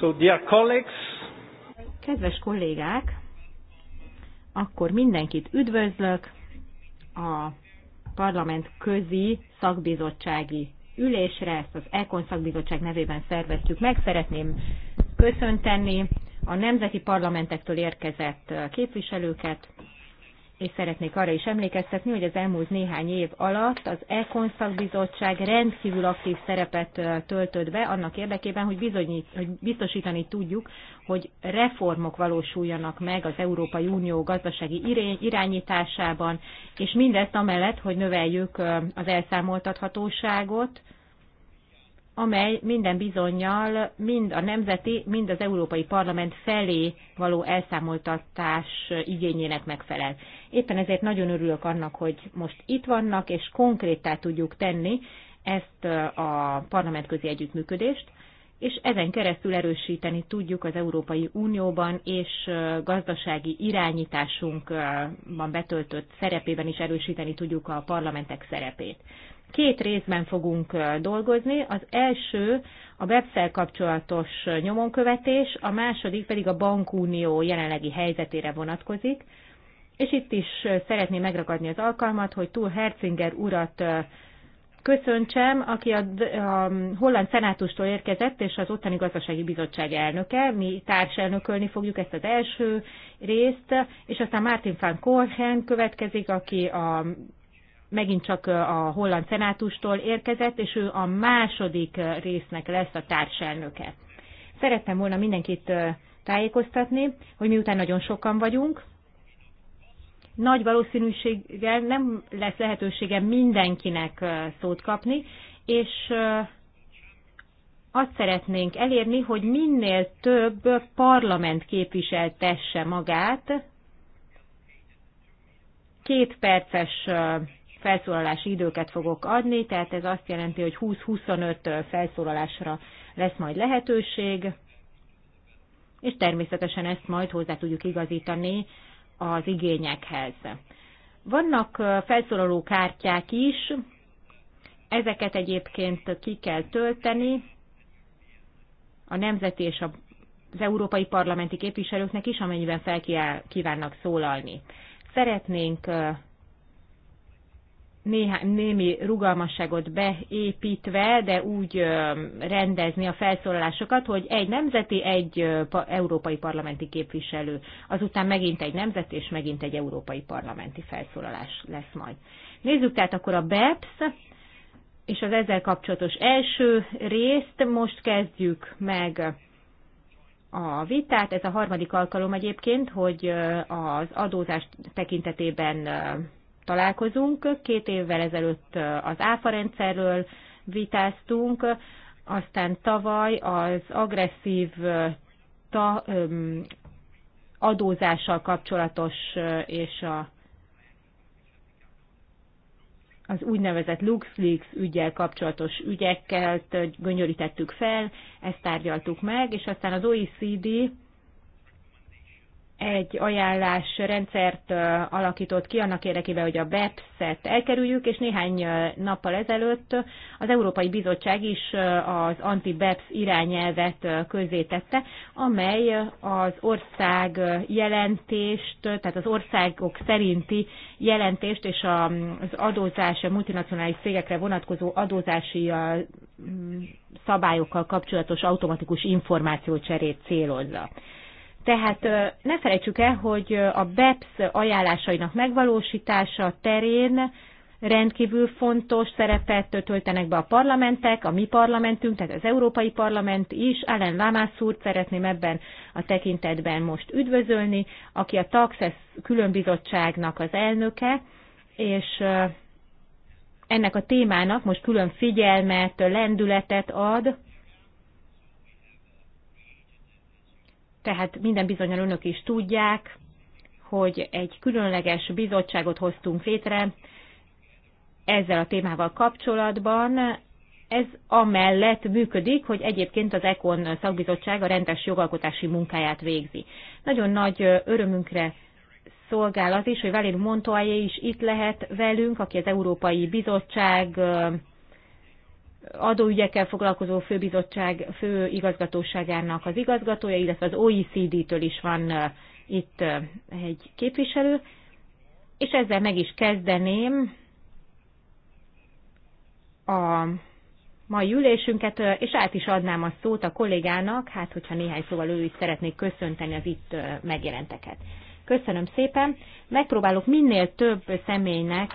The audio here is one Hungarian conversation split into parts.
So, dear colleagues, Kedves kollégák, akkor mindenkit üdvözlök a parlament közi szakbizottsági ülésre, ezt az Econ szakbizottság nevében szerveztük meg. Szeretném köszönteni a nemzeti parlamentektől érkezett képviselőket, és szeretnék arra is emlékeztetni, hogy az elmúlt néhány év alatt az ECON szakbizottság rendkívül aktív szerepet töltött be annak érdekében, hogy, bizonyít, hogy biztosítani tudjuk, hogy reformok valósuljanak meg az Európai Unió gazdasági irányításában, és mindezt amellett, hogy növeljük az elszámoltathatóságot, amely minden bizonyal mind a nemzeti, mind az Európai Parlament felé való elszámoltatás igényének megfelel. Éppen ezért nagyon örülök annak, hogy most itt vannak, és konkrétá tudjuk tenni ezt a parlamentközi együttműködést, és ezen keresztül erősíteni tudjuk az Európai Unióban és gazdasági irányításunkban betöltött szerepében is erősíteni tudjuk a parlamentek szerepét. Két részben fogunk dolgozni. Az első a webszel kapcsolatos nyomonkövetés, a második pedig a bankunió jelenlegi helyzetére vonatkozik. És itt is szeretném megragadni az alkalmat, hogy túl Herzinger urat köszöntsem, aki a, a holland szenátustól érkezett, és az ottani gazdasági bizottság elnöke. Mi társelnökölni fogjuk ezt az első részt, és aztán Martin van Korhen következik, aki a megint csak a holland szenátustól érkezett, és ő a második résznek lesz a társelnöke. Szerettem volna mindenkit tájékoztatni, hogy miután nagyon sokan vagyunk, nagy valószínűséggel nem lesz lehetősége mindenkinek szót kapni, és azt szeretnénk elérni, hogy minél több parlament képviseltesse magát, két perces felszólalási időket fogok adni, tehát ez azt jelenti, hogy 20-25 felszólalásra lesz majd lehetőség, és természetesen ezt majd hozzá tudjuk igazítani az igényekhez. Vannak felszólaló kártyák is, ezeket egyébként ki kell tölteni a nemzeti és az európai parlamenti képviselőknek is, amennyiben fel kívánnak szólalni. Szeretnénk néhány, némi rugalmasságot beépítve, de úgy rendezni a felszólalásokat, hogy egy nemzeti, egy európai parlamenti képviselő, azután megint egy nemzeti és megint egy európai parlamenti felszólalás lesz majd. Nézzük tehát akkor a BEPS és az ezzel kapcsolatos első részt. Most kezdjük meg a vitát. Ez a harmadik alkalom egyébként, hogy az adózás tekintetében találkozunk. Két évvel ezelőtt az áfa rendszerről vitáztunk, aztán tavaly az agresszív ta, öm, adózással kapcsolatos és a, az úgynevezett LuxLeaks ügyel kapcsolatos ügyekkel gönyörítettük fel, ezt tárgyaltuk meg, és aztán az OECD egy ajánlás rendszert alakított ki annak érdekében, hogy a BEPS-et elkerüljük, és néhány nappal ezelőtt az Európai Bizottság is az anti-BEPS irányelvet közzétette, amely az ország jelentést, tehát az országok szerinti jelentést és az adózás, a multinacionális cégekre vonatkozó adózási szabályokkal kapcsolatos automatikus információcserét célozza. Tehát ne felejtsük el, hogy a BEPS ajánlásainak megvalósítása terén rendkívül fontos szerepet töltenek be a parlamentek, a mi parlamentünk, tehát az Európai Parlament is. Ellen Lamász úr szeretném ebben a tekintetben most üdvözölni, aki a Taxes különbizottságnak az elnöke, és ennek a témának most külön figyelmet, lendületet ad, Tehát minden bizonyal önök is tudják, hogy egy különleges bizottságot hoztunk létre ezzel a témával kapcsolatban. Ez amellett működik, hogy egyébként az EKON szakbizottság a rendes jogalkotási munkáját végzi. Nagyon nagy örömünkre szolgál az is, hogy Valér Montoyé is itt lehet velünk, aki az Európai Bizottság adóügyekkel foglalkozó főbizottság főigazgatóságának az igazgatója, illetve az OECD-től is van itt egy képviselő, és ezzel meg is kezdeném a mai ülésünket, és át is adnám a szót a kollégának, hát hogyha néhány szóval ő is szeretnék köszönteni az itt megjelenteket. Köszönöm szépen. Megpróbálok minél több személynek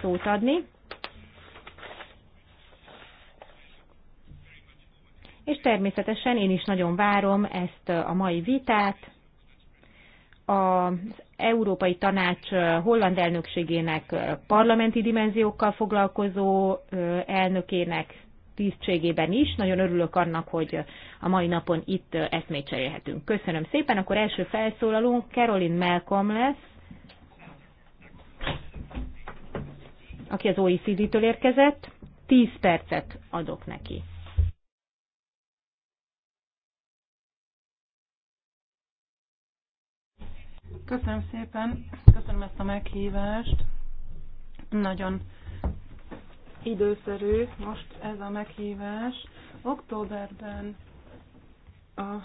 szót adni. és természetesen én is nagyon várom ezt a mai vitát. Az Európai Tanács holland elnökségének parlamenti dimenziókkal foglalkozó elnökének tisztségében is. Nagyon örülök annak, hogy a mai napon itt eszmét cserélhetünk. Köszönöm szépen, akkor első felszólalónk Caroline Malcolm lesz, aki az OECD-től érkezett. 10 percet adok neki. Köszönöm szépen, köszönöm ezt a meghívást. Nagyon időszerű most ez a meghívás. Októberben a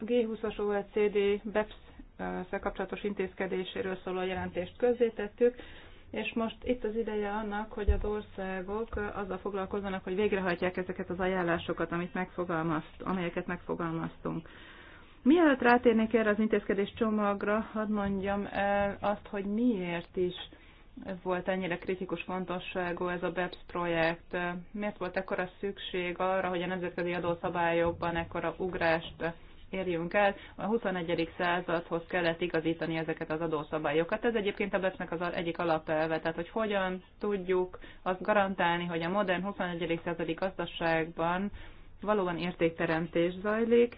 G20-as OECD BEPS-szel kapcsolatos intézkedéséről szóló jelentést közzétettük, és most itt az ideje annak, hogy az országok azzal foglalkozzanak, hogy végrehajtják ezeket az ajánlásokat, amit megfogalmaz, amelyeket megfogalmaztunk. Mielőtt rátérnék erre az intézkedés csomagra, hadd mondjam el azt, hogy miért is volt ennyire kritikus fontosságú ez a BEPS projekt. Miért volt ekkora szükség arra, hogy a nemzetközi adószabályokban ekkora ugrást érjünk el. A 21. századhoz kellett igazítani ezeket az adószabályokat. Ez egyébként a BEPS-nek az egyik alapelve, tehát hogy hogyan tudjuk azt garantálni, hogy a modern 21. századi gazdaságban valóban értékteremtés zajlik,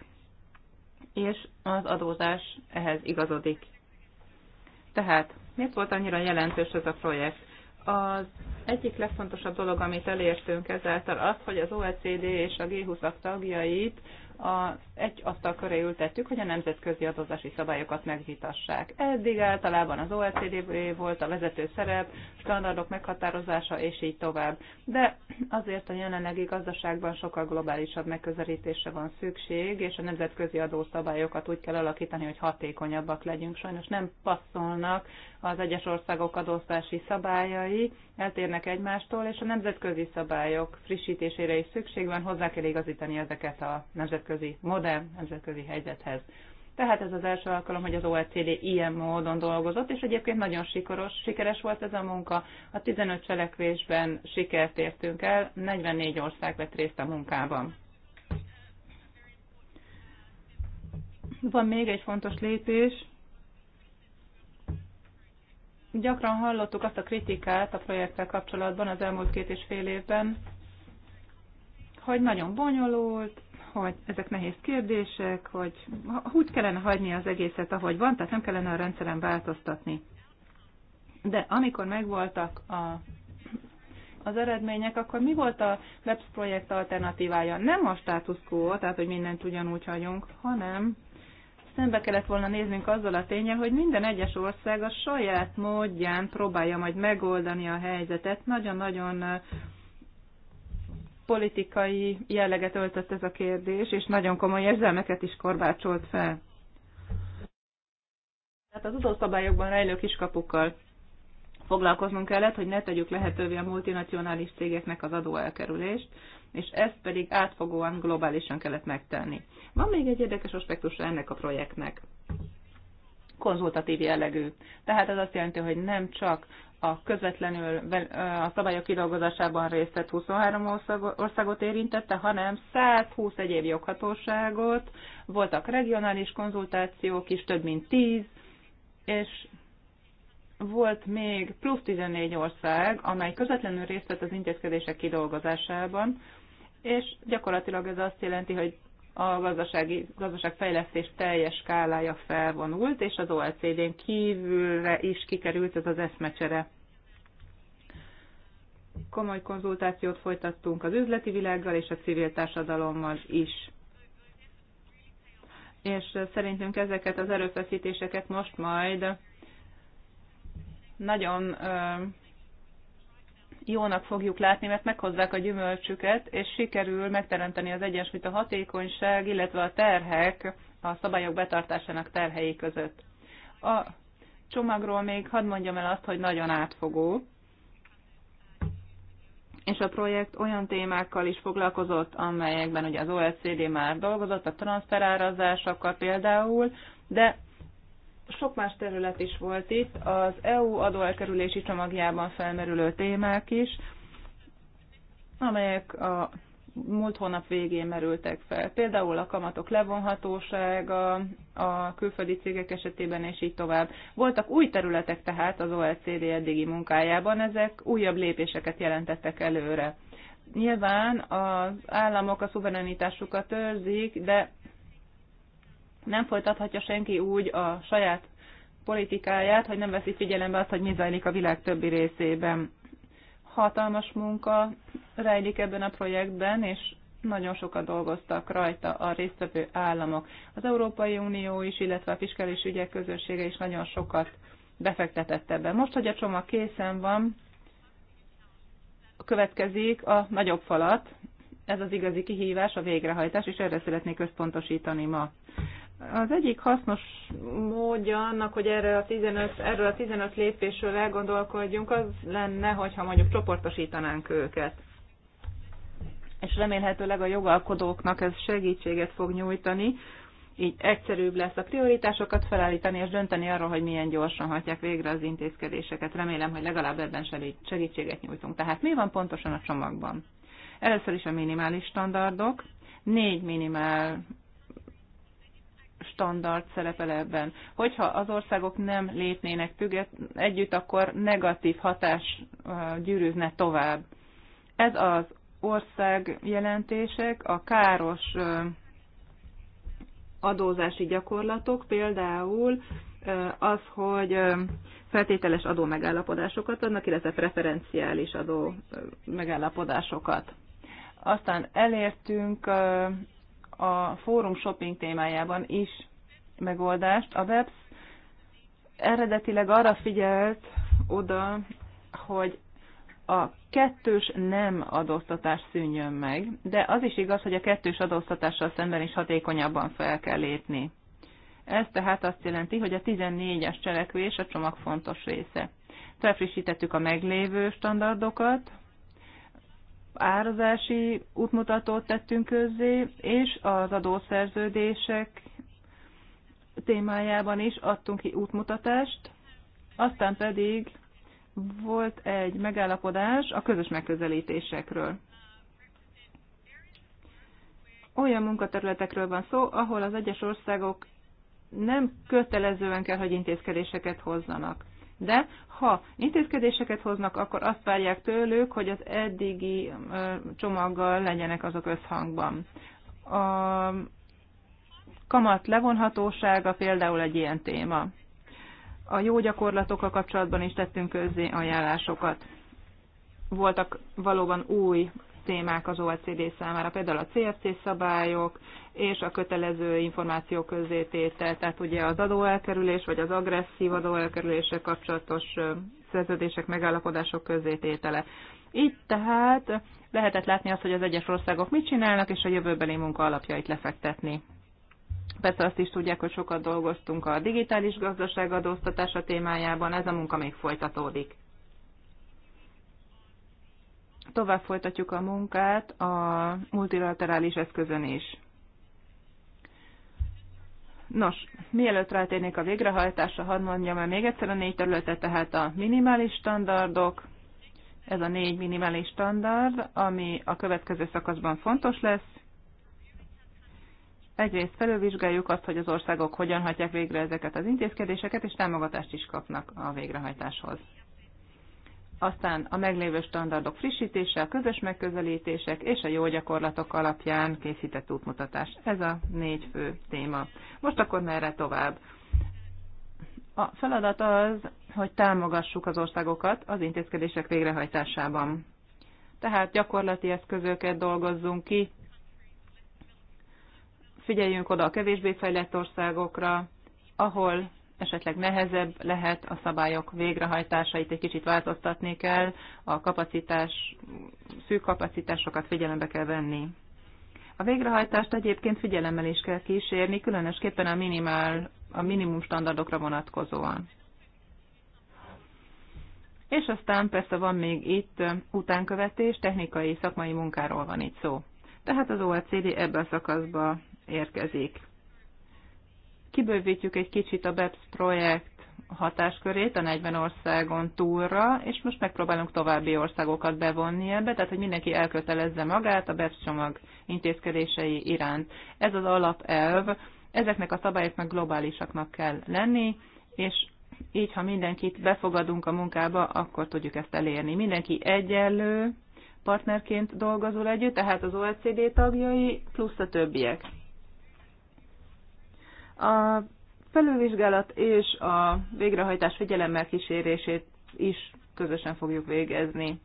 és az adózás ehhez igazodik. Tehát miért volt annyira jelentős ez a projekt? Az egyik legfontosabb dolog, amit elértünk ezáltal az, hogy az OECD és a G20-ak tagjait a, egy asztal köré ültettük, hogy a nemzetközi adózási szabályokat megvitassák. Eddig általában az OECD volt a vezető szerep, standardok meghatározása, és így tovább. De azért a jelenlegi gazdaságban sokkal globálisabb megközelítésre van szükség, és a nemzetközi adószabályokat úgy kell alakítani, hogy hatékonyabbak legyünk. Sajnos nem passzolnak az egyes országok adóztási szabályai, eltérnek egymástól, és a nemzetközi szabályok frissítésére is szükség van, hozzá kell igazítani ezeket a nemzetközi modern nemzetközi helyzethez. Tehát ez az első alkalom, hogy az OECD ilyen módon dolgozott, és egyébként nagyon sikoros, sikeres volt ez a munka. A 15 cselekvésben sikert értünk el, 44 ország vett részt a munkában. Van még egy fontos lépés, Gyakran hallottuk azt a kritikát a projekttel kapcsolatban az elmúlt két és fél évben, hogy nagyon bonyolult, hogy ezek nehéz kérdések, hogy úgy kellene hagyni az egészet, ahogy van, tehát nem kellene a rendszeren változtatni. De amikor megvoltak a, az eredmények, akkor mi volt a WebS projekt alternatívája? Nem a status quo, tehát hogy mindent ugyanúgy hagyunk, hanem szembe kellett volna néznünk azzal a tényel, hogy minden egyes ország a saját módján próbálja majd megoldani a helyzetet. Nagyon-nagyon politikai jelleget öltött ez a kérdés, és nagyon komoly érzelmeket is korbácsolt fel. Tehát az adószabályokban rejlő kiskapukkal foglalkoznunk kellett, hogy ne tegyük lehetővé a multinacionális cégeknek az adóelkerülést, és ezt pedig átfogóan, globálisan kellett megtenni. Van még egy érdekes aspektusa ennek a projektnek. Konzultatív jellegű. Tehát ez azt jelenti, hogy nem csak a közvetlenül a szabályok kidolgozásában részt vett 23 országot érintette, hanem 120 egyéb joghatóságot, voltak regionális konzultációk is, több mint 10, és volt még plusz 14 ország, amely közvetlenül részt vett az intézkedések kidolgozásában, és gyakorlatilag ez azt jelenti, hogy a gazdasági, gazdaságfejlesztés teljes skálája felvonult, és az OECD-n kívülre is kikerült ez az eszmecsere. Komoly konzultációt folytattunk az üzleti világgal és a civil társadalommal is. És szerintünk ezeket az erőfeszítéseket most majd nagyon jónak fogjuk látni, mert meghozzák a gyümölcsüket, és sikerül megteremteni az egyensúlyt a hatékonyság, illetve a terhek, a szabályok betartásának terhei között. A csomagról még hadd mondjam el azt, hogy nagyon átfogó, és a projekt olyan témákkal is foglalkozott, amelyekben ugye az OECD már dolgozott, a transferárazásokkal például, de sok más terület is volt itt, az EU adóelkerülési csomagjában felmerülő témák is, amelyek a múlt hónap végén merültek fel. Például a kamatok levonhatósága, a külföldi cégek esetében, és így tovább. Voltak új területek tehát az OECD eddigi munkájában, ezek újabb lépéseket jelentettek előre. Nyilván az államok a szuverenitásukat őrzik, de nem folytathatja senki úgy a saját politikáját, hogy nem veszi figyelembe azt, hogy mi zajlik a világ többi részében. Hatalmas munka rejlik ebben a projektben, és nagyon sokat dolgoztak rajta a résztvevő államok. Az Európai Unió is, illetve a fiskális ügyek közössége is nagyon sokat befektetett ebbe. Most, hogy a csomag készen van, következik a nagyobb falat, ez az igazi kihívás, a végrehajtás, és erre szeretnék központosítani ma. Az egyik hasznos módja annak, hogy erről a 15, erről a 15 lépésről elgondolkodjunk, az lenne, hogyha mondjuk csoportosítanánk őket. És remélhetőleg a jogalkodóknak ez segítséget fog nyújtani, így egyszerűbb lesz a prioritásokat felállítani és dönteni arról, hogy milyen gyorsan hatják végre az intézkedéseket. Remélem, hogy legalább ebben segítséget nyújtunk. Tehát mi van pontosan a csomagban? Először is a minimális standardok, négy minimál standard szerepel ebben. Hogyha az országok nem lépnének tüget, együtt, akkor negatív hatás gyűrűzne tovább. Ez az ország jelentések, a káros adózási gyakorlatok, például az, hogy feltételes adó megállapodásokat adnak, illetve preferenciális adó megállapodásokat. Aztán elértünk a fórum shopping témájában is megoldást. A webs eredetileg arra figyelt oda, hogy a kettős nem adóztatás szűnjön meg, de az is igaz, hogy a kettős adóztatással szemben is hatékonyabban fel kell lépni. Ez tehát azt jelenti, hogy a 14-es cselekvés a csomag fontos része. Felfrissítettük a meglévő standardokat, árazási útmutatót tettünk közzé, és az adószerződések témájában is adtunk ki útmutatást, aztán pedig volt egy megállapodás a közös megközelítésekről. Olyan munkaterületekről van szó, ahol az egyes országok nem kötelezően kell, hogy intézkedéseket hozzanak. De ha intézkedéseket hoznak, akkor azt várják tőlük, hogy az eddigi csomaggal legyenek azok összhangban. A kamat levonhatósága például egy ilyen téma. A jó gyakorlatokkal kapcsolatban is tettünk közzé ajánlásokat. Voltak valóban új témák az OECD számára, például a CFC szabályok és a kötelező információ közzététel, tehát ugye az adóelkerülés vagy az agresszív adóelkerüléssel kapcsolatos szerződések, megállapodások közzététele. Így tehát lehetett látni azt, hogy az egyes országok mit csinálnak, és a jövőbeli munka alapjait lefektetni. Persze azt is tudják, hogy sokat dolgoztunk a digitális gazdaság adóztatása témájában, ez a munka még folytatódik tovább folytatjuk a munkát a multilaterális eszközön is. Nos, mielőtt rátérnék a végrehajtásra, hadd mondjam el még egyszer a négy területet, tehát a minimális standardok, ez a négy minimális standard, ami a következő szakaszban fontos lesz. Egyrészt felülvizsgáljuk azt, hogy az országok hogyan hagyják végre ezeket az intézkedéseket, és támogatást is kapnak a végrehajtáshoz aztán a meglévő standardok frissítése, a közös megközelítések és a jó gyakorlatok alapján készített útmutatás. Ez a négy fő téma. Most akkor merre tovább? A feladat az, hogy támogassuk az országokat az intézkedések végrehajtásában. Tehát gyakorlati eszközöket dolgozzunk ki, figyeljünk oda a kevésbé fejlett országokra, ahol esetleg nehezebb lehet, a szabályok végrehajtásait egy kicsit változtatni kell, a kapacitás, szűk kapacitásokat figyelembe kell venni. A végrehajtást egyébként figyelemmel is kell kísérni, különösképpen a, minimál, a minimum standardokra vonatkozóan. És aztán persze van még itt utánkövetés, technikai, szakmai munkáról van itt szó. Tehát az OECD ebbe a szakaszba érkezik kibővítjük egy kicsit a BEPS projekt hatáskörét a 40 országon túlra, és most megpróbálunk további országokat bevonni ebbe, tehát hogy mindenki elkötelezze magát a BEPS csomag intézkedései iránt. Ez az alapelv, ezeknek a szabályoknak globálisaknak kell lenni, és így, ha mindenkit befogadunk a munkába, akkor tudjuk ezt elérni. Mindenki egyenlő partnerként dolgozol együtt, tehát az OECD tagjai plusz a többiek. A felülvizsgálat és a végrehajtás figyelemmel kísérését is közösen fogjuk végezni,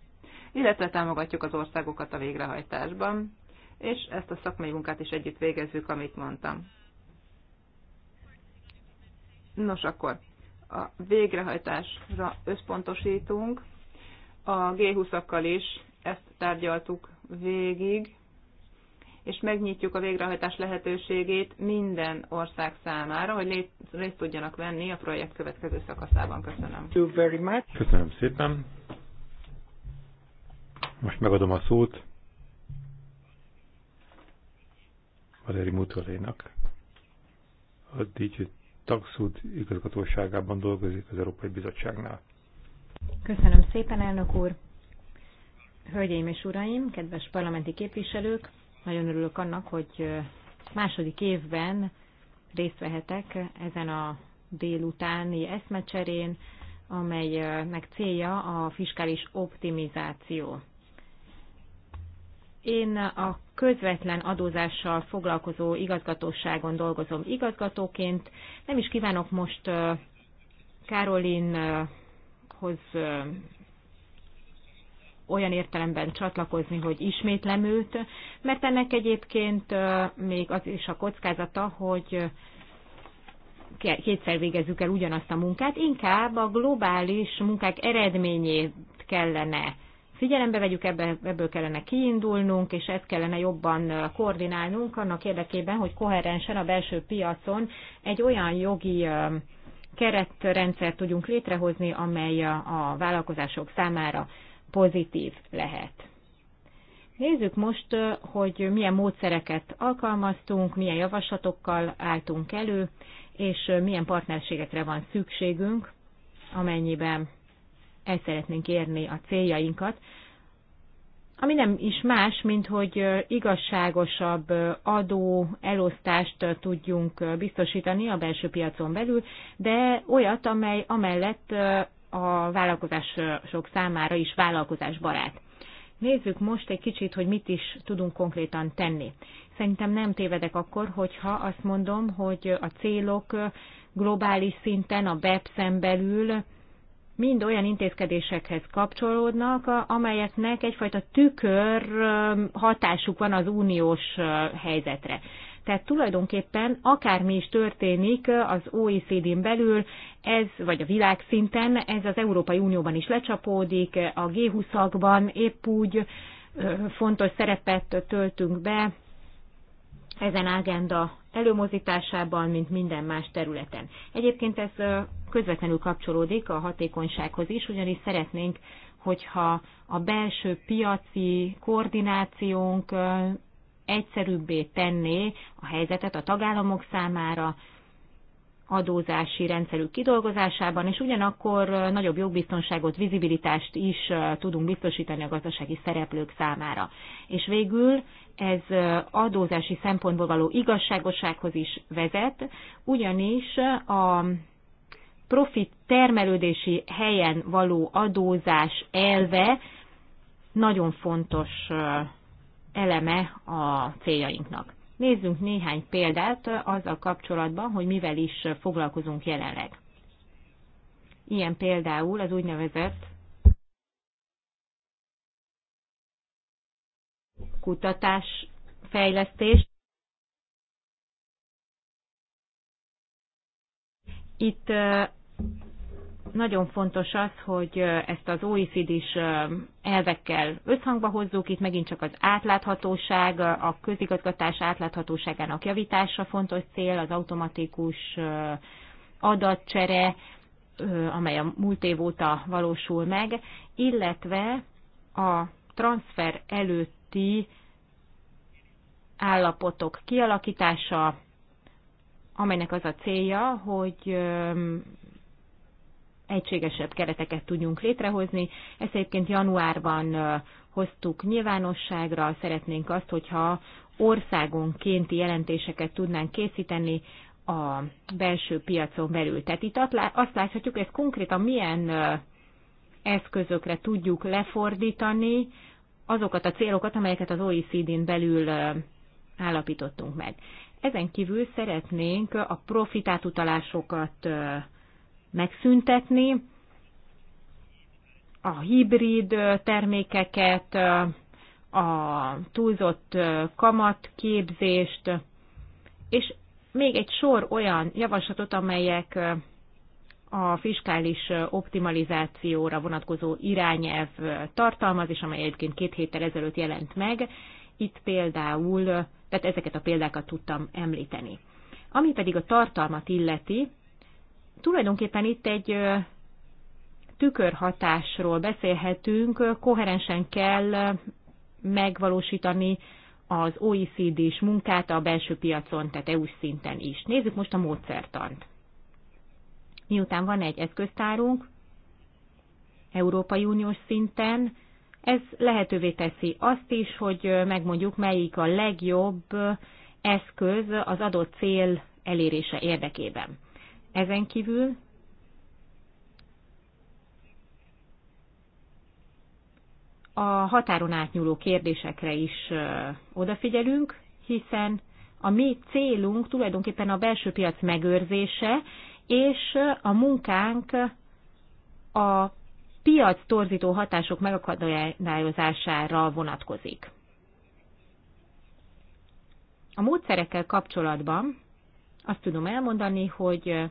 illetve támogatjuk az országokat a végrehajtásban, és ezt a szakmai munkát is együtt végezzük, amit mondtam. Nos, akkor a végrehajtásra összpontosítunk. A G20-akkal is ezt tárgyaltuk végig, és megnyitjuk a végrehajtás lehetőségét minden ország számára, hogy részt tudjanak venni a projekt következő szakaszában. Köszönöm. Very much. Köszönöm szépen. Most megadom a szót Valéri Mutolénak. A DJ Taxud igazgatóságában dolgozik az Európai Bizottságnál. Köszönöm szépen, elnök úr! Hölgyeim és uraim, kedves parlamenti képviselők! Nagyon örülök annak, hogy második évben részt vehetek ezen a délutáni eszmecserén, amelynek célja a fiskális optimizáció. Én a közvetlen adózással foglalkozó igazgatóságon dolgozom igazgatóként. Nem is kívánok most Károlinhoz olyan értelemben csatlakozni, hogy ismétlem őt, mert ennek egyébként még az is a kockázata, hogy kétszer végezzük el ugyanazt a munkát, inkább a globális munkák eredményét kellene figyelembe vegyük, ebbe, ebből kellene kiindulnunk, és ezt kellene jobban koordinálnunk annak érdekében, hogy koherensen a belső piacon egy olyan jogi keretrendszert tudjunk létrehozni, amely a vállalkozások számára pozitív lehet. Nézzük most, hogy milyen módszereket alkalmaztunk, milyen javaslatokkal álltunk elő, és milyen partnerségekre van szükségünk, amennyiben el szeretnénk érni a céljainkat, ami nem is más, mint hogy igazságosabb adó elosztást tudjunk biztosítani a belső piacon belül, de olyat, amely amellett a vállalkozások számára is vállalkozásbarát. Nézzük most egy kicsit, hogy mit is tudunk konkrétan tenni. Szerintem nem tévedek akkor, hogyha azt mondom, hogy a célok globális szinten, a BEPS-en belül mind olyan intézkedésekhez kapcsolódnak, amelyeknek egyfajta tükör hatásuk van az uniós helyzetre. Tehát tulajdonképpen akármi is történik az OECD-n belül, ez, vagy a világszinten, ez az Európai Unióban is lecsapódik, a G20-akban épp úgy fontos szerepet töltünk be ezen ágenda előmozításában, mint minden más területen. Egyébként ez közvetlenül kapcsolódik a hatékonysághoz is, ugyanis szeretnénk, hogyha a belső piaci koordinációnk egyszerűbbé tenné a helyzetet a tagállamok számára, adózási rendszerük kidolgozásában, és ugyanakkor nagyobb jogbiztonságot, vizibilitást is tudunk biztosítani a gazdasági szereplők számára. És végül ez adózási szempontból való igazságossághoz is vezet, ugyanis a profit termelődési helyen való adózás elve nagyon fontos eleme a céljainknak. Nézzünk néhány példát azzal kapcsolatban, hogy mivel is foglalkozunk jelenleg. Ilyen például az úgynevezett kutatás, fejlesztés. Itt nagyon fontos az, hogy ezt az oecd is elvekkel összhangba hozzuk. Itt megint csak az átláthatóság, a közigazgatás átláthatóságának javítása fontos cél, az automatikus adatcsere, amely a múlt év óta valósul meg, illetve a transfer előtti állapotok kialakítása, amelynek az a célja, hogy egységesebb kereteket tudjunk létrehozni. Ezt egyébként januárban hoztuk nyilvánosságra, szeretnénk azt, hogyha országonkénti jelentéseket tudnánk készíteni a belső piacon belül. Tehát itt azt láthatjuk, ez konkrétan milyen eszközökre tudjuk lefordítani azokat a célokat, amelyeket az OECD-n belül állapítottunk meg. Ezen kívül szeretnénk a profitátutalásokat utalásokat megszüntetni, a hibrid termékeket, a túlzott kamatképzést, és még egy sor olyan javaslatot, amelyek a fiskális optimalizációra vonatkozó irányelv tartalmaz, és amely egyébként két héttel ezelőtt jelent meg. Itt például, tehát ezeket a példákat tudtam említeni. Ami pedig a tartalmat illeti, Tulajdonképpen itt egy tükörhatásról beszélhetünk, koherensen kell megvalósítani az OECD-s munkát a belső piacon, tehát EU szinten is. Nézzük most a módszertant. Miután van egy eszköztárunk, Európai Uniós szinten, ez lehetővé teszi azt is, hogy megmondjuk, melyik a legjobb eszköz az adott cél elérése érdekében. Ezen kívül a határon átnyúló kérdésekre is odafigyelünk, hiszen a mi célunk tulajdonképpen a belső piac megőrzése, és a munkánk a piac torzító hatások megakadályozására vonatkozik. A módszerekkel kapcsolatban azt tudom elmondani, hogy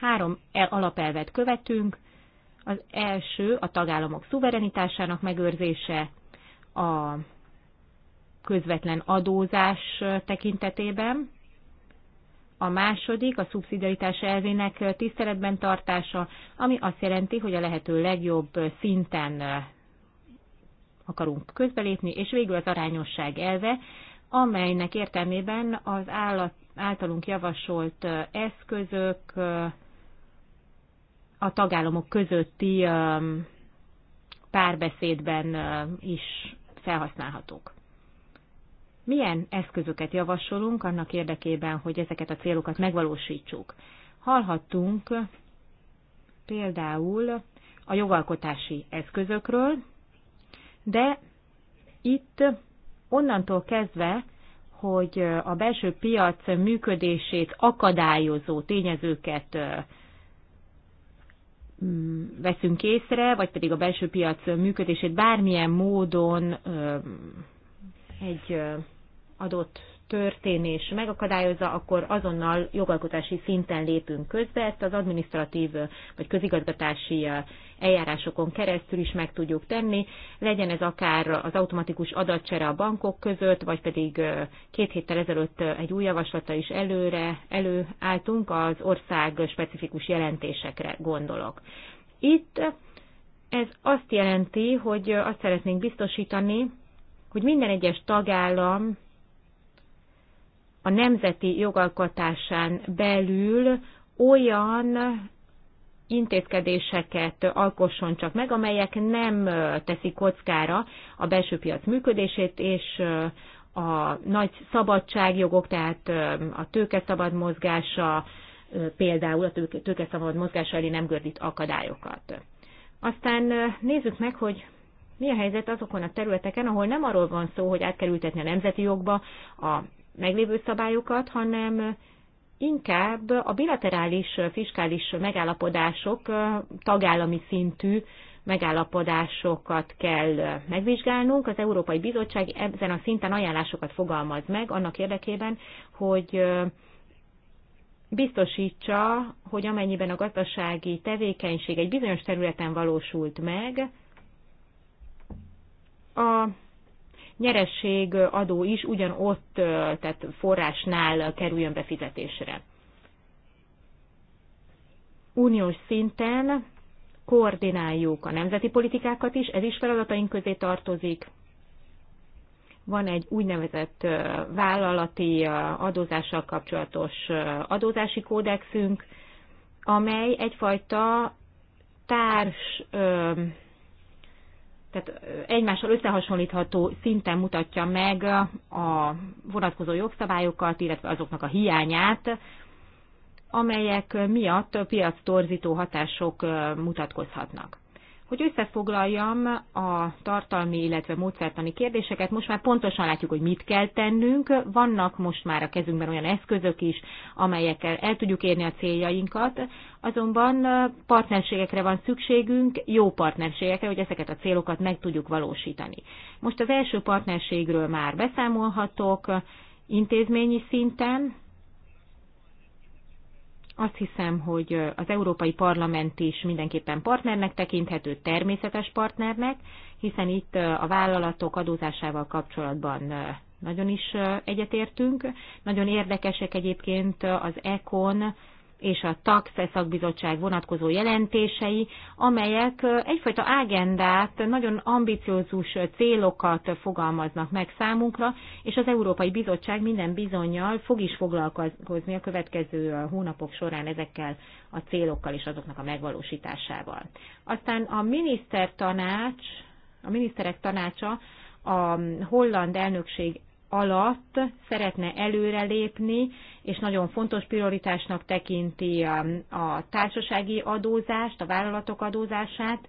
Három alapelvet követünk. Az első a tagállamok szuverenitásának megőrzése, a közvetlen adózás tekintetében, a második a szubszidiaritás elvének tiszteletben tartása, ami azt jelenti, hogy a lehető legjobb szinten akarunk közbelépni, és végül az arányosság elve, amelynek értelmében az állat, általunk javasolt eszközök a tagállamok közötti um, párbeszédben uh, is felhasználhatók. Milyen eszközöket javasolunk annak érdekében, hogy ezeket a célokat megvalósítsuk? Hallhattunk például a jogalkotási eszközökről, de itt onnantól kezdve, hogy a belső piac működését akadályozó tényezőket uh, Mm, veszünk észre, vagy pedig a belső piac működését bármilyen módon egy adott történés megakadályozza, akkor azonnal jogalkotási szinten lépünk közbe, ezt az administratív vagy közigazgatási eljárásokon keresztül is meg tudjuk tenni, legyen ez akár az automatikus adatcsere a bankok között, vagy pedig két héttel ezelőtt egy új javaslata is előre előálltunk, az ország specifikus jelentésekre gondolok. Itt ez azt jelenti, hogy azt szeretnénk biztosítani, hogy minden egyes tagállam a nemzeti jogalkotásán belül olyan intézkedéseket alkosson csak meg, amelyek nem teszik kockára a belső piac működését, és a nagy szabadságjogok, tehát a tőke szabad mozgása, például a tőke szabad mozgása elé nem gördít akadályokat. Aztán nézzük meg, hogy mi a helyzet azokon a területeken, ahol nem arról van szó, hogy átkerültetni a nemzeti jogba a meglévő szabályokat, hanem inkább a bilaterális fiskális megállapodások, tagállami szintű megállapodásokat kell megvizsgálnunk. Az Európai Bizottság ezen a szinten ajánlásokat fogalmaz meg annak érdekében, hogy biztosítsa, hogy amennyiben a gazdasági tevékenység egy bizonyos területen valósult meg, a nyeresség adó is ugyanott, tehát forrásnál kerüljön befizetésre. Uniós szinten koordináljuk a nemzeti politikákat is, ez is feladataink közé tartozik. Van egy úgynevezett vállalati adózással kapcsolatos adózási kódexünk, amely egyfajta társ tehát egymással összehasonlítható szinten mutatja meg a vonatkozó jogszabályokat, illetve azoknak a hiányát, amelyek miatt piac torzító hatások mutatkozhatnak. Hogy összefoglaljam a tartalmi, illetve módszertani kérdéseket, most már pontosan látjuk, hogy mit kell tennünk. Vannak most már a kezünkben olyan eszközök is, amelyekkel el tudjuk érni a céljainkat, azonban partnerségekre van szükségünk, jó partnerségekre, hogy ezeket a célokat meg tudjuk valósítani. Most az első partnerségről már beszámolhatok intézményi szinten, azt hiszem, hogy az Európai Parlament is mindenképpen partnernek tekinthető, természetes partnernek, hiszen itt a vállalatok adózásával kapcsolatban nagyon is egyetértünk. Nagyon érdekesek egyébként az ECON és a TAXE szakbizottság vonatkozó jelentései, amelyek egyfajta agendát, nagyon ambiciózus célokat fogalmaznak meg számunkra, és az Európai Bizottság minden bizonyal fog is foglalkozni a következő hónapok során ezekkel a célokkal és azoknak a megvalósításával. Aztán a miniszter tanács, a miniszterek tanácsa a holland elnökség alatt szeretne előrelépni, és nagyon fontos prioritásnak tekinti um, a társasági adózást, a vállalatok adózását,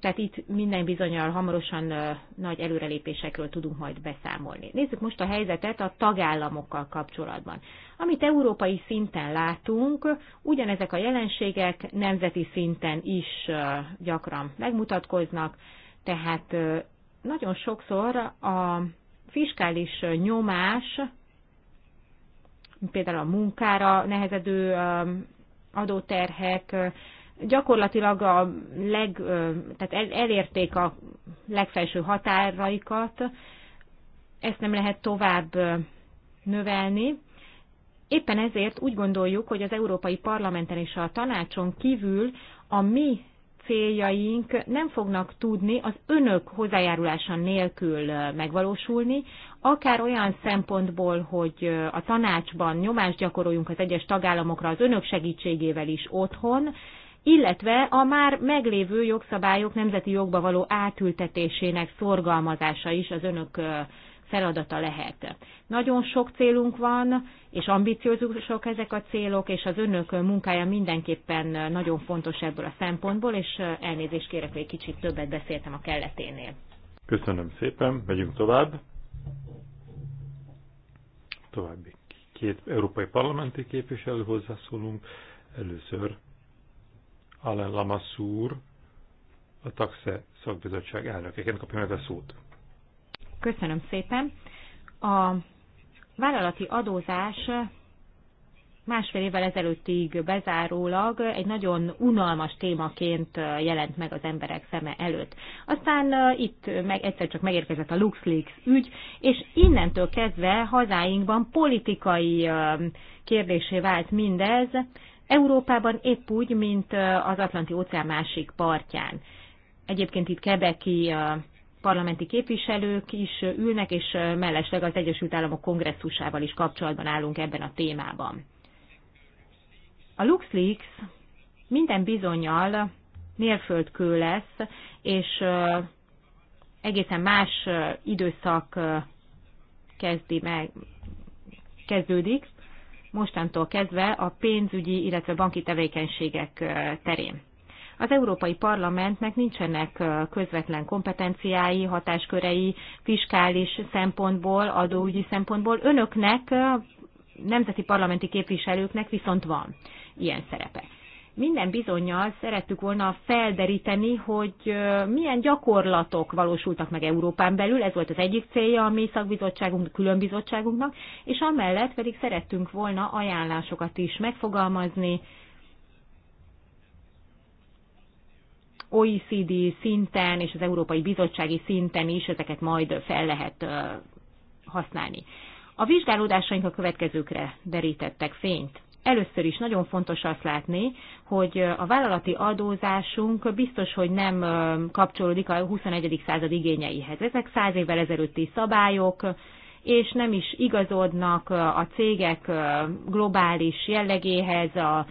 tehát itt minden bizonyal hamarosan uh, nagy előrelépésekről tudunk majd beszámolni. Nézzük most a helyzetet a tagállamokkal kapcsolatban. Amit európai szinten látunk, ugyanezek a jelenségek nemzeti szinten is uh, gyakran megmutatkoznak, tehát uh, nagyon sokszor a fiskális nyomás, például a munkára nehezedő um, adóterhek, uh, gyakorlatilag a leg, uh, tehát elérték a legfelső határaikat, ezt nem lehet tovább uh, növelni. Éppen ezért úgy gondoljuk, hogy az Európai Parlamenten és a tanácson kívül a mi céljaink nem fognak tudni az önök hozzájárulása nélkül megvalósulni, akár olyan szempontból, hogy a tanácsban nyomást gyakoroljunk az egyes tagállamokra az önök segítségével is otthon, illetve a már meglévő jogszabályok nemzeti jogba való átültetésének szorgalmazása is az önök feladata lehet. Nagyon sok célunk van, és ambiciózusok ezek a célok, és az önök munkája mindenképpen nagyon fontos ebből a szempontból, és elnézést kérek, hogy kicsit többet beszéltem a kelleténél. Köszönöm szépen, megyünk tovább. További két európai parlamenti képviselő hozzászólunk. Először Alain Lamassour a TAXE szakbizottság elnökeként kapja meg a szót. Köszönöm szépen. A vállalati adózás másfél évvel ezelőttig bezárólag egy nagyon unalmas témaként jelent meg az emberek szeme előtt. Aztán itt meg egyszer csak megérkezett a LuxLeaks ügy, és innentől kezdve hazáinkban politikai kérdésé vált mindez, Európában épp úgy, mint az Atlanti óceán másik partján. Egyébként itt kebeki parlamenti képviselők is ülnek, és mellesleg az Egyesült Államok kongresszusával is kapcsolatban állunk ebben a témában. A LuxLeaks minden bizonyal mérföldkő lesz, és egészen más időszak kezdi meg, kezdődik, mostantól kezdve a pénzügyi, illetve banki tevékenységek terén. Az Európai Parlamentnek nincsenek közvetlen kompetenciái, hatáskörei fiskális szempontból, adóügyi szempontból. Önöknek, nemzeti parlamenti képviselőknek viszont van ilyen szerepe minden bizonyal szerettük volna felderíteni, hogy milyen gyakorlatok valósultak meg Európán belül, ez volt az egyik célja a mi szakbizottságunk, különbizottságunknak, és amellett pedig szerettünk volna ajánlásokat is megfogalmazni OECD szinten és az Európai Bizottsági szinten is ezeket majd fel lehet használni. A vizsgálódásaink a következőkre derítettek fényt. Először is nagyon fontos azt látni, hogy a vállalati adózásunk biztos, hogy nem kapcsolódik a 21. század igényeihez. Ezek száz évvel ezelőtti szabályok, és nem is igazodnak a cégek globális jellegéhez, a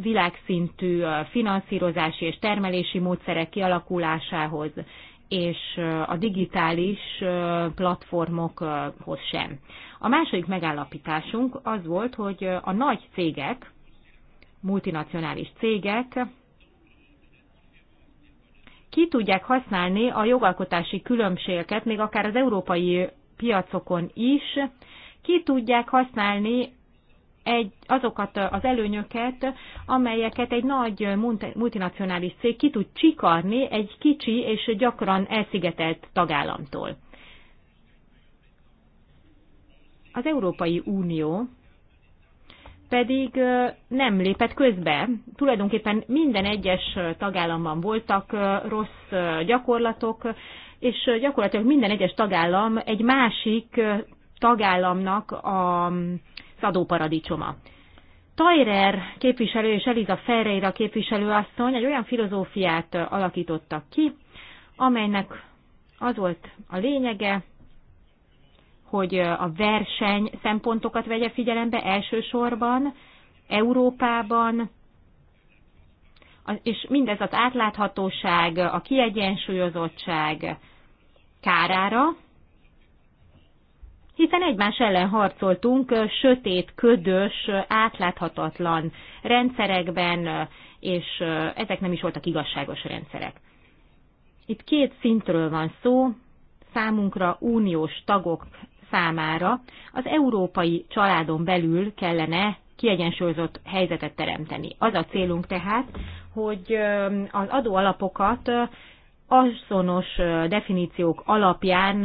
világszintű finanszírozási és termelési módszerek kialakulásához, és a digitális platformokhoz sem. A második megállapításunk az volt, hogy a nagy cégek, multinacionális cégek ki tudják használni a jogalkotási különbségeket, még akár az európai piacokon is, ki tudják használni egy, azokat az előnyöket, amelyeket egy nagy multinacionális cég ki tud csikarni egy kicsi és gyakran elszigetelt tagállamtól. Az Európai Unió pedig nem lépett közbe. Tulajdonképpen minden egyes tagállamban voltak rossz gyakorlatok, és gyakorlatilag minden egyes tagállam egy másik tagállamnak a szadóparadicsoma. Tajrer képviselő és Eliza Ferreira képviselőasszony egy olyan filozófiát alakítottak ki, amelynek az volt a lényege, hogy a verseny szempontokat vegye figyelembe elsősorban Európában, és mindez az átláthatóság, a kiegyensúlyozottság kárára, hiszen egymás ellen harcoltunk sötét, ködös, átláthatatlan rendszerekben, és ezek nem is voltak igazságos rendszerek. Itt két szintről van szó, számunkra uniós tagok számára az európai családon belül kellene kiegyensúlyozott helyzetet teremteni. Az a célunk tehát, hogy az adóalapokat azonos definíciók alapján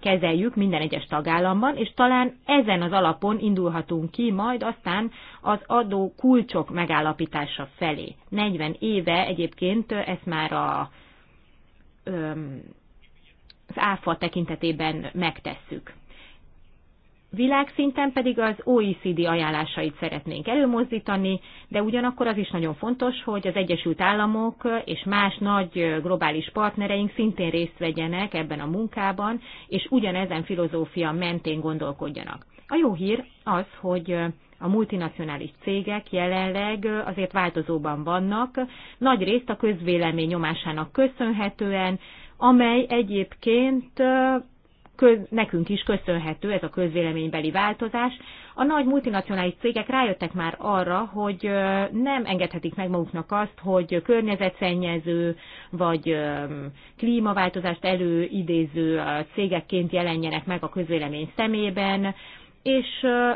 kezeljük minden egyes tagállamban, és talán ezen az alapon indulhatunk ki majd aztán az adó kulcsok megállapítása felé. 40 éve egyébként ezt már a, az áfa tekintetében megtesszük. Világszinten pedig az OECD ajánlásait szeretnénk előmozdítani, de ugyanakkor az is nagyon fontos, hogy az Egyesült Államok és más nagy globális partnereink szintén részt vegyenek ebben a munkában, és ugyanezen filozófia mentén gondolkodjanak. A jó hír az, hogy a multinacionális cégek jelenleg azért változóban vannak, nagy részt a közvélemény nyomásának köszönhetően, amely egyébként köz, nekünk is köszönhető ez a közvéleménybeli változás. A nagy multinacionális cégek rájöttek már arra, hogy nem engedhetik meg maguknak azt, hogy környezetszennyező vagy klímaváltozást előidéző cégekként jelenjenek meg a közvélemény szemében, és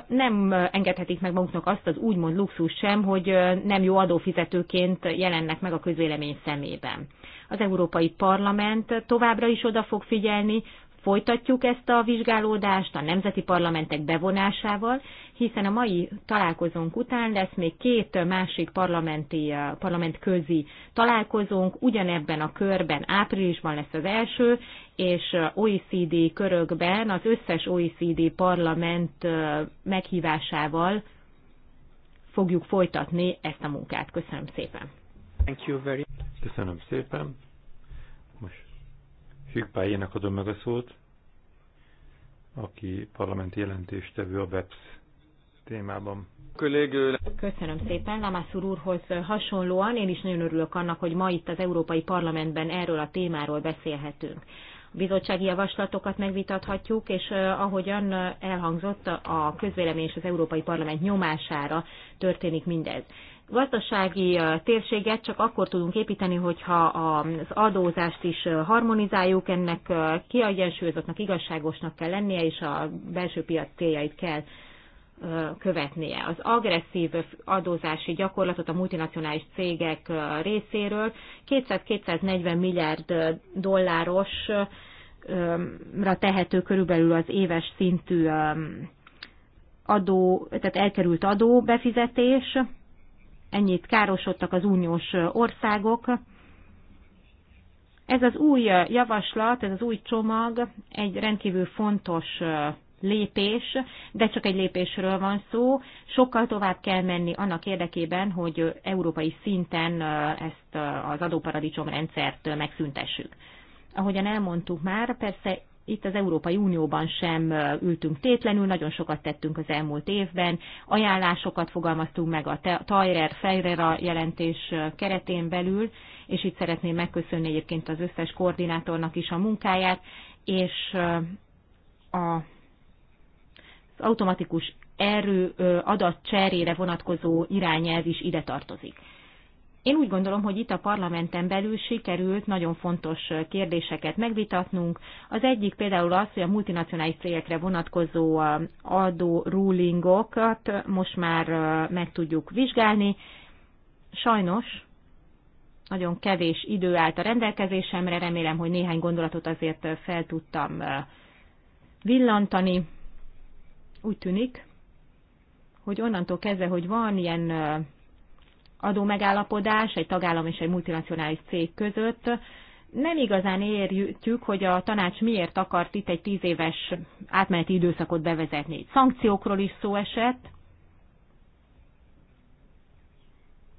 nem engedhetik meg maguknak azt az úgymond luxus sem, hogy nem jó adófizetőként jelennek meg a közvélemény szemében. Az Európai Parlament továbbra is oda fog figyelni Folytatjuk ezt a vizsgálódást a nemzeti parlamentek bevonásával, hiszen a mai találkozónk után lesz még két másik parlamenti, eh, parlament közi találkozónk, ugyanebben a körben áprilisban lesz az első, és eh, OECD körökben az összes OECD parlament eh, meghívásával fogjuk folytatni ezt a munkát. Köszönöm szépen! Thank you very Köszönöm szépen! Hügbájének adom meg a szót, aki parlamenti jelentéstevő a BEPS témában. Köszönöm szépen. Lamászur úrhoz hasonlóan én is nagyon örülök annak, hogy ma itt az Európai Parlamentben erről a témáról beszélhetünk. A bizottsági javaslatokat megvitathatjuk, és ahogyan elhangzott, a közvélemény és az Európai Parlament nyomására történik mindez gazdasági térséget csak akkor tudunk építeni, hogyha az adózást is harmonizáljuk, ennek kiegyensúlyozottnak, igazságosnak kell lennie, és a belső piac céljait kell követnie. Az agresszív adózási gyakorlatot a multinacionális cégek részéről 200-240 milliárd dolláros ra tehető körülbelül az éves szintű adó, tehát elkerült adó befizetés, ennyit károsodtak az uniós országok. Ez az új javaslat, ez az új csomag egy rendkívül fontos lépés, de csak egy lépésről van szó. Sokkal tovább kell menni annak érdekében, hogy európai szinten ezt az adóparadicsom rendszert megszüntessük. Ahogyan elmondtuk már, persze itt az Európai Unióban sem ültünk tétlenül, nagyon sokat tettünk az elmúlt évben, ajánlásokat fogalmaztunk meg a Tajrer Fejrera jelentés keretén belül, és itt szeretném megköszönni egyébként az összes koordinátornak is a munkáját, és a, az automatikus erő adatcserére vonatkozó irányelv is ide tartozik. Én úgy gondolom, hogy itt a parlamenten belül sikerült nagyon fontos kérdéseket megvitatnunk. Az egyik például az, hogy a multinacionális cégekre vonatkozó adó rulingokat most már meg tudjuk vizsgálni. Sajnos nagyon kevés idő állt a rendelkezésemre, remélem, hogy néhány gondolatot azért fel tudtam villantani. Úgy tűnik, hogy onnantól kezdve, hogy van ilyen megállapodás egy tagállam és egy multinacionális cég között. Nem igazán érjük, hogy a tanács miért akart itt egy tíz éves átmeneti időszakot bevezetni. Szankciókról is szó esett,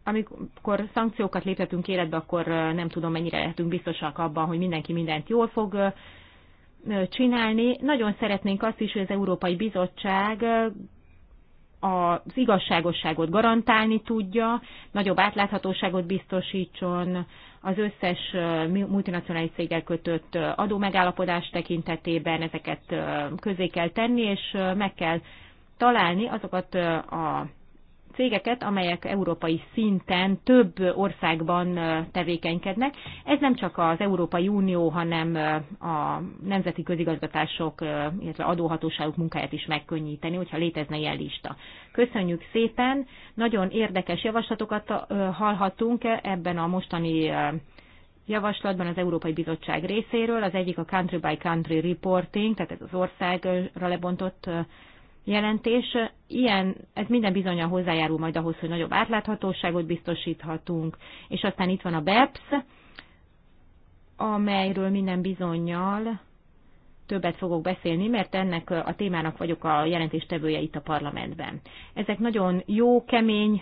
amikor szankciókat léptetünk életbe, akkor nem tudom, mennyire lehetünk biztosak abban, hogy mindenki mindent jól fog csinálni. Nagyon szeretnénk azt is, hogy az Európai Bizottság az igazságosságot garantálni tudja, nagyobb átláthatóságot biztosítson az összes multinacionális céggel kötött adómegállapodás tekintetében, ezeket közé kell tenni, és meg kell találni azokat a cégeket, amelyek európai szinten több országban tevékenykednek. Ez nem csak az Európai Unió, hanem a nemzeti közigazgatások, illetve adóhatóságok munkáját is megkönnyíteni, hogyha létezne ilyen lista. Köszönjük szépen, nagyon érdekes javaslatokat hallhatunk ebben a mostani javaslatban az Európai Bizottság részéről. Az egyik a country by country reporting, tehát ez az országra lebontott jelentés. Ilyen, ez minden bizonyal hozzájárul majd ahhoz, hogy nagyobb átláthatóságot biztosíthatunk. És aztán itt van a BEPS, amelyről minden bizonyal többet fogok beszélni, mert ennek a témának vagyok a jelentéstevője itt a parlamentben. Ezek nagyon jó, kemény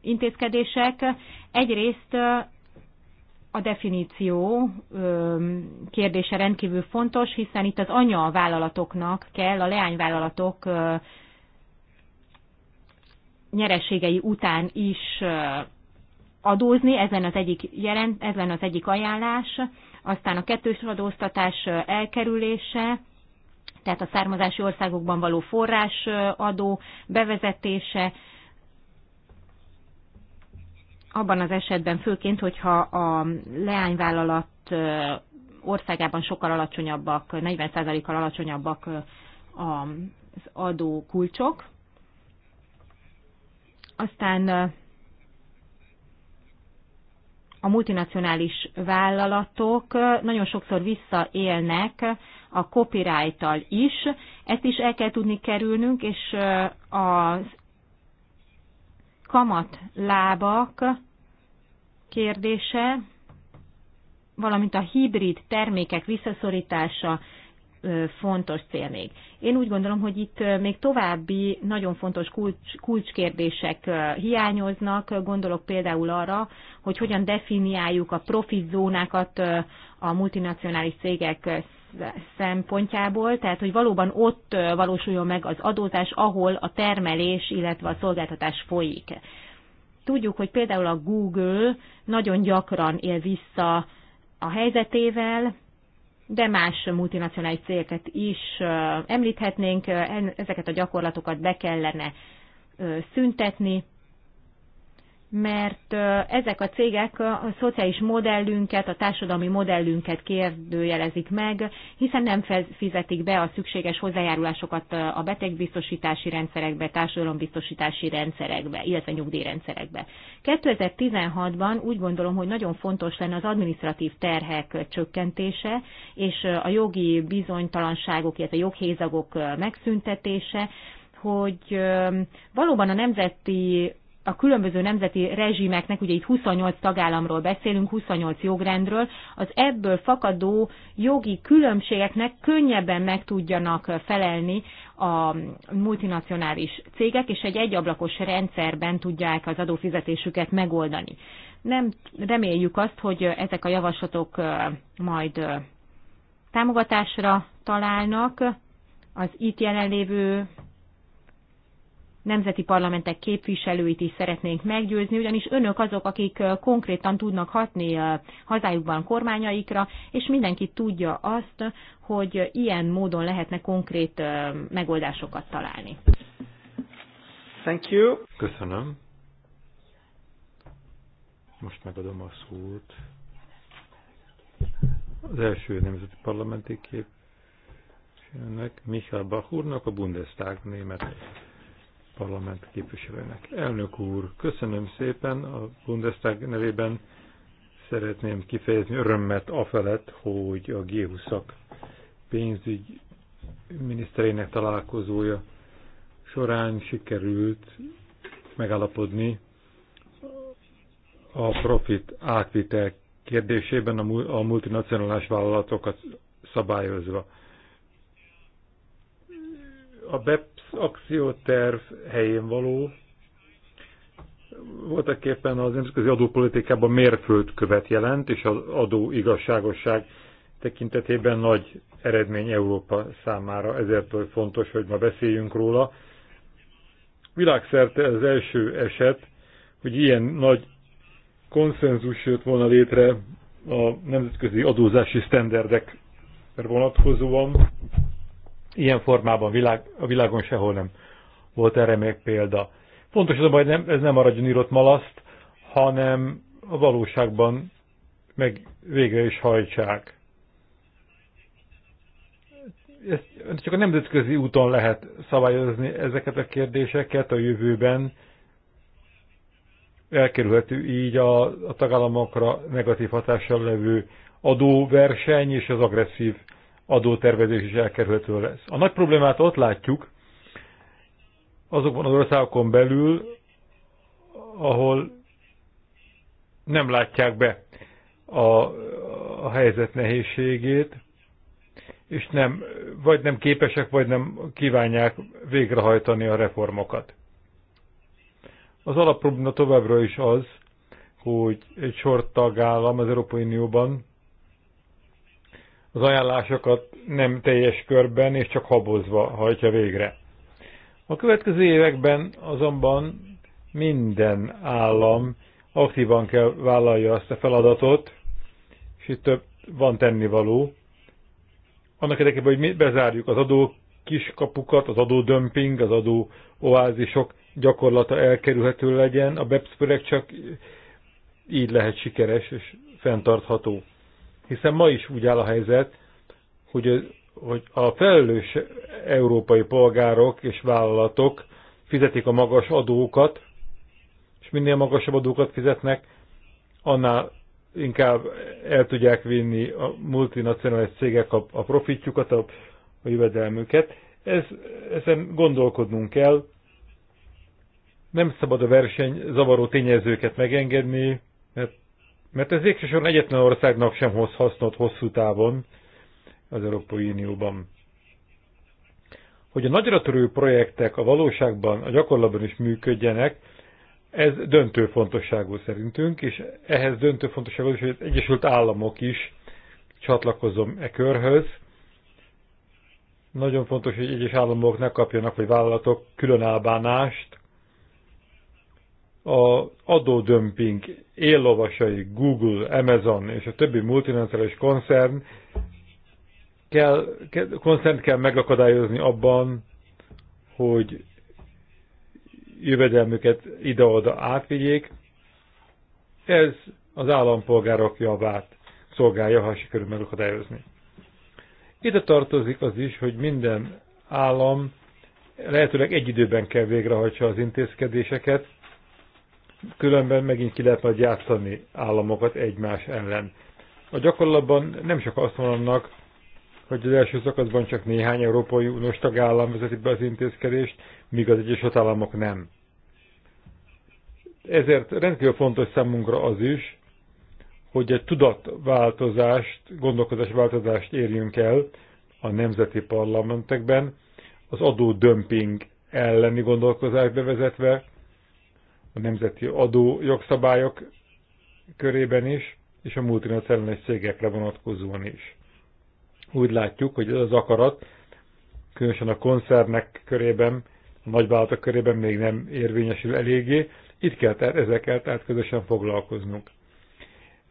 intézkedések. Egyrészt a definíció kérdése rendkívül fontos, hiszen itt az anya vállalatoknak kell a leányvállalatok nyereségei után is adózni, ez lenne az egyik, jelent, ez lenne az egyik ajánlás, aztán a kettős adóztatás elkerülése, tehát a származási országokban való forrásadó bevezetése, abban az esetben főként, hogyha a leányvállalat országában sokkal alacsonyabbak, 40%-kal alacsonyabbak az adó kulcsok. Aztán a multinacionális vállalatok nagyon sokszor visszaélnek a copyright is. Ezt is el kell tudni kerülnünk, és az lábak kérdése, valamint a hibrid termékek visszaszorítása fontos cél még. Én úgy gondolom, hogy itt még további nagyon fontos kulcs, kulcskérdések hiányoznak. Gondolok például arra, hogy hogyan definiáljuk a profit zónákat a multinacionális cégek szempontjából, tehát hogy valóban ott valósuljon meg az adózás, ahol a termelés, illetve a szolgáltatás folyik. Tudjuk, hogy például a Google nagyon gyakran él vissza a helyzetével, de más multinacionális cégeket is említhetnénk, ezeket a gyakorlatokat be kellene szüntetni, mert ezek a cégek a szociális modellünket, a társadalmi modellünket kérdőjelezik meg, hiszen nem fizetik be a szükséges hozzájárulásokat a betegbiztosítási rendszerekbe, társadalombiztosítási rendszerekbe, illetve nyugdíjrendszerekbe. 2016-ban úgy gondolom, hogy nagyon fontos lenne az administratív terhek csökkentése, és a jogi bizonytalanságok, illetve joghézagok megszüntetése, hogy valóban a nemzeti a különböző nemzeti rezsimeknek, ugye itt 28 tagállamról beszélünk, 28 jogrendről, az ebből fakadó jogi különbségeknek könnyebben meg tudjanak felelni a multinacionális cégek, és egy egyablakos rendszerben tudják az adófizetésüket megoldani. Nem reméljük azt, hogy ezek a javaslatok majd támogatásra találnak, az itt jelenlévő nemzeti parlamentek képviselőit is szeretnénk meggyőzni, ugyanis önök azok, akik konkrétan tudnak hatni hazájukban kormányaikra, és mindenki tudja azt, hogy ilyen módon lehetne konkrét megoldásokat találni. Thank you. Köszönöm. Most megadom a szót. Az első nemzeti parlamenti kép. Michael Bach úrnak, a Bundestag német parlament képviselőnek. Elnök úr, köszönöm szépen a Bundestag nevében. Szeretném kifejezni örömmet afelett, hogy a G20-ak pénzügy miniszterének találkozója során sikerült megállapodni a profit átvitel kérdésében a multinacionális vállalatokat szabályozva. A BEP akcióterv helyén való, voltak éppen az nemzetközi adópolitikában mérföldkövet jelent, és az adó igazságosság tekintetében nagy eredmény Európa számára, ezért hogy fontos, hogy ma beszéljünk róla. Világszerte az első eset, hogy ilyen nagy konszenzus jött volna létre a nemzetközi adózási sztenderdek vonatkozóan, ilyen formában világ, a világon sehol nem volt erre még példa. Fontos azonban, hogy nem, ez nem maradjon írott malaszt, hanem a valóságban meg végre is hajtsák. Ezt csak a nemzetközi úton lehet szabályozni ezeket a kérdéseket a jövőben, elkerülhető így a, a tagállamokra negatív hatással levő adóverseny és az agresszív adótervezés is elkerülhető lesz. A nagy problémát ott látjuk, azokban az országokon belül, ahol nem látják be a, a helyzet nehézségét, és nem, vagy nem képesek, vagy nem kívánják végrehajtani a reformokat. Az alapprobléma továbbra is az, hogy egy sor tagállam az Európai Unióban az ajánlásokat nem teljes körben és csak habozva hajtja végre. A következő években azonban minden állam aktívan kell vállalja azt a feladatot, és itt több van tennivaló. Annak érdekében, hogy mi bezárjuk az adó kiskapukat, az adódömping, az adó oázisok gyakorlata elkerülhető legyen, a BEPS projekt csak így lehet sikeres és fenntartható. Hiszen ma is úgy áll a helyzet, hogy, hogy a felelős európai polgárok és vállalatok fizetik a magas adókat, és minél magasabb adókat fizetnek, annál inkább el tudják vinni a multinacionális cégek a, a profitjukat, a, a jövedelmüket. Ez, ezen gondolkodnunk kell. Nem szabad a verseny zavaró tényezőket megengedni, mert mert ez végsősorban egyetlen országnak sem hoz hasznot hosszú távon az Európai Unióban. Hogy a nagyra törő projektek a valóságban, a gyakorlatban is működjenek, ez döntő fontosságú szerintünk, és ehhez döntő fontosságú is, hogy az Egyesült Államok is csatlakozom e körhöz. Nagyon fontos, hogy egyes államok ne kapjanak, vagy vállalatok külön elbánást a adódömping éllovasai Google, Amazon és a többi multinacionális koncern kell, kell, koncern kell megakadályozni abban, hogy jövedelmüket ide-oda átvigyék. Ez az állampolgárok javát szolgálja, ha sikerül megakadályozni. Ide tartozik az is, hogy minden állam lehetőleg egy időben kell végrehajtsa az intézkedéseket, különben megint ki lehet majd játszani államokat egymás ellen. A gyakorlatban nem sok azt mondanak, hogy az első szakaszban csak néhány Európai Uniós tagállam vezeti be az intézkedést, míg az egyes hatállamok nem. Ezért rendkívül fontos számunkra az is, hogy egy tudatváltozást, gondolkodásváltozást érjünk el a nemzeti parlamentekben, az adódömping elleni gondolkozást bevezetve, a nemzeti adó jogszabályok körében is, és a multinacionális cégekre vonatkozóan is. Úgy látjuk, hogy ez az akarat, különösen a koncernek körében, a nagyvállalatok körében még nem érvényesül eléggé, itt kell tehát ezekkel tehát közösen foglalkoznunk.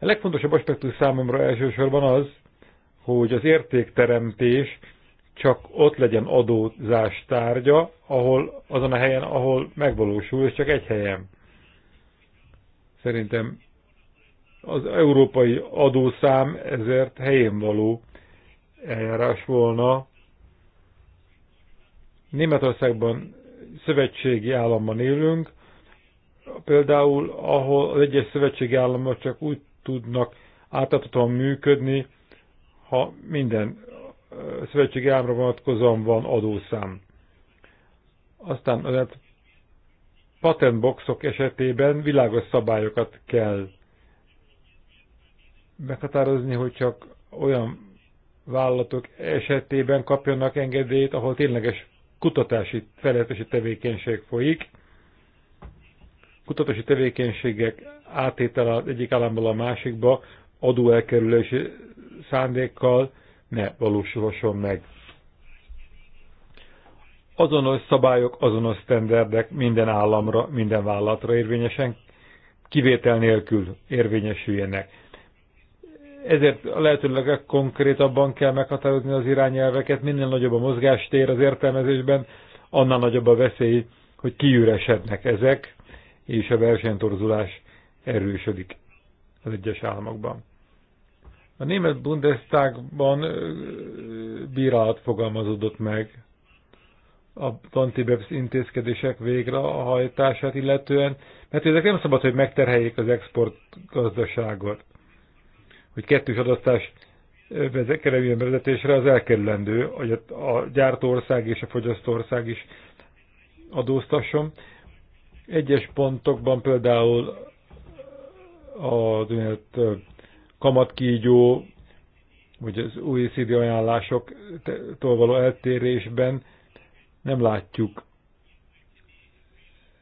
A legfontosabb aspektus számomra elsősorban az, hogy az értékteremtés csak ott legyen adózás tárgya, ahol, azon a helyen, ahol megvalósul, és csak egy helyen. Szerintem az európai adószám ezért helyén való eljárás volna. Németországban szövetségi államban élünk, például ahol az egyes szövetségi államok csak úgy tudnak átadhatóan működni, ha minden szövetségi államra vonatkozóan van adószám. Aztán azért patentboxok esetében világos szabályokat kell meghatározni, hogy csak olyan vállalatok esetében kapjanak engedélyt, ahol tényleges kutatási, fejlesztési tevékenység folyik. Kutatási tevékenységek átétel az egyik államból a másikba adóelkerülési szándékkal ne valósulhasson meg azonos szabályok, azonos sztenderdek minden államra, minden vállalatra érvényesen, kivétel nélkül érvényesüljenek. Ezért lehetőleg konkrétabban kell meghatározni az irányelveket, minél nagyobb a mozgástér az értelmezésben, annál nagyobb a veszély, hogy kiüresednek ezek, és a versenytorzulás erősödik az egyes államokban. A német Bundestagban bírálat fogalmazódott meg a antibebs intézkedések végrehajtását illetően, mert ezek nem szabad, hogy megterheljék az export gazdaságot. Hogy kettős adasztás kerüljön vezetésre, az elkerülendő, hogy a gyártóország és a fogyasztóország is adóztasson. Egyes pontokban például az kamatkígyó, vagy az OECD ajánlásoktól való eltérésben nem látjuk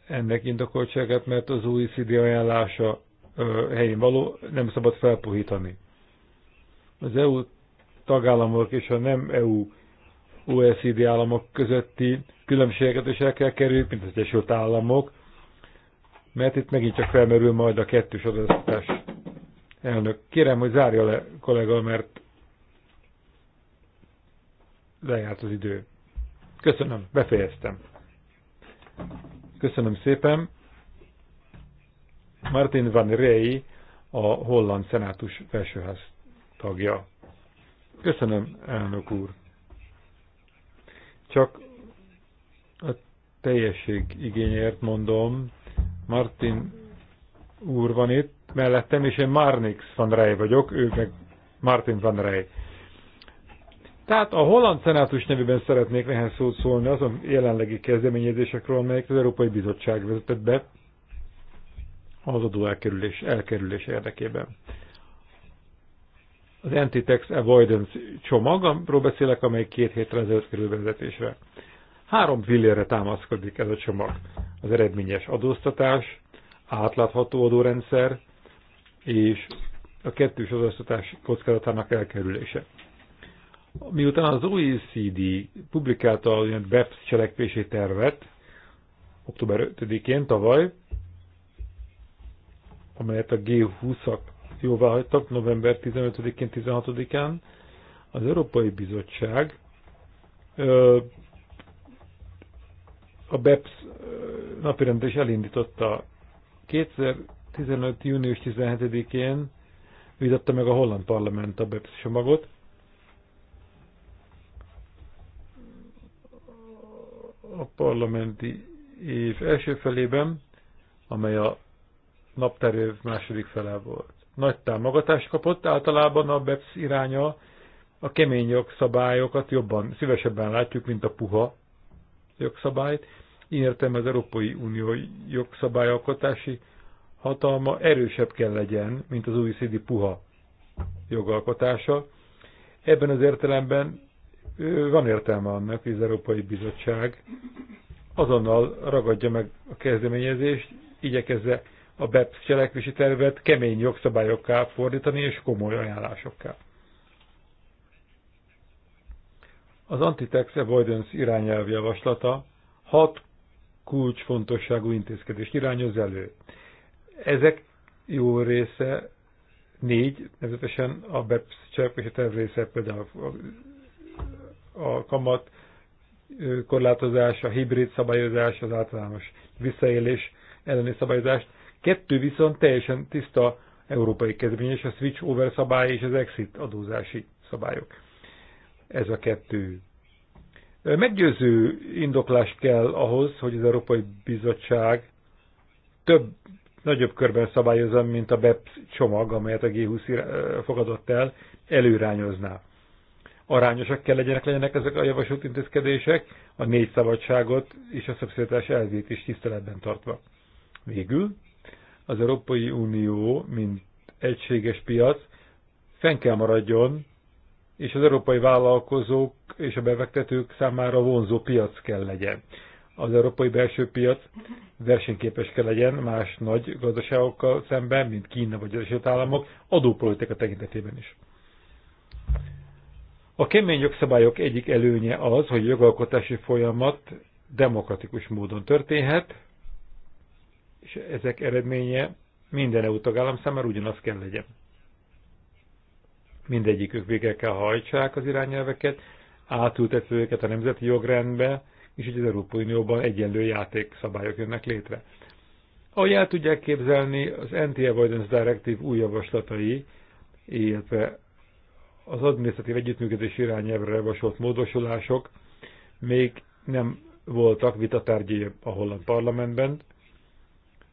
ennek indokoltságát, mert az CD ajánlása helyén való, nem szabad felpuhítani. Az EU tagállamok és a nem EU OECD államok közötti különbségeket is el kell kerülni, mint az Egyesült Államok, mert itt megint csak felmerül majd a kettős adatás elnök. Kérem, hogy zárja le, kollega, mert lejárt az idő. Köszönöm, befejeztem. Köszönöm szépen. Martin van Rey, a holland szenátus felsőház tagja. Köszönöm, elnök úr. Csak a teljesség igényért mondom, Martin úr van itt mellettem, és én Marnix van Rey vagyok, ő meg Martin van Rey. Tehát a holland szenátus nevében szeretnék nehez szót szólni azon jelenlegi kezdeményezésekről, amelyek az Európai Bizottság vezetett be az adó elkerülés, elkerülés érdekében. Az Anti-Tax Avoidance amiről beszélek, amely két héttel ezelőtt kerül vezetésre. Három pillérre támaszkodik ez a csomag. Az eredményes adóztatás, átlátható adórendszer és a kettős adóztatás kockázatának elkerülése. Miután az OECD publikálta a BEPS cselekvési tervet október 5-én tavaly, amelyet a G20-ak jóvá hagytak november 15-én, 16-án, az Európai Bizottság a BEPS napirendben is elindította 2015. június 17-én vitatta meg a holland parlament a BEPS csomagot, a parlamenti év első felében, amely a napterv második fele volt. Nagy támogatást kapott, általában a BEPS iránya a kemény jogszabályokat jobban, szívesebben látjuk, mint a puha jogszabályt. Én értem az Európai Unió jogszabályalkotási hatalma erősebb kell legyen, mint az OECD puha jogalkotása. Ebben az értelemben van értelme annak, hogy az Európai Bizottság azonnal ragadja meg a kezdeményezést, igyekezze a BEPS cselekvési tervet kemény jogszabályokká fordítani és komoly ajánlásokká. Az Antitex Avoidance irányelv javaslata hat kulcsfontosságú intézkedést irányoz elő. Ezek jó része négy, nevezetesen a BEPS cselekvési terv része például a kamat korlátozás, a hibrid szabályozás, az általános visszaélés elleni szabályozást. Kettő viszont teljesen tiszta európai kezdeményezés, a switch over szabály és az exit adózási szabályok. Ez a kettő. Meggyőző indoklás kell ahhoz, hogy az Európai Bizottság több, nagyobb körben szabályozza, mint a BEPS csomag, amelyet a G20 fogadott el, előrányozná arányosak kell legyenek, legyenek ezek a javasolt intézkedések, a négy szabadságot és a szabszolítás elvét is tiszteletben tartva. Végül az Európai Unió, mint egységes piac, fenn kell maradjon, és az európai vállalkozók és a befektetők számára vonzó piac kell legyen. Az európai belső piac versenyképes kell legyen más nagy gazdaságokkal szemben, mint Kína vagy az Egyesült Államok, adópolitika tekintetében is. A kemény jogszabályok egyik előnye az, hogy a jogalkotási folyamat demokratikus módon történhet, és ezek eredménye minden EU tagállam számára ugyanaz kell legyen. Mindegyikük végre kell hajtsák az irányelveket, átültetve őket a nemzeti jogrendbe, és így az Európai Unióban egyenlő játékszabályok jönnek létre. Ahogy el tudják képzelni, az Anti-Avoidance Directive új javaslatai, illetve az adminisztratív együttműködés irányelvre javasolt módosulások még nem voltak vitatárgyi a holland parlamentben,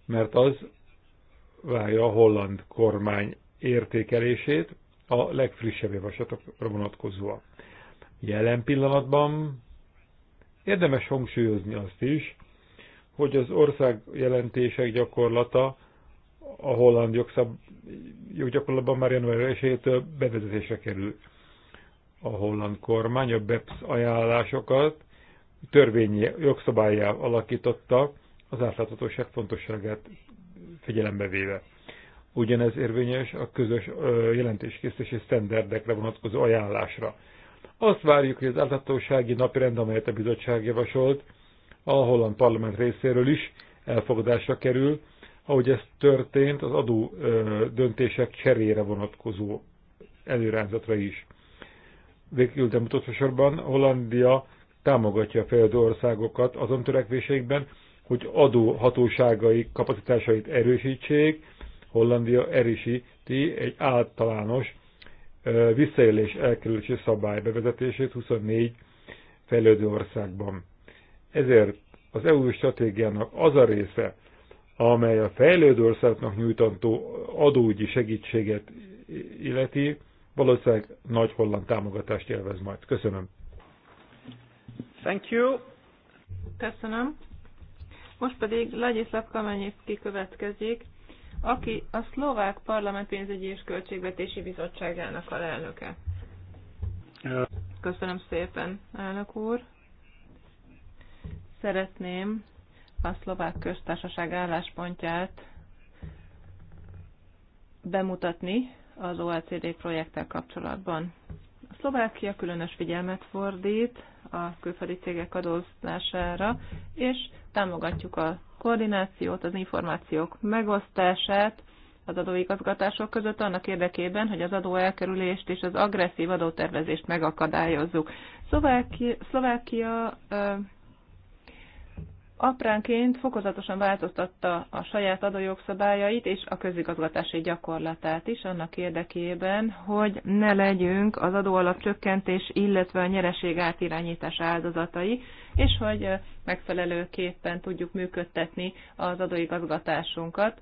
mert az várja a holland kormány értékelését a legfrissebb javaslatokra vonatkozóan. Jelen pillanatban érdemes hangsúlyozni azt is, hogy az ország jelentések gyakorlata a holland jogszab, joggyakorlatban már január 1-től bevezetésre kerül a holland kormány, a BEPS ajánlásokat törvényi jogszabályá alakította az átláthatóság fontosságát figyelembe véve. Ugyanez érvényes a közös jelentéskészítési sztenderdekre vonatkozó ajánlásra. Azt várjuk, hogy az átláthatósági napirend, amelyet a bizottság javasolt, a holland parlament részéről is elfogadásra kerül, ahogy ez történt, az adó döntések cserére vonatkozó előrányzatra is. Végül, de mutatva sorban Hollandia támogatja a fejlődő országokat azon törekvéseikben, hogy adóhatóságai kapacitásait erősítsék, Hollandia erősíti egy általános visszaélés elkerülési szabály bevezetését 24 fejlődő országban. Ezért az EU stratégiának az a része, amely a fejlődő országoknak nyújtandó adóügyi segítséget illeti, valószínűleg nagy holland támogatást élvez majd. Köszönöm. Thank you. Köszönöm. Most pedig Ladislav Kamenyevski következik, aki a Szlovák Parlament pénzügyi és költségvetési bizottságának a elnöke. Köszönöm szépen, elnök úr. Szeretném a szlovák köztársaság álláspontját bemutatni az OECD projekttel kapcsolatban. A Szlovákia különös figyelmet fordít a külföldi cégek adóztására, és támogatjuk a koordinációt, az információk megosztását az adóigazgatások között annak érdekében, hogy az adóelkerülést és az agresszív adótervezést megakadályozzuk. Szlovákia, Szlovákia apránként fokozatosan változtatta a saját adójogszabályait és a közigazgatási gyakorlatát is annak érdekében, hogy ne legyünk az adóalap csökkentés, illetve a nyereség átirányítás áldozatai, és hogy megfelelőképpen tudjuk működtetni az adóigazgatásunkat,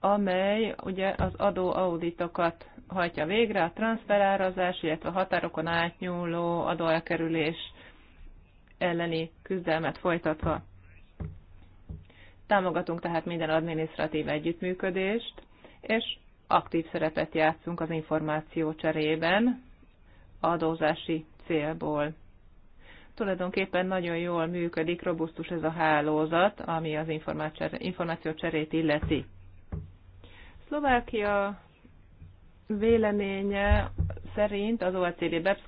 amely ugye az adóauditokat hajtja végre, a transferárazás, illetve a határokon átnyúló adóelkerülés elleni küzdelmet folytatva. Támogatunk tehát minden adminisztratív együttműködést, és aktív szerepet játszunk az információ cserében adózási célból. Tulajdonképpen nagyon jól működik, robusztus ez a hálózat, ami az információ cserét illeti. Szlovákia véleménye szerint az OECD BEPS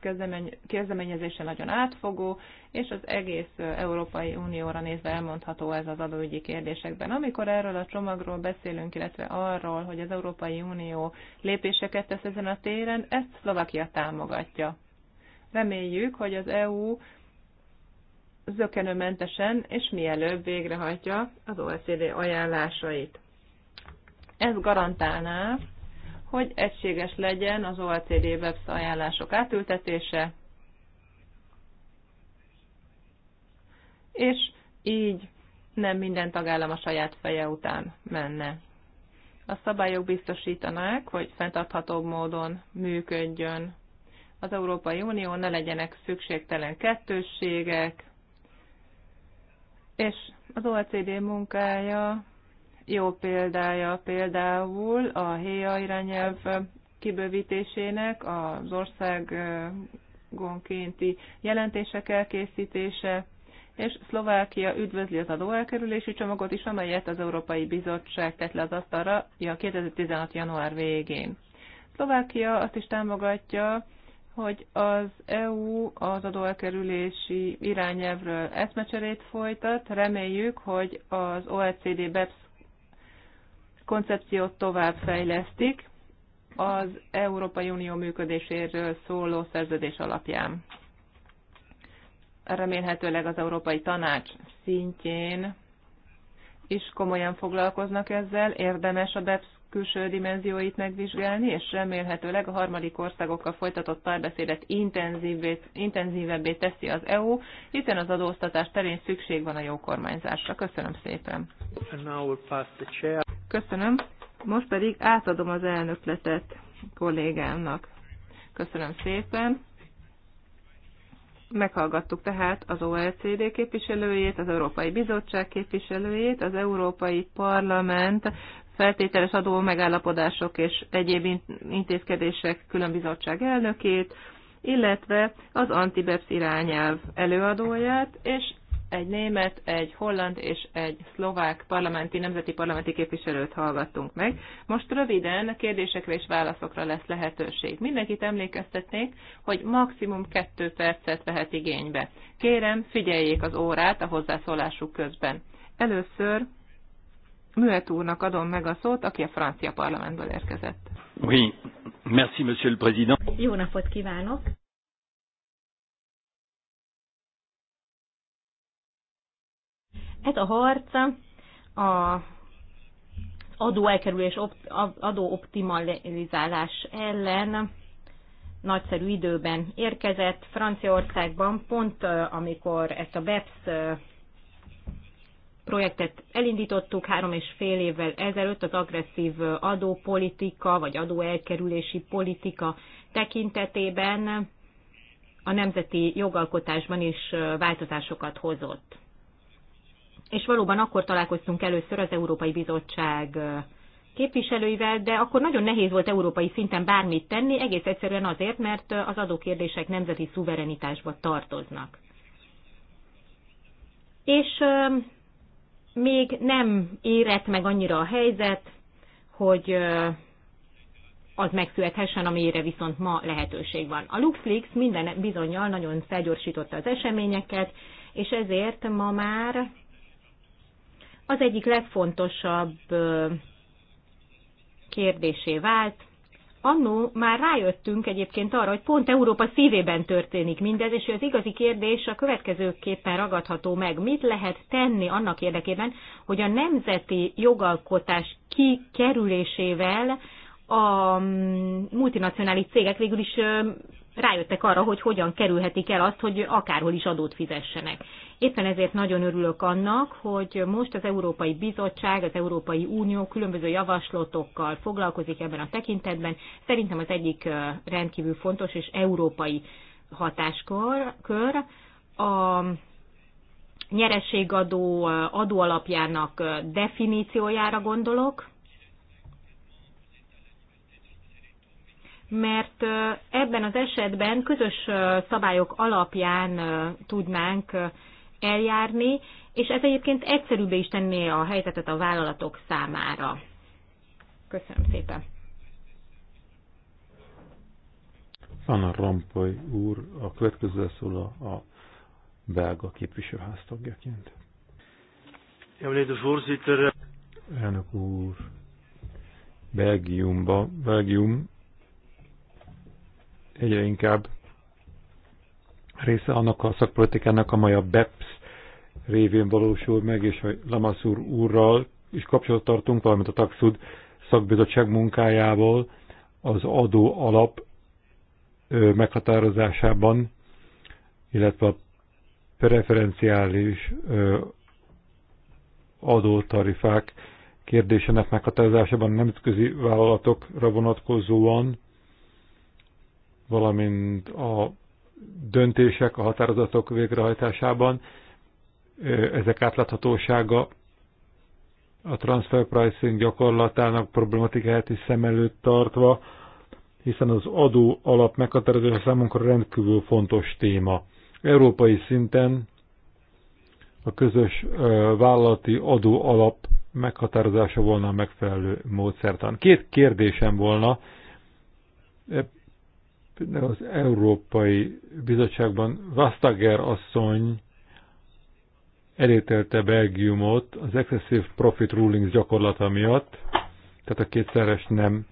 kezdeményezése nagyon átfogó, és az egész Európai Unióra nézve elmondható ez az adóügyi kérdésekben. Amikor erről a csomagról beszélünk, illetve arról, hogy az Európai Unió lépéseket tesz ezen a téren, ezt Szlovakia támogatja. Reméljük, hogy az EU zökenőmentesen és mielőbb végrehajtja az OECD ajánlásait. Ez garantálná, hogy egységes legyen az OLCD webs ajánlások átültetése, és így nem minden tagállam a saját feje után menne. A szabályok biztosítanák, hogy fenntarthatóbb módon működjön az Európai Unió, ne legyenek szükségtelen kettősségek, és az OECD munkája jó példája például a HÉA irányelv kibővítésének, az országonkénti jelentések elkészítése, és Szlovákia üdvözli az adóelkerülési csomagot is, amelyet az Európai Bizottság tett le az asztalra a 2016. január végén. Szlovákia azt is támogatja, hogy az EU az adóelkerülési irányelvről eszmecserét folytat. Reméljük, hogy az OECD BEPS koncepciót tovább fejlesztik az Európai Unió működéséről szóló szerződés alapján. Remélhetőleg az Európai Tanács szintjén is komolyan foglalkoznak ezzel, érdemes a BEPS külső dimenzióit megvizsgálni, és remélhetőleg a harmadik országokkal folytatott párbeszédet intenzívebbé teszi az EU, hiszen az adóztatás terén szükség van a jó kormányzásra. Köszönöm szépen. Köszönöm. Most pedig átadom az elnökletet kollégámnak. Köszönöm szépen. Meghallgattuk tehát az OECD képviselőjét, az Európai Bizottság képviselőjét, az Európai Parlament feltételes adó megállapodások és egyéb intézkedések bizottság elnökét, illetve az Antibepsz irányelv előadóját, és egy német, egy holland és egy szlovák parlamenti, nemzeti parlamenti képviselőt hallgattunk meg. Most röviden kérdésekre és válaszokra lesz lehetőség. Mindenkit emlékeztetnék, hogy maximum kettő percet vehet igénybe. Kérem, figyeljék az órát a hozzászólásuk közben. Először Müet úrnak adom meg a szót, aki a francia parlamentből érkezett. Oui, merci, monsieur le président. Jó napot kívánok! Ez hát a harc a adóelkerülés, adóoptimalizálás ellen nagyszerű időben érkezett. Franciaországban pont amikor ezt a BEPS projektet elindítottuk három és fél évvel ezelőtt az agresszív adópolitika vagy adóelkerülési politika tekintetében a nemzeti jogalkotásban is változásokat hozott és valóban akkor találkoztunk először az Európai Bizottság képviselőivel, de akkor nagyon nehéz volt európai szinten bármit tenni, egész egyszerűen azért, mert az adókérdések nemzeti szuverenitásba tartoznak. És még nem érett meg annyira a helyzet, hogy az megszülethessen, amire viszont ma lehetőség van. A LuxLeaks minden bizonyal nagyon felgyorsította az eseményeket, és ezért ma már az egyik legfontosabb kérdésé vált. Annó már rájöttünk egyébként arra, hogy pont Európa szívében történik mindez, és az igazi kérdés a következőképpen ragadható meg. Mit lehet tenni annak érdekében, hogy a nemzeti jogalkotás kikerülésével a mm, multinacionális cégek végül is rájöttek arra, hogy hogyan kerülhetik el azt, hogy akárhol is adót fizessenek. Éppen ezért nagyon örülök annak, hogy most az Európai Bizottság, az Európai Unió különböző javaslatokkal foglalkozik ebben a tekintetben. Szerintem az egyik rendkívül fontos és európai hatáskör a nyerességadó adóalapjának definíciójára gondolok, mert ebben az esetben közös szabályok alapján tudnánk eljárni, és ez egyébként egyszerűbbé is tenné a helyzetet a vállalatok számára. Köszönöm szépen. Anna Rampoy úr, a következő szól a, a belga képviselőház tagjaként. Elnök úr, Belgiumba, Belgium egyre inkább része annak a szakpolitikának, amely a BEPS révén valósul meg, és a Lamassur úrral is kapcsolatot tartunk, valamint a Taxud szakbizottság munkájával az adó alap meghatározásában, illetve a preferenciális adótarifák kérdésének meghatározásában nemzetközi vállalatokra vonatkozóan valamint a döntések, a határozatok végrehajtásában, ezek átláthatósága a transfer pricing gyakorlatának problematikáját is szem előtt tartva, hiszen az adó alap meghatározása számunkra rendkívül fontos téma. Európai szinten a közös vállalati adó alap meghatározása volna a megfelelő módszertan. Két kérdésem volna Például az Európai Bizottságban Vastager asszony elételte Belgiumot az excessive profit rulings gyakorlata miatt, tehát a kétszeres nem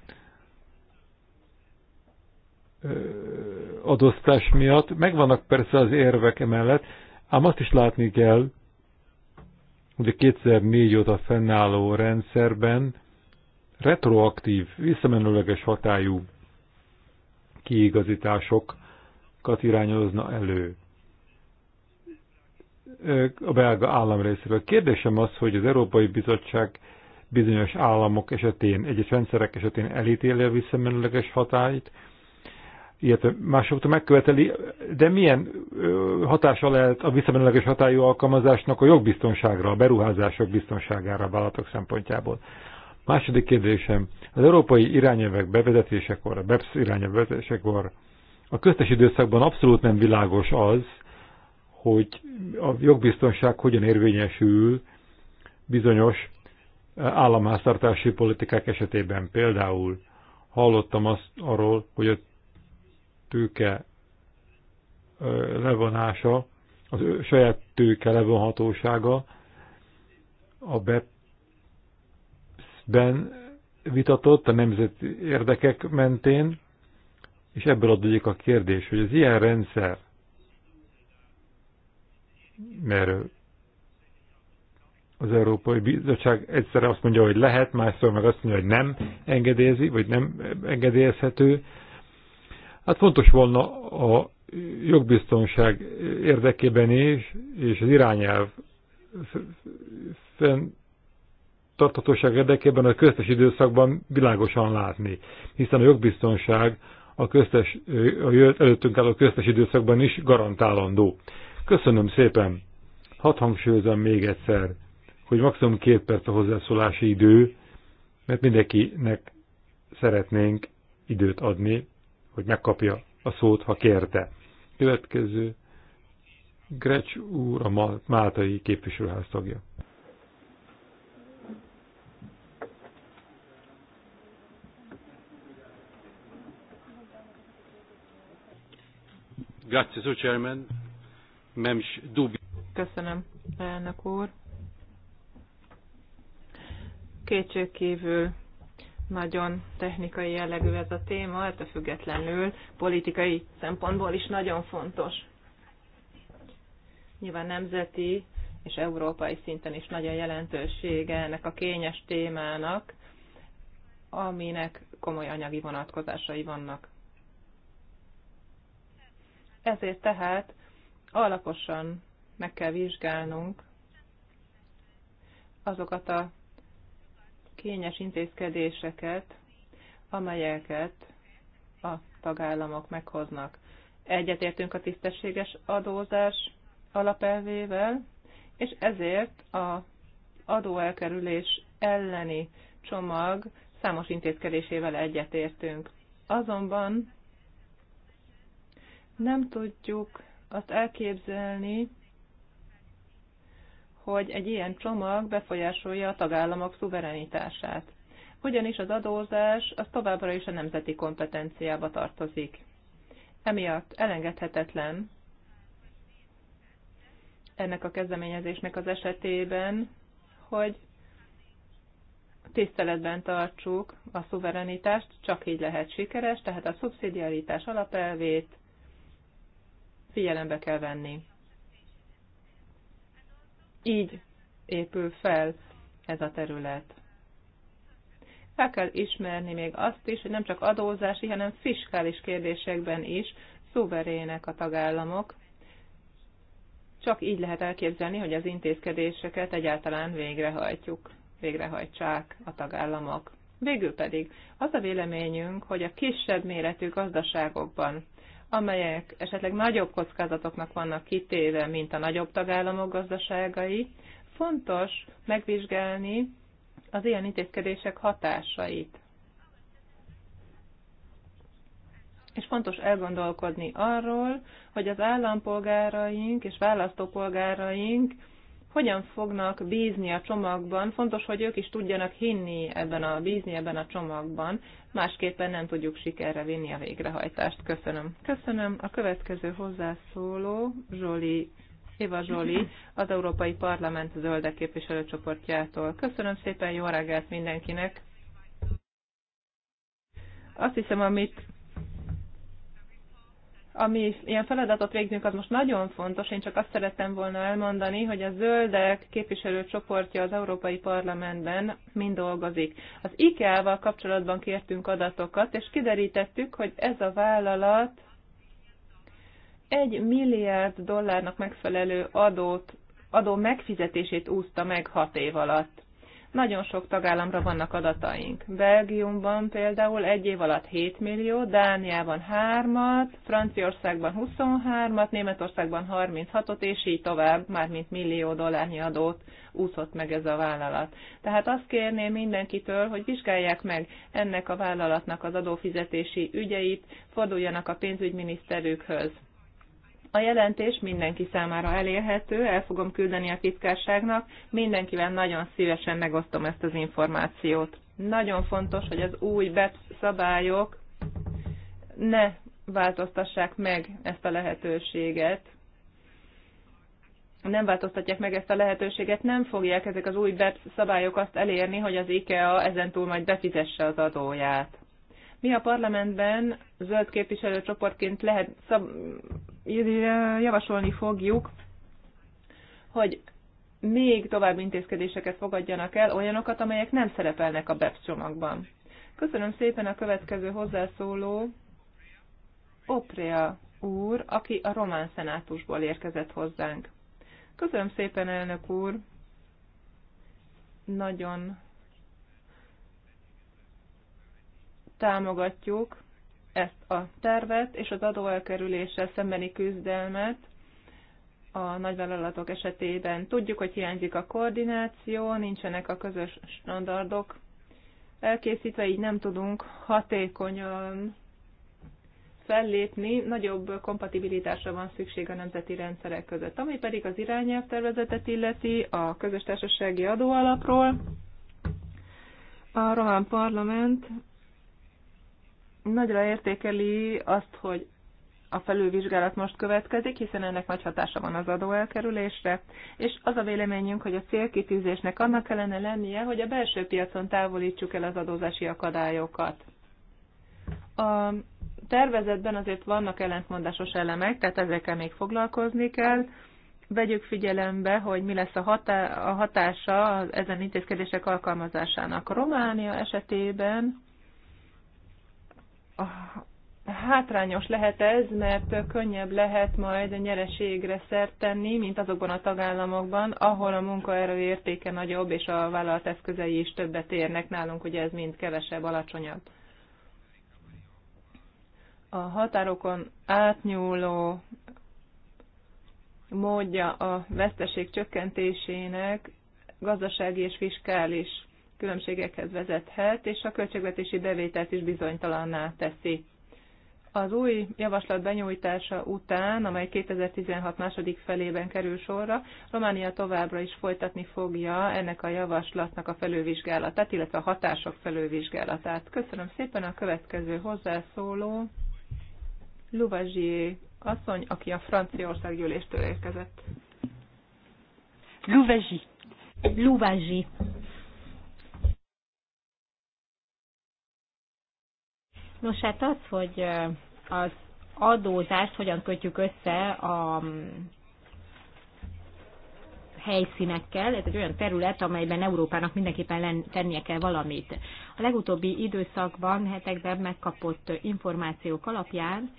adóztás miatt. Megvannak persze az érvek emellett, ám azt is látni kell, hogy a 2004 óta fennálló rendszerben retroaktív, visszamenőleges hatályú kiigazításokat irányozna elő a belga állam részéről. Kérdésem az, hogy az Európai Bizottság bizonyos államok esetén, egyes rendszerek esetén elítéli a visszamenőleges hatályt, illetve másoktól megköveteli, de milyen hatása lehet a visszamenőleges hatályú alkalmazásnak a jogbiztonságra, a beruházások biztonságára a vállalatok szempontjából? Második kérdésem, az európai irányelvek bevezetésekor, a BEPS irányelvek bevezetésekor a köztes időszakban abszolút nem világos az, hogy a jogbiztonság hogyan érvényesül bizonyos eh, államháztartási politikák esetében. Például hallottam azt arról, hogy a tőke eh, levonása, az saját tőke levonhatósága a BEP ben vitatott a nemzeti érdekek mentén, és ebből adódik a kérdés, hogy az ilyen rendszer, mert az Európai Bizottság egyszerre azt mondja, hogy lehet, másszor meg azt mondja, hogy nem engedélyezi, vagy nem engedélyezhető. Hát fontos volna a jogbiztonság érdekében is, és az irányelv tartatóság érdekében a köztes időszakban világosan látni, hiszen a jogbiztonság a, köztes, a előttünk álló köztes időszakban is garantálandó. Köszönöm szépen! Hadd hangsúlyozom még egyszer, hogy maximum két perc a hozzászólási idő, mert mindenkinek szeretnénk időt adni, hogy megkapja a szót, ha kérte. Következő Grecs úr, a Máltai képviselőház tagja. Grazie, so chairman. Köszönöm, elnök úr. Kétségkívül nagyon technikai jellegű ez a téma, ettől hát függetlenül politikai szempontból is nagyon fontos. Nyilván nemzeti és európai szinten is nagy a jelentősége ennek a kényes témának, aminek komoly anyagi vonatkozásai vannak. Ezért tehát alaposan meg kell vizsgálnunk azokat a kényes intézkedéseket, amelyeket a tagállamok meghoznak. Egyetértünk a tisztességes adózás alapelvével, és ezért a adóelkerülés elleni csomag számos intézkedésével egyetértünk. Azonban nem tudjuk azt elképzelni, hogy egy ilyen csomag befolyásolja a tagállamok szuverenitását. Ugyanis az adózás az továbbra is a nemzeti kompetenciába tartozik. Emiatt elengedhetetlen ennek a kezdeményezésnek az esetében, hogy tiszteletben tartsuk a szuverenitást, csak így lehet sikeres, tehát a szubszidiaritás alapelvét figyelembe kell venni. Így épül fel ez a terület. El kell ismerni még azt is, hogy nem csak adózási, hanem fiskális kérdésekben is szuverének a tagállamok. Csak így lehet elképzelni, hogy az intézkedéseket egyáltalán végrehajtjuk, végrehajtsák a tagállamok. Végül pedig az a véleményünk, hogy a kisebb méretű gazdaságokban amelyek esetleg nagyobb kockázatoknak vannak kitéve, mint a nagyobb tagállamok gazdaságai, fontos megvizsgálni az ilyen intézkedések hatásait. És fontos elgondolkodni arról, hogy az állampolgáraink és választópolgáraink hogyan fognak bízni a csomagban. Fontos, hogy ők is tudjanak hinni ebben a bízni ebben a csomagban, másképpen nem tudjuk sikerre vinni a végrehajtást. Köszönöm. Köszönöm. A következő hozzászóló Zsoli Éva Zsoli, az Európai Parlament zölde képviselőcsoportjától. Köszönöm szépen, jó reggelt mindenkinek! Azt hiszem, amit ami ilyen feladatot végzünk, az most nagyon fontos. Én csak azt szerettem volna elmondani, hogy a zöldek képviselőcsoportja az Európai Parlamentben mind dolgozik. Az IKEA-val kapcsolatban kértünk adatokat, és kiderítettük, hogy ez a vállalat egy milliárd dollárnak megfelelő adót, adó megfizetését úszta meg hat év alatt. Nagyon sok tagállamra vannak adataink. Belgiumban például egy év alatt 7 millió, Dániában 3-at, Franciaországban 23-at, Németországban 36-ot, és így tovább, mármint millió dollárnyi adót úszott meg ez a vállalat. Tehát azt kérném mindenkitől, hogy vizsgálják meg ennek a vállalatnak az adófizetési ügyeit, forduljanak a pénzügyminiszterükhöz a jelentés mindenki számára elérhető, el fogom küldeni a titkárságnak, mindenkivel nagyon szívesen megosztom ezt az információt. Nagyon fontos, hogy az új BEPS szabályok ne változtassák meg ezt a lehetőséget, nem változtatják meg ezt a lehetőséget, nem fogják ezek az új BEPS szabályok azt elérni, hogy az IKEA ezentúl majd befizesse az adóját. Mi a parlamentben zöld képviselőcsoportként lehet szab- javasolni fogjuk, hogy még tovább intézkedéseket fogadjanak el, olyanokat, amelyek nem szerepelnek a BEPS csomagban. Köszönöm szépen a következő hozzászóló, Oprea úr, aki a román szenátusból érkezett hozzánk. Köszönöm szépen, elnök úr! Nagyon támogatjuk ezt a tervet és az adóelkerüléssel szembeni küzdelmet a nagyvállalatok esetében. Tudjuk, hogy hiányzik a koordináció, nincsenek a közös standardok elkészítve, így nem tudunk hatékonyan fellépni, nagyobb kompatibilitásra van szükség a nemzeti rendszerek között. Ami pedig az irányelvtervezetet illeti a közös társasági adóalapról, a román parlament nagyra értékeli azt, hogy a felülvizsgálat most következik, hiszen ennek nagy hatása van az adóelkerülésre, és az a véleményünk, hogy a célkitűzésnek annak kellene lennie, hogy a belső piacon távolítsuk el az adózási akadályokat. A tervezetben azért vannak ellentmondásos elemek, tehát ezekkel még foglalkozni kell. Vegyük figyelembe, hogy mi lesz a, hatá a hatása ezen intézkedések alkalmazásának. A Románia esetében hátrányos lehet ez, mert könnyebb lehet majd a nyereségre szert tenni, mint azokban a tagállamokban, ahol a munkaerő értéke nagyobb, és a vállalat eszközei is többet érnek nálunk, ugye ez mind kevesebb, alacsonyabb. A határokon átnyúló módja a veszteség csökkentésének gazdasági és fiskális különbségekhez vezethet, és a költségvetési bevételt is bizonytalanná teszi. Az új javaslat benyújtása után, amely 2016 második felében kerül sorra, Románia továbbra is folytatni fogja ennek a javaslatnak a felővizsgálatát, illetve a hatások felővizsgálatát. Köszönöm szépen a következő hozzászóló, Louvagier asszony, aki a Franciaország gyűléstől érkezett. Louvagier. Louvagier. Nos, hát az, hogy az adózást hogyan kötjük össze a mm, helyszínekkel, ez egy olyan terület, amelyben Európának mindenképpen tennie kell valamit. A legutóbbi időszakban, hetekben megkapott információk alapján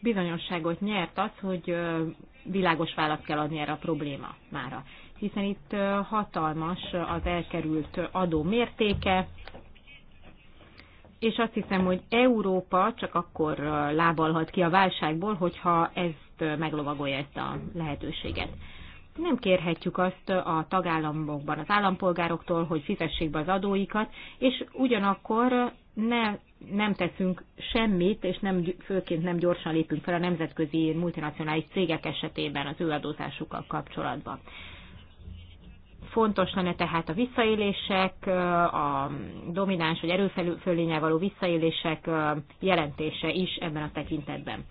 bizonyosságot nyert az, hogy világos választ kell adni erre a probléma mára. Hiszen itt hatalmas az elkerült adó mértéke, és azt hiszem, hogy Európa csak akkor lábalhat ki a válságból, hogyha ezt meglovagolja ezt a lehetőséget. Nem kérhetjük azt a tagállamokban az állampolgároktól, hogy fizessék be az adóikat, és ugyanakkor ne, nem teszünk semmit, és nem, főként nem gyorsan lépünk fel a nemzetközi multinacionális cégek esetében az ő adózásukkal kapcsolatban. Fontos lenne tehát a visszaélések, a domináns vagy erőfölényel való visszaélések jelentése is ebben a tekintetben.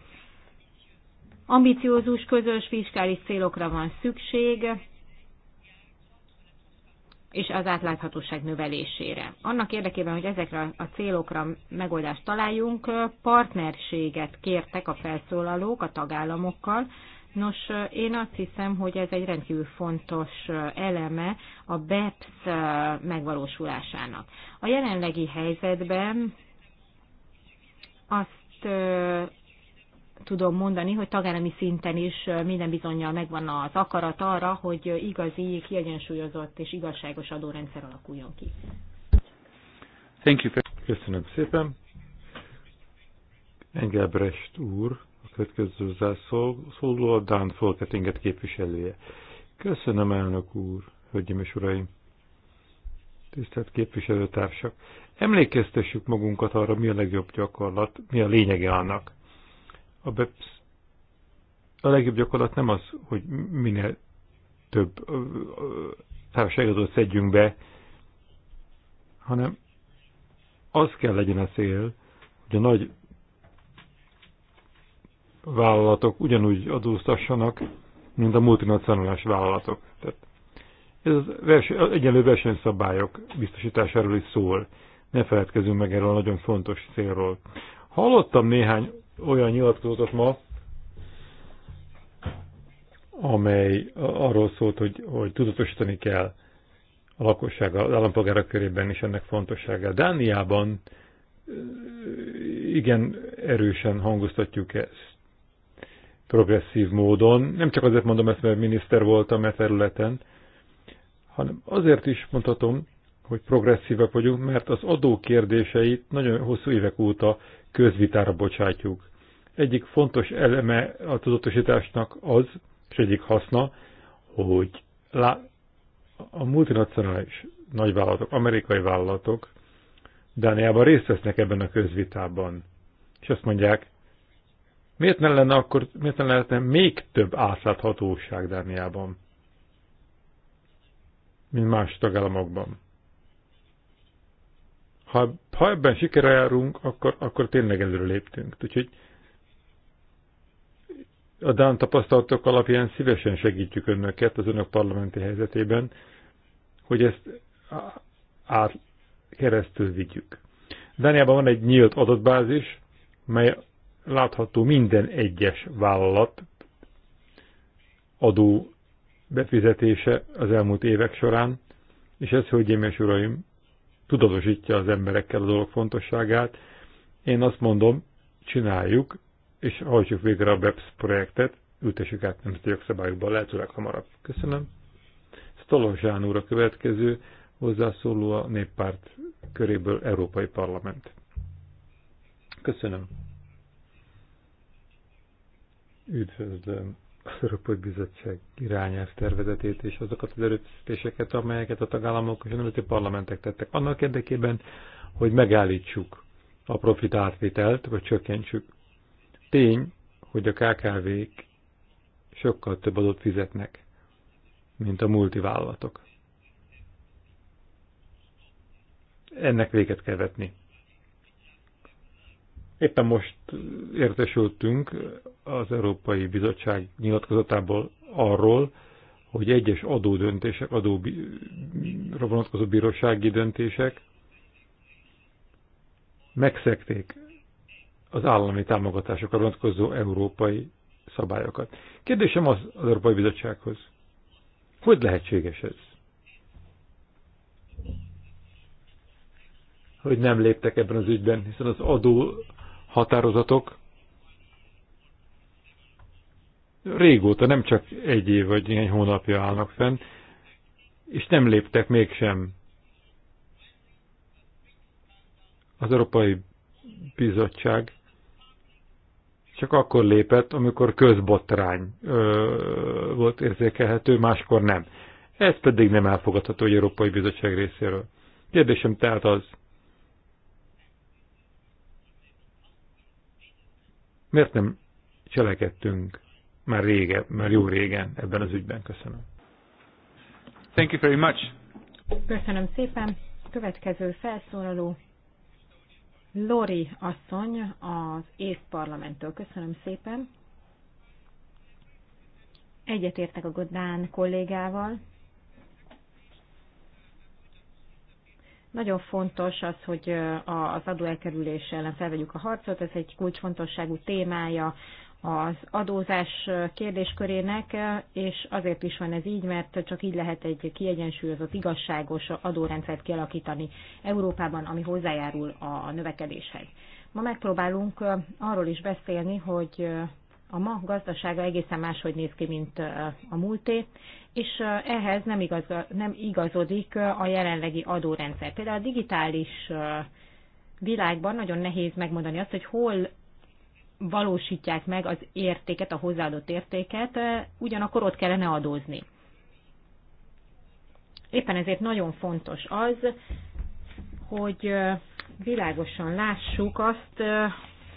Ambiciózus közös fiskális célokra van szükség, és az átláthatóság növelésére. Annak érdekében, hogy ezekre a célokra megoldást találjunk, partnerséget kértek a felszólalók a tagállamokkal, Nos, én azt hiszem, hogy ez egy rendkívül fontos eleme a BEPS megvalósulásának. A jelenlegi helyzetben azt tudom mondani, hogy tagállami szinten is minden bizonyal megvan az akarat arra, hogy igazi, kiegyensúlyozott és igazságos adórendszer alakuljon ki. Thank you. Köszönöm szépen. Engelbrecht úr Következő zászló a Dán Folketinget képviselője. Köszönöm, elnök úr, hölgyeim és uraim! Tisztelt képviselőtársak! Emlékeztessük magunkat arra, mi a legjobb gyakorlat, mi a lényege annak. A BEPS a legjobb gyakorlat nem az, hogy minél több társadalmat szedjünk be, hanem az kell legyen a cél, hogy a nagy vállalatok ugyanúgy adóztassanak, mint a multinacionális vállalatok. Tehát ez az vers egyenlő versenyszabályok biztosításáról is szól. Ne feledkezzünk meg erről a nagyon fontos célról. Hallottam néhány olyan nyilatkozatot ma, amely arról szólt, hogy, hogy tudatosítani kell a lakosság, az állampolgárok körében is ennek fontossága. Dániában igen erősen hangoztatjuk ezt progresszív módon. Nem csak azért mondom ezt, mert miniszter voltam e területen, hanem azért is mondhatom, hogy progresszívek vagyunk, mert az adó kérdéseit nagyon hosszú évek óta közvitára bocsátjuk. Egyik fontos eleme a tudatosításnak az, és egyik haszna, hogy a multinacionális nagyvállalatok, amerikai vállalatok Dániában részt vesznek ebben a közvitában. És azt mondják, Miért ne lenne akkor, miért ne lehetne még több átláthatóság Dániában, mint más tagállamokban? Ha, ha ebben sikere járunk, akkor, akkor tényleg előre léptünk. Úgyhogy a Dán tapasztalatok alapján szívesen segítjük önöket az önök parlamenti helyzetében, hogy ezt át keresztül vigyük. Dániában van egy nyílt adatbázis, mely látható minden egyes vállalat adó befizetése az elmúlt évek során, és ez, hölgyeim és uraim, tudatosítja az emberekkel a dolog fontosságát. Én azt mondom, csináljuk, és hajtsuk végre a BEPS projektet, ültessük át nemzeti jogszabályokban, lehetőleg hamarabb. Köszönöm. Stolozsán úr a következő, hozzászóló a néppárt köréből Európai Parlament. Köszönöm. Üdvözlöm az Európai Bizottság irányelv tervezetét és azokat az erőfeszítéseket, amelyeket a tagállamok és a nemzeti parlamentek tettek. Annak érdekében, hogy megállítsuk a profit átvitelt, vagy csökkentsük. Tény, hogy a KKV-k sokkal több adót fizetnek, mint a multivállalatok. Ennek véget kell vetni. Éppen most értesültünk az Európai Bizottság nyilatkozatából arról, hogy egyes adódöntések, adóra vonatkozó bírósági döntések megszekték az állami támogatásokra vonatkozó európai szabályokat. Kérdésem az az Európai Bizottsághoz. Hogy lehetséges ez? Hogy nem léptek ebben az ügyben, hiszen az adó határozatok régóta, nem csak egy év vagy néhány hónapja állnak fenn, és nem léptek mégsem. Az Európai Bizottság csak akkor lépett, amikor közbotrány ö, volt érzékelhető, máskor nem. Ez pedig nem elfogadható egy Európai Bizottság részéről. Kérdésem tehát az, Miért nem cselekedtünk már régen, már jó régen ebben az ügyben? Köszönöm. Thank you very much. Köszönöm szépen. Következő felszólaló Lori asszony az ÉSZ parlamenttől. Köszönöm szépen. Egyetértek a Godán kollégával. Nagyon fontos az, hogy az adóelkerülés ellen felvegyük a harcot, ez egy kulcsfontosságú témája az adózás kérdéskörének, és azért is van ez így, mert csak így lehet egy kiegyensúlyozott, igazságos adórendszert kialakítani Európában, ami hozzájárul a növekedéshez. Ma megpróbálunk arról is beszélni, hogy a ma gazdasága egészen máshogy néz ki, mint a múlté és ehhez nem, igaz, nem igazodik a jelenlegi adórendszer. Például a digitális világban nagyon nehéz megmondani azt, hogy hol valósítják meg az értéket, a hozzáadott értéket, ugyanakkor ott kellene adózni. Éppen ezért nagyon fontos az, hogy világosan lássuk azt,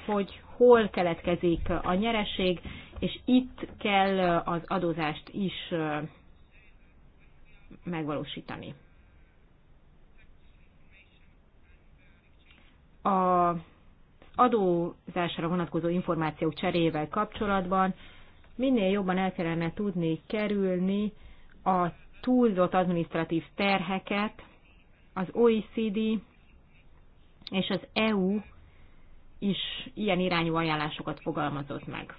hogy hol keletkezik a nyereség, és itt kell az adózást is megvalósítani. A adózásra vonatkozó információk cserével kapcsolatban minél jobban el kellene tudni kerülni a túlzott administratív terheket az OECD és az EU is ilyen irányú ajánlásokat fogalmazott meg.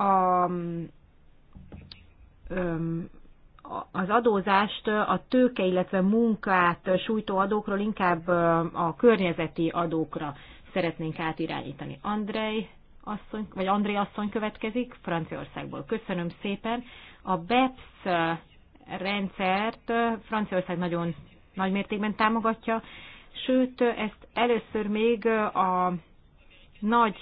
a, az adózást a tőke, illetve munkát sújtó adókról inkább a környezeti adókra szeretnénk átirányítani. Andrei asszony, vagy André asszony következik Franciaországból. Köszönöm szépen. A BEPS rendszert Franciaország nagyon nagy mértékben támogatja, sőt, ezt először még a nagy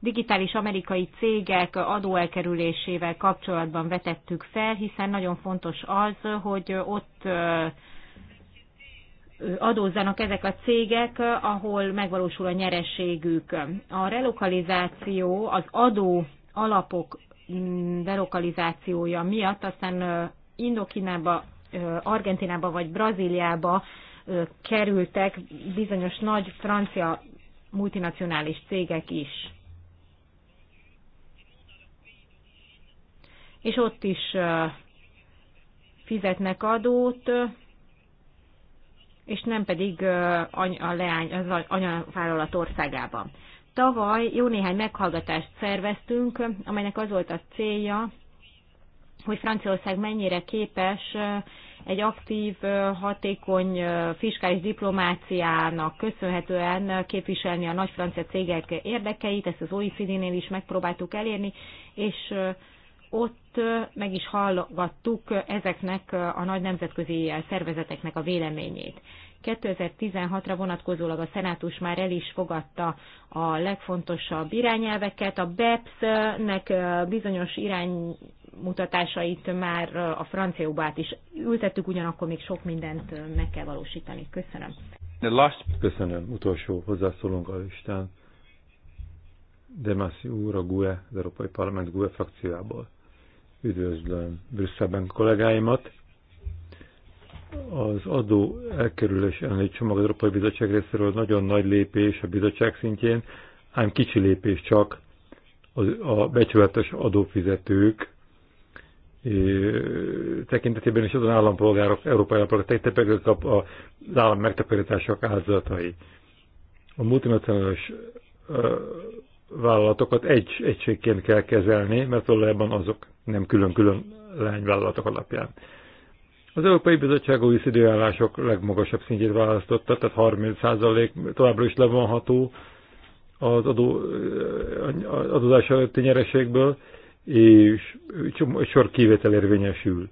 digitális amerikai cégek adóelkerülésével kapcsolatban vetettük fel, hiszen nagyon fontos az, hogy ott adózzanak ezek a cégek, ahol megvalósul a nyereségük. A relokalizáció, az adó alapok mm, relokalizációja miatt aztán Indokinába, Argentinába vagy Brazíliába kerültek bizonyos nagy francia multinacionális cégek is. és ott is fizetnek adót, és nem pedig a leány, az anyavállalat országában. Tavaly jó néhány meghallgatást szerveztünk, amelynek az volt a célja, hogy Franciaország mennyire képes egy aktív, hatékony fiskális diplomáciának köszönhetően képviselni a nagy francia cégek érdekeit, ezt az OECD-nél is megpróbáltuk elérni, és ott meg is hallgattuk ezeknek a nagy nemzetközi szervezeteknek a véleményét. 2016-ra vonatkozólag a szenátus már el is fogadta a legfontosabb irányelveket, a BEPS-nek bizonyos iránymutatásait már a franciaubát is ültettük, ugyanakkor még sok mindent meg kell valósítani. Köszönöm. The last... Köszönöm. Utolsó hozzászólunk a listán. Demasi úr a GUE, az Európai Parlament GUE frakciójából. Üdvözlöm Brüsszelben kollégáimat. Az adó elkerülés elleni csomag az Európai Bizottság részéről nagyon nagy lépés a bizottság szintjén, ám kicsi lépés csak a becsületes adófizetők tekintetében is azon állampolgárok, európai állampolgárok tettepegők kap az állam megtakarítások áldozatai. A multinacionális vállalatokat egy egységként kell kezelni, mert valójában azok nem külön-külön lányvállalatok alapján. Az Európai Bizottság új időállások legmagasabb szintjét választotta, tehát 30% továbbra is levonható az adó, adózás előtti nyereségből, és egy sor kivétel érvényesül.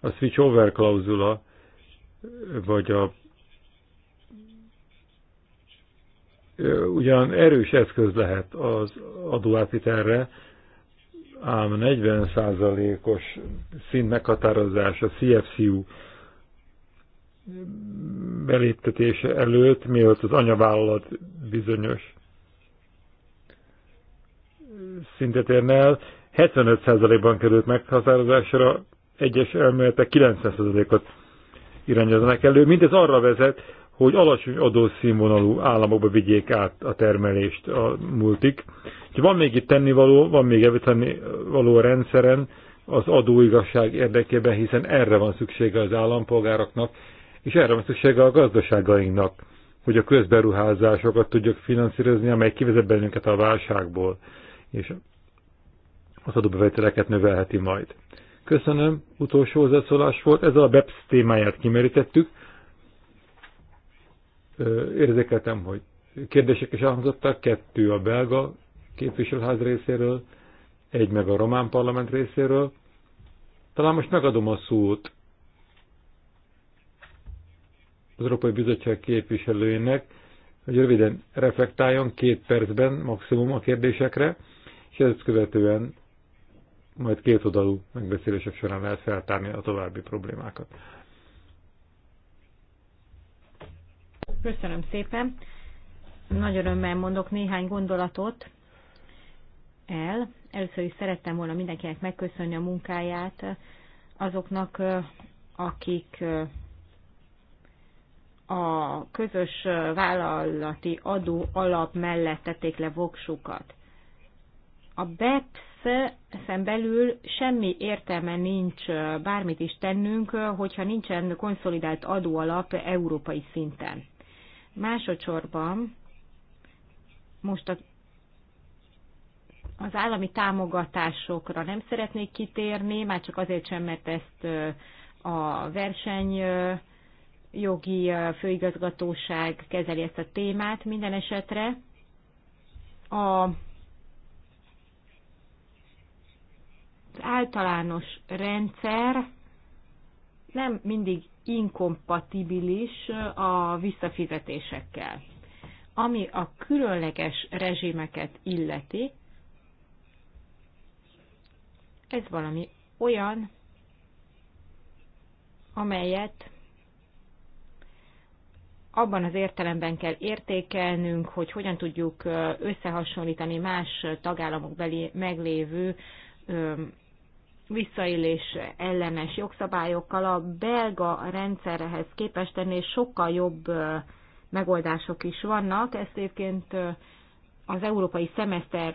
A switch over klauzula, vagy a ugyan erős eszköz lehet az adóátvitelre, ám 40%-os szint meghatározása CFCU beléptetése előtt, mielőtt az anyavállalat bizonyos szintet érne el, 75%-ban került meghatározásra, egyes elméletek 90%-ot irányoznak elő. Mindez arra vezet, hogy alacsony adószínvonalú államokba vigyék át a termelést a multik. Úgyhogy van még itt tennivaló, van még eviteni való a rendszeren az adóigazság érdekében, hiszen erre van szüksége az állampolgároknak, és erre van szüksége a gazdaságainknak, hogy a közberuházásokat tudjuk finanszírozni, amely kivezet bennünket a válságból, és az adóbevételeket növelheti majd. Köszönöm, utolsó hozzászólás volt, ezzel a BEPS témáját kimerítettük, érzékeltem, hogy kérdések is elhangzottak, kettő a belga képviselőház részéről, egy meg a román parlament részéről. Talán most megadom a szót az Európai Bizottság képviselőjének, hogy röviden reflektáljon két percben maximum a kérdésekre, és ezt követően majd két oldalú megbeszélések során lehet feltárni a további problémákat. Köszönöm szépen. Nagy örömmel mondok néhány gondolatot el. Először is szerettem volna mindenkinek megköszönni a munkáját azoknak, akik a közös vállalati adó alap mellett tették le voksukat. A beps szem belül semmi értelme nincs bármit is tennünk, hogyha nincsen konszolidált adóalap európai szinten. Másodszorban most a, az állami támogatásokra nem szeretnék kitérni, már csak azért sem, mert ezt a verseny jogi főigazgatóság kezeli ezt a témát minden esetre. A általános rendszer nem mindig inkompatibilis a visszafizetésekkel. Ami a különleges rezsimeket illeti, ez valami olyan, amelyet abban az értelemben kell értékelnünk, hogy hogyan tudjuk összehasonlítani más tagállamok belé meglévő visszaélés ellenes jogszabályokkal a belga rendszerhez képest ennél sokkal jobb megoldások is vannak. Ezt egyébként az európai szemeszter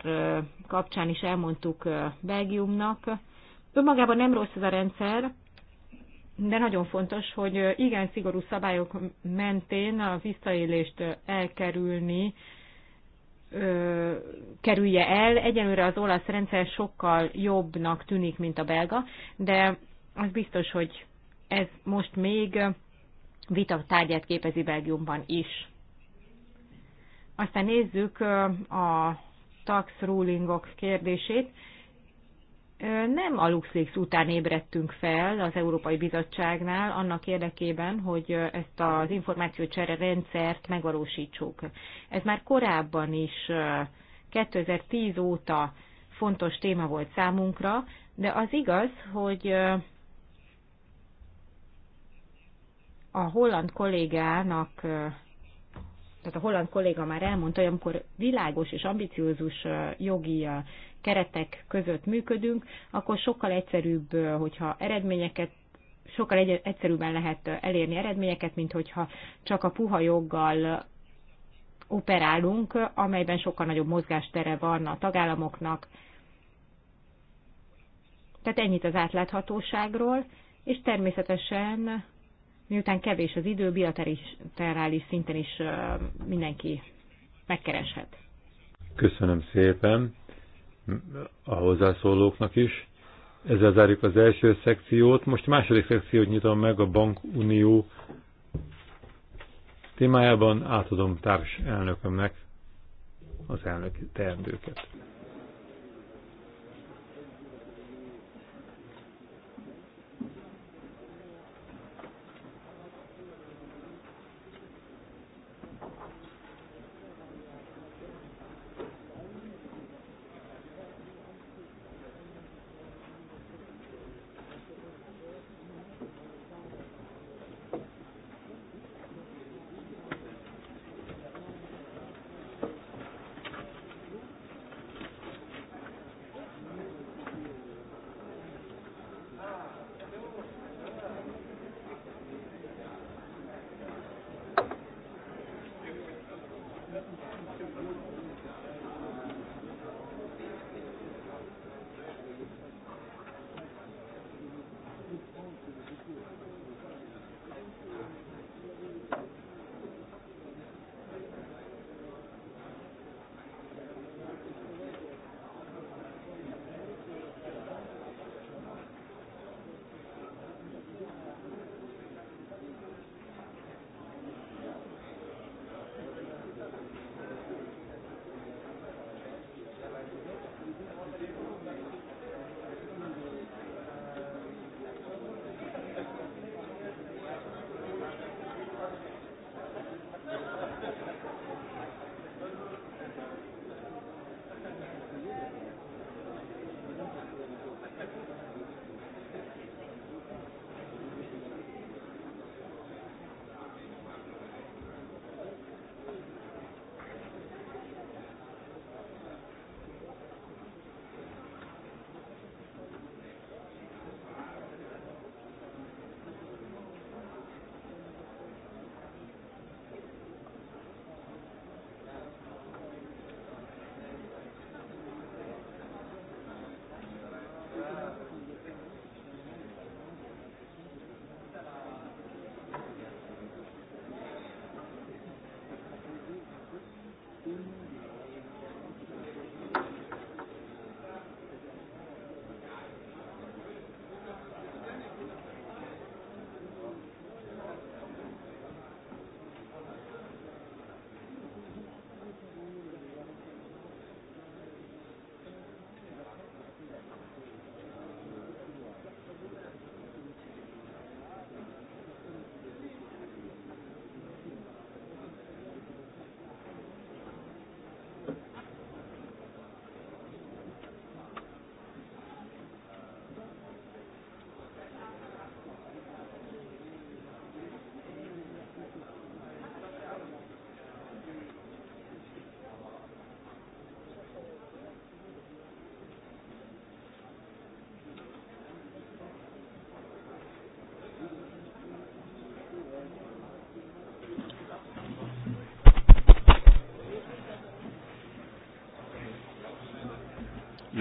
kapcsán is elmondtuk Belgiumnak. Önmagában nem rossz ez a rendszer, de nagyon fontos, hogy igen szigorú szabályok mentén a visszaélést elkerülni ö, kerülje el. Egyelőre az olasz rendszer sokkal jobbnak tűnik, mint a belga, de az biztos, hogy ez most még vita tárgyát képezi Belgiumban is. Aztán nézzük a tax rulingok kérdését nem a LuxLeaks után ébredtünk fel az Európai Bizottságnál annak érdekében, hogy ezt az információcsere rendszert megvalósítsuk. Ez már korábban is 2010 óta fontos téma volt számunkra, de az igaz, hogy a holland kollégának, tehát a holland kolléga már elmondta, hogy amikor világos és ambiciózus jogi keretek között működünk, akkor sokkal egyszerűbb, hogyha eredményeket sokkal egyszerűbben lehet elérni eredményeket, mint hogyha csak a puha joggal operálunk, amelyben sokkal nagyobb mozgástere van a tagállamoknak. Tehát ennyit az átláthatóságról, és természetesen, miután kevés az idő, bilaterális szinten is mindenki megkereshet. Köszönöm szépen a hozzászólóknak is. Ezzel zárjuk az első szekciót. Most a második szekciót nyitom meg a Bankunió témájában. Átadom társ elnökömnek az elnök teendőket.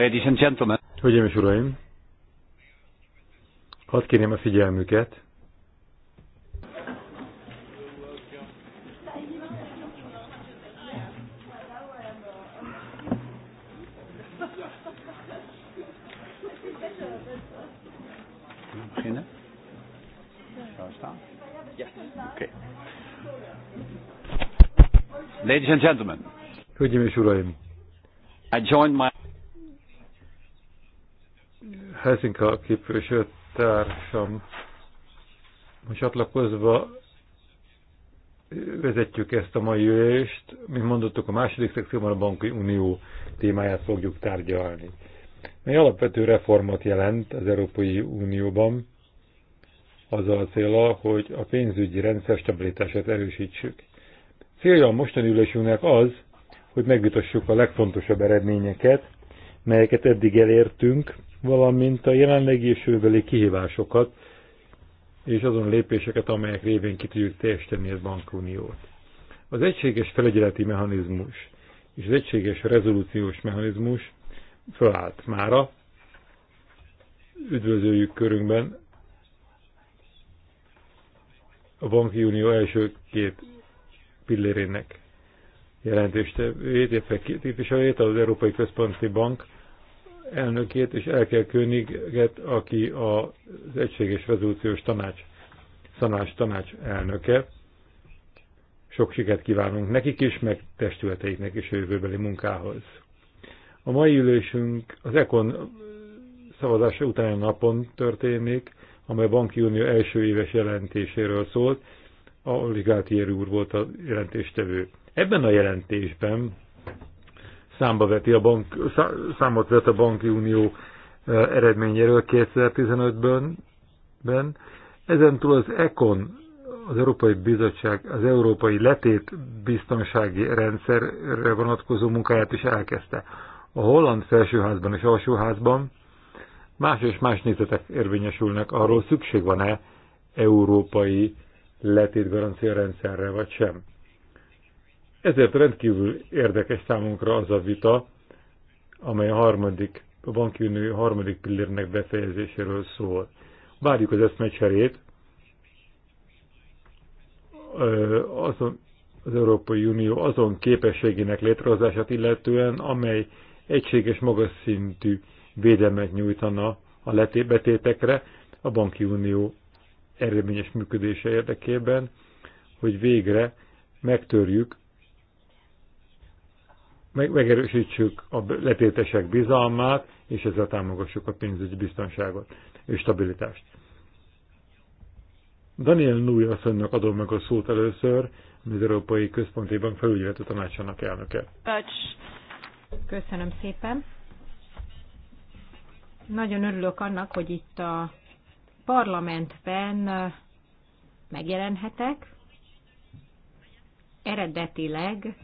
Ladies and gentlemen. Hölgyeim és uraim, hadd kérjem a figyelmüket. Ladies and gentlemen. Hölgyeim és uraim. I joined my Helsinki képviselőtársam csatlakozva vezetjük ezt a mai ülést. Mint mondottuk, a második szekcióban a Banki Unió témáját fogjuk tárgyalni. Mely alapvető reformot jelent az Európai Unióban, azzal a célra, hogy a pénzügyi rendszer stabilitását erősítsük. Célja a mostani ülésünknek az, hogy megvitassuk a legfontosabb eredményeket, melyeket eddig elértünk valamint a jelenlegi és jövőbeli kihívásokat, és azon lépéseket, amelyek révén ki tudjuk teljesíteni a bankuniót. Az egységes felügyeleti mechanizmus és az egységes rezolúciós mechanizmus felállt mára. Üdvözöljük körünkben a Banki Unió első két pillérének jelentéstevőjét, képviselőjét, az Európai Központi Bank elnökét és kell Königet, aki az Egységes Rezolúciós Tanács, Szanás Tanács elnöke. Sok sikert kívánunk nekik is, meg testületeiknek is a jövőbeli munkához. A mai ülésünk az ECON szavazása után napon történik, amely a Banki Unió első éves jelentéséről szólt, a ligáti úr volt a jelentéstevő. Ebben a jelentésben számba veti a bank, számot vet a banki unió e, eredményéről 2015-ben. Ezen túl az ECON, az Európai Bizottság, az Európai Letét Biztonsági Rendszerre vonatkozó munkáját is elkezdte. A holland felsőházban és alsóházban más és más nézetek érvényesülnek arról, szükség van-e európai letétgarancia rendszerre, vagy sem. Ezért rendkívül érdekes számunkra az a vita, amely a harmadik, a banki unió harmadik pillérnek befejezéséről szól. Várjuk az eszmecserét, azon, az Európai Unió azon képességének létrehozását illetően, amely egységes magas szintű védelmet nyújtana a betétekre a banki unió eredményes működése érdekében, hogy végre megtörjük megerősítsük a letétesek bizalmát, és ezzel támogassuk a pénzügyi biztonságot és stabilitást. Daniel Núj asszonynak adom meg a szót először, az Európai Központi Bank felügyeleti tanácsának elnöke. Köszönöm szépen. Nagyon örülök annak, hogy itt a parlamentben megjelenhetek. Eredetileg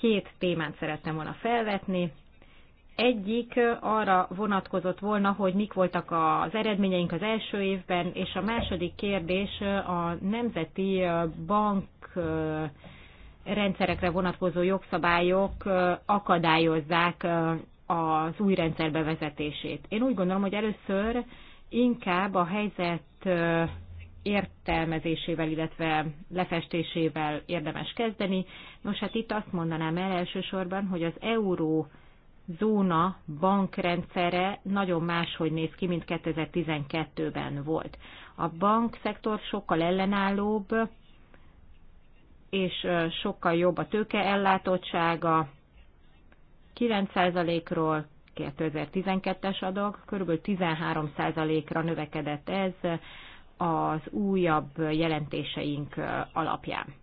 két témát szerettem volna felvetni. Egyik arra vonatkozott volna, hogy mik voltak az eredményeink az első évben, és a második kérdés a nemzeti bank rendszerekre vonatkozó jogszabályok akadályozzák az új rendszer bevezetését. Én úgy gondolom, hogy először inkább a helyzet értelmezésével, illetve lefestésével érdemes kezdeni. Nos, hát itt azt mondanám el elsősorban, hogy az euró zóna bankrendszere nagyon máshogy néz ki, mint 2012-ben volt. A bankszektor sokkal ellenállóbb, és sokkal jobb a tőke ellátottsága, 9%-ról 2012-es adag, kb. 13%-ra növekedett ez az újabb jelentéseink alapján.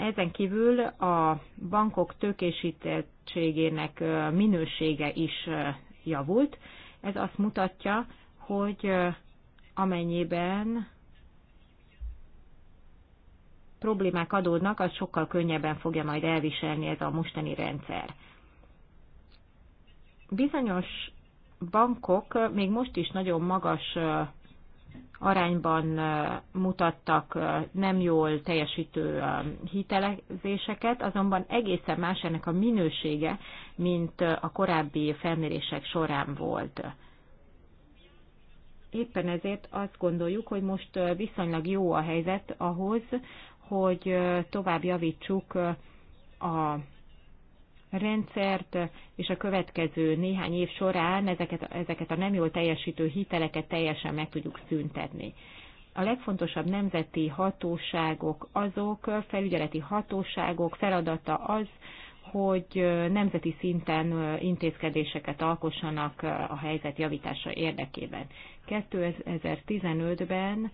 Ezen kívül a bankok tőkésítettségének minősége is javult. Ez azt mutatja, hogy amennyiben problémák adódnak, az sokkal könnyebben fogja majd elviselni ez a mostani rendszer. Bizonyos bankok még most is nagyon magas arányban mutattak nem jól teljesítő hitelezéseket, azonban egészen más ennek a minősége, mint a korábbi felmérések során volt. Éppen ezért azt gondoljuk, hogy most viszonylag jó a helyzet ahhoz, hogy tovább javítsuk a rendszert, és a következő néhány év során ezeket, ezeket a nem jól teljesítő hiteleket teljesen meg tudjuk szüntetni. A legfontosabb nemzeti hatóságok azok, felügyeleti hatóságok feladata az, hogy nemzeti szinten intézkedéseket alkossanak a helyzet javítása érdekében. 2015-ben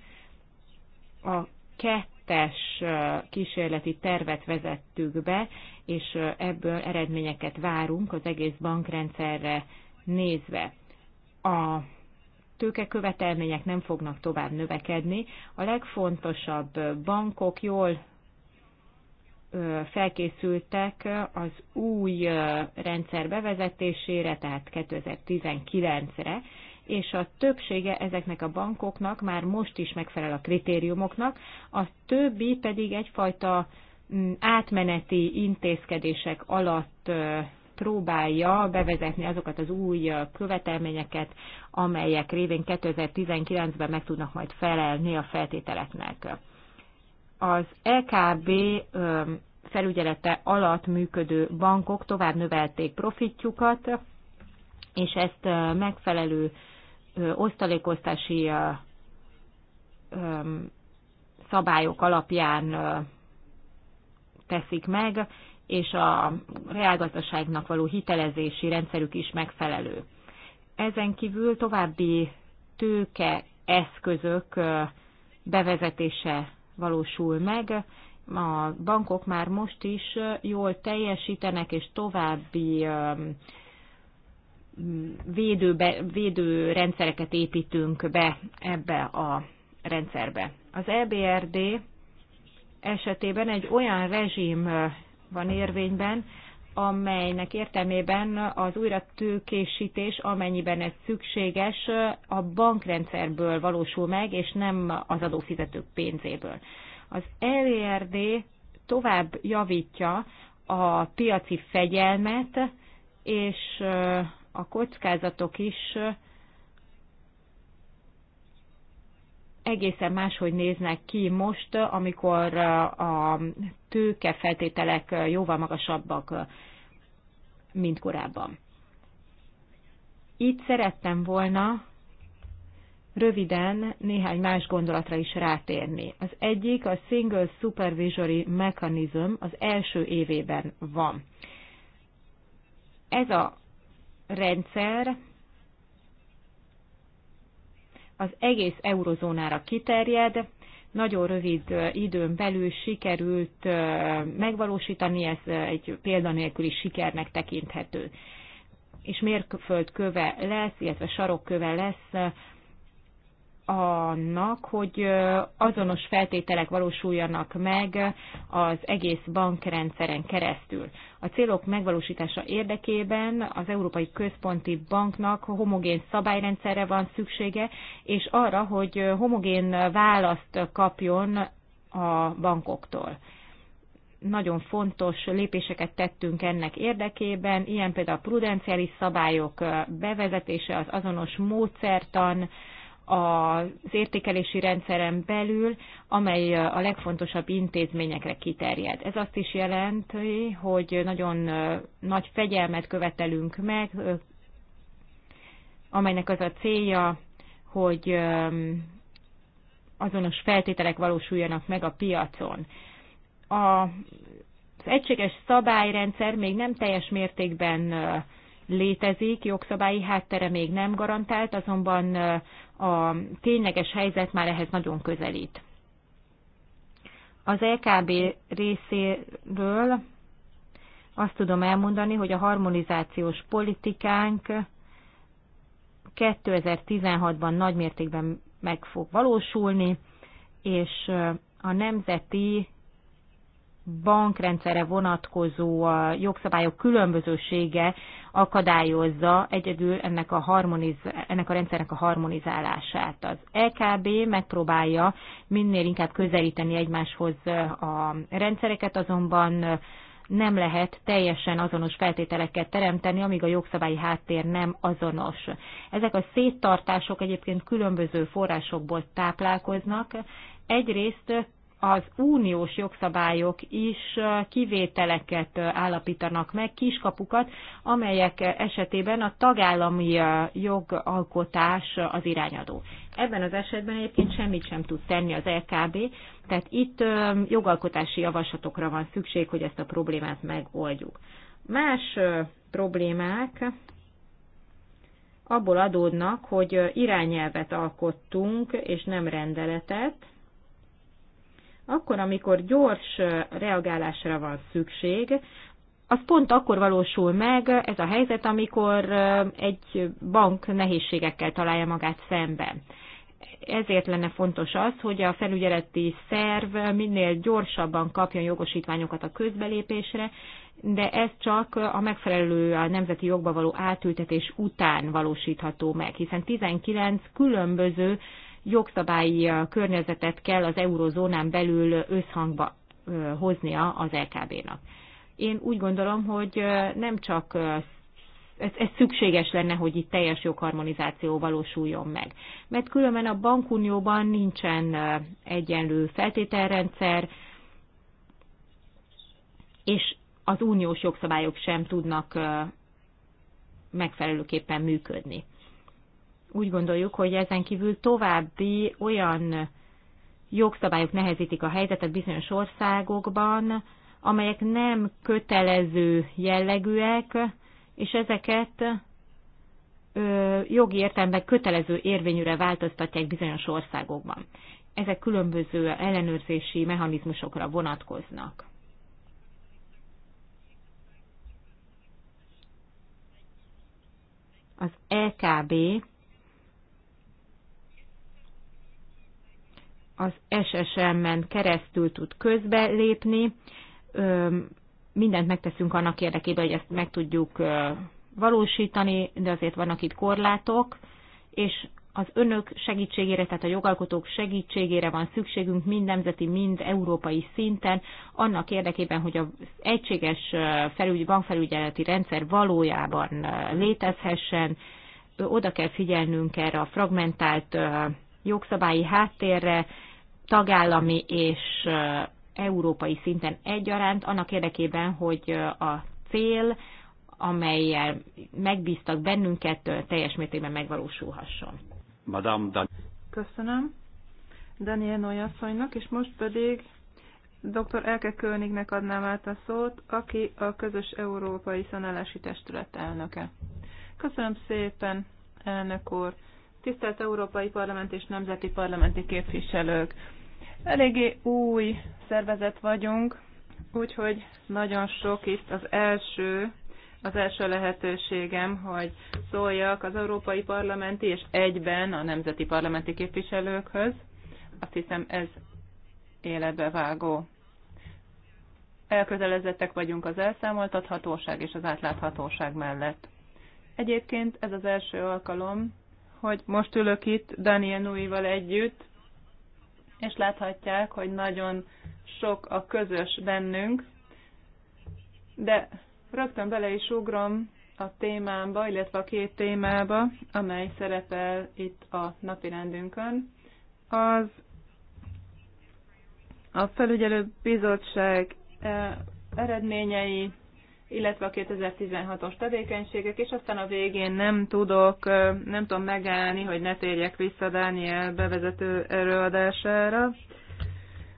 a kettő kettes kísérleti tervet vezettük be, és ebből eredményeket várunk az egész bankrendszerre nézve. A tőkekövetelmények nem fognak tovább növekedni. A legfontosabb bankok jól felkészültek az új rendszer bevezetésére, tehát 2019-re, és a többsége ezeknek a bankoknak már most is megfelel a kritériumoknak, a többi pedig egyfajta mm, átmeneti intézkedések alatt próbálja bevezetni azokat az új követelményeket, amelyek révén 2019-ben meg tudnak majd felelni a feltételeknek. Az LKB e felügyelete alatt működő bankok tovább növelték profitjukat, és ezt megfelelő osztalékosztási szabályok alapján teszik meg, és a reálgazdaságnak való hitelezési rendszerük is megfelelő. Ezen kívül további tőke eszközök bevezetése valósul meg. A bankok már most is jól teljesítenek, és további védőbe, rendszereket építünk be ebbe a rendszerbe. Az EBRD esetében egy olyan rezsim van érvényben, amelynek értelmében az tőkésítés, amennyiben ez szükséges, a bankrendszerből valósul meg, és nem az adófizetők pénzéből. Az EBRD tovább javítja a piaci fegyelmet, és a kockázatok is egészen máshogy néznek ki most, amikor a tőke feltételek jóval magasabbak, mint korábban. Itt szerettem volna röviden néhány más gondolatra is rátérni. Az egyik a Single Supervisory Mechanism az első évében van. Ez a rendszer az egész eurozónára kiterjed, nagyon rövid időn belül sikerült megvalósítani, ez egy példanélküli sikernek tekinthető. És mérföldköve lesz, illetve sarokköve lesz annak, hogy azonos feltételek valósuljanak meg az egész bankrendszeren keresztül. A célok megvalósítása érdekében az Európai Központi Banknak homogén szabályrendszerre van szüksége, és arra, hogy homogén választ kapjon a bankoktól nagyon fontos lépéseket tettünk ennek érdekében, ilyen például a prudenciális szabályok bevezetése, az azonos módszertan, az értékelési rendszeren belül, amely a legfontosabb intézményekre kiterjed. Ez azt is jelenti, hogy nagyon nagy fegyelmet követelünk meg, amelynek az a célja, hogy azonos feltételek valósuljanak meg a piacon. A, az egységes szabályrendszer még nem teljes mértékben létezik, jogszabályi háttere még nem garantált, azonban a tényleges helyzet már ehhez nagyon közelít. Az LKB e részéről azt tudom elmondani, hogy a harmonizációs politikánk 2016-ban nagymértékben meg fog valósulni, és a nemzeti bankrendszerre vonatkozó jogszabályok különbözősége akadályozza egyedül ennek a, harmoniz- ennek a rendszernek a harmonizálását. Az EKB megpróbálja minél inkább közelíteni egymáshoz a rendszereket, azonban nem lehet teljesen azonos feltételeket teremteni, amíg a jogszabályi háttér nem azonos. Ezek a széttartások egyébként különböző forrásokból táplálkoznak. Egyrészt az uniós jogszabályok is kivételeket állapítanak meg, kiskapukat, amelyek esetében a tagállami jogalkotás az irányadó. Ebben az esetben egyébként semmit sem tud tenni az LKB, tehát itt jogalkotási javaslatokra van szükség, hogy ezt a problémát megoldjuk. Más problémák abból adódnak, hogy irányelvet alkottunk, és nem rendeletet, akkor, amikor gyors reagálásra van szükség, az pont akkor valósul meg ez a helyzet, amikor egy bank nehézségekkel találja magát szemben. Ezért lenne fontos az, hogy a felügyeleti szerv minél gyorsabban kapjon jogosítványokat a közbelépésre, de ez csak a megfelelő a nemzeti jogba való átültetés után valósítható meg, hiszen 19 különböző jogszabályi környezetet kell az eurozónán belül összhangba hoznia az LKB-nak. Én úgy gondolom, hogy nem csak ez, ez szükséges lenne, hogy itt teljes jogharmonizáció valósuljon meg. Mert különben a bankunióban nincsen egyenlő feltételrendszer, és az uniós jogszabályok sem tudnak megfelelőképpen működni úgy gondoljuk, hogy ezen kívül további olyan jogszabályok nehezítik a helyzetet bizonyos országokban, amelyek nem kötelező jellegűek, és ezeket ö, jogi értelemben kötelező érvényűre változtatják bizonyos országokban. Ezek különböző ellenőrzési mechanizmusokra vonatkoznak. Az EKB az SSM-en keresztül tud közbe lépni. Mindent megteszünk annak érdekében, hogy ezt meg tudjuk valósítani, de azért vannak itt korlátok, és az önök segítségére, tehát a jogalkotók segítségére van szükségünk mind nemzeti, mind európai szinten, annak érdekében, hogy az egységes felügy, bankfelügyeleti rendszer valójában létezhessen, oda kell figyelnünk erre a fragmentált jogszabályi háttérre, tagállami és európai szinten egyaránt, annak érdekében, hogy a cél, amelyel megbíztak bennünket, teljes mértékben megvalósulhasson. Madame Dan- Köszönöm Daniel Noyasszonynak, és most pedig dr. Elke Könignek adnám át a szót, aki a Közös Európai Szanálási Testület elnöke. Köszönöm szépen, elnök úr! Tisztelt Európai Parlament és Nemzeti Parlamenti Képviselők! Eléggé új szervezet vagyunk, úgyhogy nagyon sok itt az első, az első lehetőségem, hogy szóljak az európai parlamenti és egyben a nemzeti parlamenti képviselőkhöz. Azt hiszem ez életbe vágó. Elkötelezettek vagyunk az elszámoltathatóság és az átláthatóság mellett. Egyébként ez az első alkalom, hogy most ülök itt Daniel Nui-val együtt, és láthatják, hogy nagyon sok a közös bennünk, de rögtön bele is ugrom a témámba, illetve a két témába, amely szerepel itt a napirendünkön. Az a felügyelő bizottság eh, eredményei, illetve a 2016-os tevékenységek, és aztán a végén nem tudok, nem tudom megállni, hogy ne térjek vissza Dániel bevezető erőadására.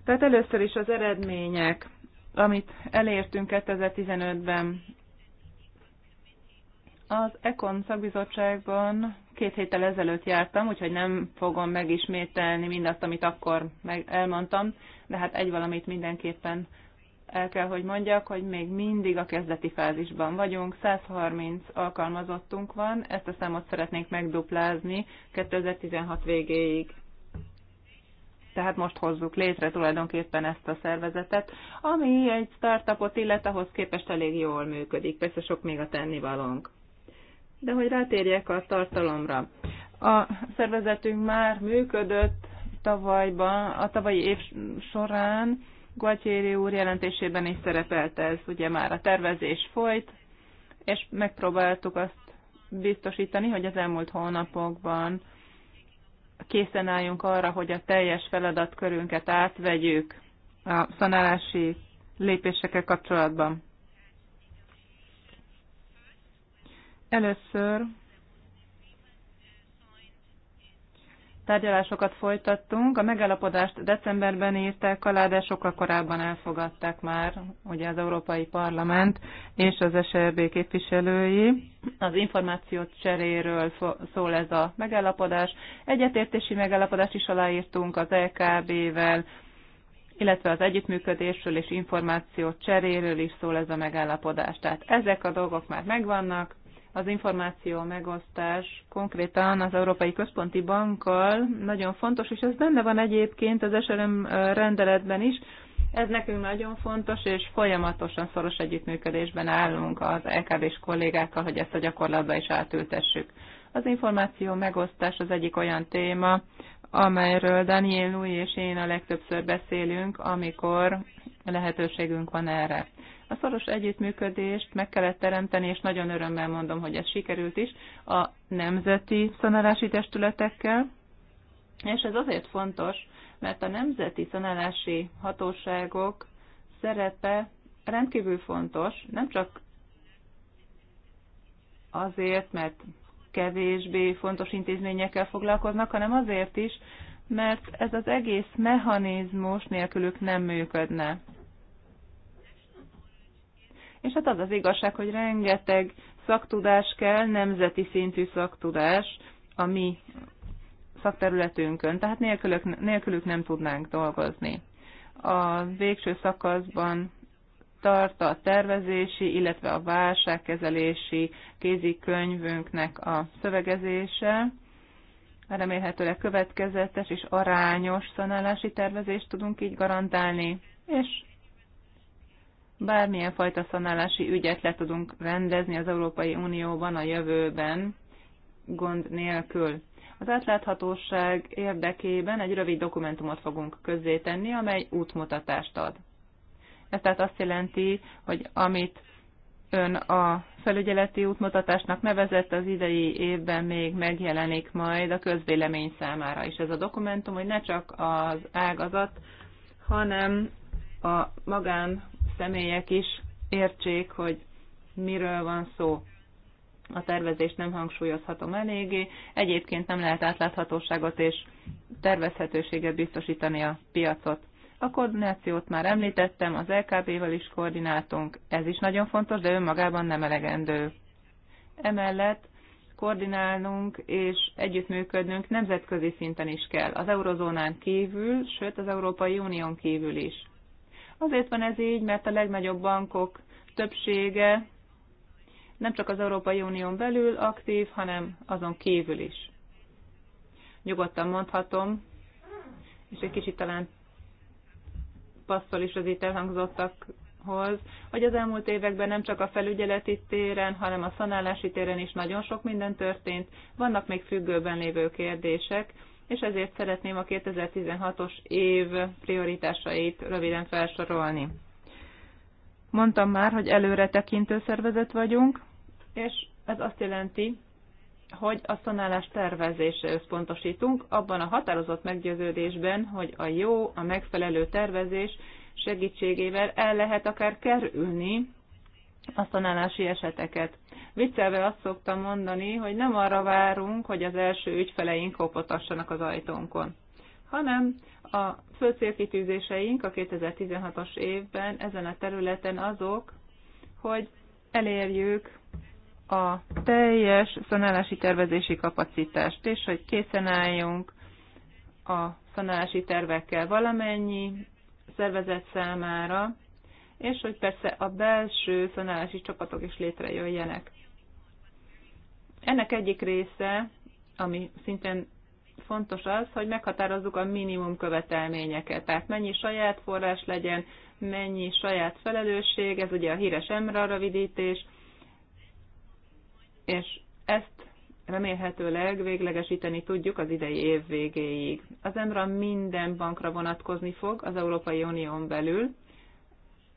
Tehát először is az eredmények, amit elértünk 2015-ben. Az Econ szakbizottságban két héttel ezelőtt jártam, úgyhogy nem fogom megismételni mindazt, amit akkor elmondtam, de hát egy valamit mindenképpen el kell, hogy mondjak, hogy még mindig a kezdeti fázisban vagyunk, 130 alkalmazottunk van, ezt a számot szeretnénk megduplázni 2016 végéig. Tehát most hozzuk létre tulajdonképpen ezt a szervezetet, ami egy startupot illet, ahhoz képest elég jól működik. Persze sok még a tennivalónk. De hogy rátérjek a tartalomra. A szervezetünk már működött tavalyban, a tavalyi év során, Gualtieri úr jelentésében is szerepelt ez, ugye már a tervezés folyt, és megpróbáltuk azt biztosítani, hogy az elmúlt hónapokban készen álljunk arra, hogy a teljes feladatkörünket átvegyük a szanálási lépésekkel kapcsolatban. Először tárgyalásokat folytattunk. A megállapodást decemberben írták alá, de sokkal korábban elfogadták már ugye az Európai Parlament és az SRB e képviselői. Az információt cseréről szól ez a megállapodás. Egyetértési megállapodást is aláírtunk az LKB-vel, e illetve az együttműködésről és információ cseréről is szól ez a megállapodás. Tehát ezek a dolgok már megvannak, az információ megosztás konkrétan az Európai Központi Bankkal nagyon fontos, és ez benne van egyébként az SRM rendeletben is. Ez nekünk nagyon fontos, és folyamatosan szoros együttműködésben állunk az LKB-s kollégákkal, hogy ezt a gyakorlatba is átültessük. Az információ megosztás az egyik olyan téma, amelyről Daniel Lui és én a legtöbbször beszélünk, amikor lehetőségünk van erre. A szoros együttműködést meg kellett teremteni, és nagyon örömmel mondom, hogy ez sikerült is, a nemzeti szanálási testületekkel, és ez azért fontos, mert a nemzeti szanálási hatóságok szerepe rendkívül fontos, nem csak azért, mert kevésbé fontos intézményekkel foglalkoznak, hanem azért is, mert ez az egész mechanizmus nélkülük nem működne. És hát az az igazság, hogy rengeteg szaktudás kell, nemzeti szintű szaktudás a mi szakterületünkön, tehát nélkülük, nélkülük nem tudnánk dolgozni. A végső szakaszban tart a tervezési, illetve a válságkezelési kézikönyvünknek a szövegezése. Remélhetőleg következetes és arányos szanálási tervezést tudunk így garantálni, és bármilyen fajta szanálási ügyet le tudunk rendezni az Európai Unióban a jövőben gond nélkül. Az átláthatóság érdekében egy rövid dokumentumot fogunk közzétenni, amely útmutatást ad. Ez tehát azt jelenti, hogy amit ön a felügyeleti útmutatásnak nevezett, az idei évben még megjelenik majd a közvélemény számára is ez a dokumentum, hogy ne csak az ágazat, hanem a magán személyek is értsék, hogy miről van szó. A tervezést nem hangsúlyozhatom eléggé, egyébként nem lehet átláthatóságot és tervezhetőséget biztosítani a piacot a koordinációt már említettem, az LKB-vel is koordináltunk, ez is nagyon fontos, de önmagában nem elegendő. Emellett koordinálnunk és együttműködnünk nemzetközi szinten is kell, az eurozónán kívül, sőt az Európai Unión kívül is. Azért van ez így, mert a legnagyobb bankok többsége nem csak az Európai Unión belül aktív, hanem azon kívül is. Nyugodtan mondhatom, és egy kicsit talán passzol is az itt elhangzottakhoz, hogy az elmúlt években nem csak a felügyeleti téren, hanem a szanálási téren is nagyon sok minden történt, vannak még függőben lévő kérdések, és ezért szeretném a 2016-os év prioritásait röviden felsorolni. Mondtam már, hogy előre tekintő szervezet vagyunk, és ez azt jelenti, hogy a szanálás tervezésre összpontosítunk, abban a határozott meggyőződésben, hogy a jó, a megfelelő tervezés segítségével el lehet akár kerülni a szanálási eseteket. Viccelve azt szoktam mondani, hogy nem arra várunk, hogy az első ügyfeleink kopotassanak az ajtónkon, hanem a fő célkitűzéseink a 2016-os évben ezen a területen azok, hogy elérjük a teljes szanálási tervezési kapacitást, és hogy készen álljunk a szanálási tervekkel valamennyi szervezet számára, és hogy persze a belső szanálási csapatok is létrejöjjenek. Ennek egyik része, ami szintén fontos az, hogy meghatározzuk a minimum követelményeket, tehát mennyi saját forrás legyen, mennyi saját felelősség, ez ugye a híres MRA rövidítés, és ezt remélhetőleg véglegesíteni tudjuk az idei év végéig. Az EMRA minden bankra vonatkozni fog az Európai Unión belül,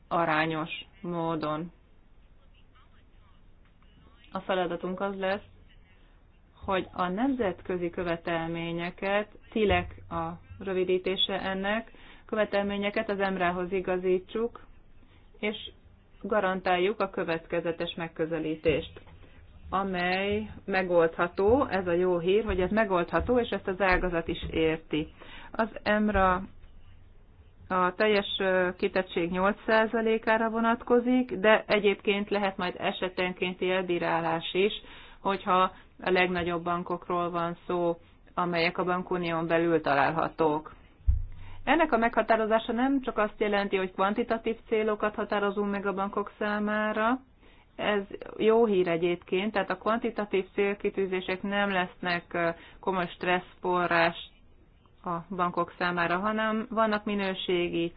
arányos módon. A feladatunk az lesz, hogy a nemzetközi követelményeket, TILEK a rövidítése ennek, követelményeket az emrához igazítsuk, és garantáljuk a következetes megközelítést amely megoldható, ez a jó hír, hogy ez megoldható, és ezt az ágazat is érti. Az EMRA a teljes kitettség 8%-ára vonatkozik, de egyébként lehet majd esetenkénti elbírálás is, hogyha a legnagyobb bankokról van szó, amelyek a bankunión belül találhatók. Ennek a meghatározása nem csak azt jelenti, hogy kvantitatív célokat határozunk meg a bankok számára, ez jó hír egyébként, tehát a kvantitatív célkitűzések nem lesznek komoly stresszforrás a bankok számára, hanem vannak minőségi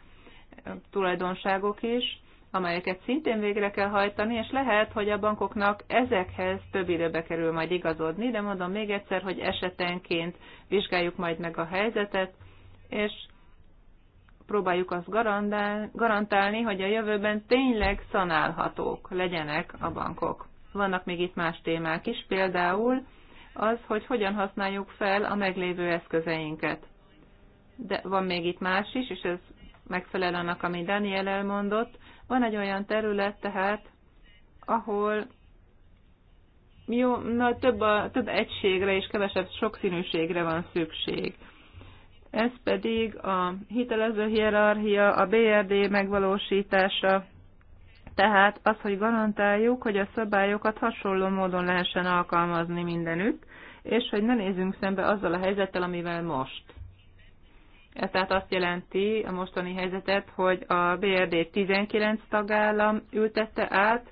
tulajdonságok is, amelyeket szintén végre kell hajtani, és lehet, hogy a bankoknak ezekhez több időbe kerül majd igazodni, de mondom még egyszer, hogy esetenként vizsgáljuk majd meg a helyzetet, és próbáljuk azt garantálni, hogy a jövőben tényleg szanálhatók legyenek a bankok. Vannak még itt más témák is, például az, hogy hogyan használjuk fel a meglévő eszközeinket. De van még itt más is, és ez megfelel annak, amit Daniel elmondott. Van egy olyan terület tehát, ahol jó, na, több, a, több egységre és kevesebb sokszínűségre van szükség ez pedig a hitelező hierarchia, a BRD megvalósítása, tehát az, hogy garantáljuk, hogy a szabályokat hasonló módon lehessen alkalmazni mindenütt, és hogy ne nézzünk szembe azzal a helyzettel, amivel most. Ez tehát azt jelenti a mostani helyzetet, hogy a BRD 19 tagállam ültette át,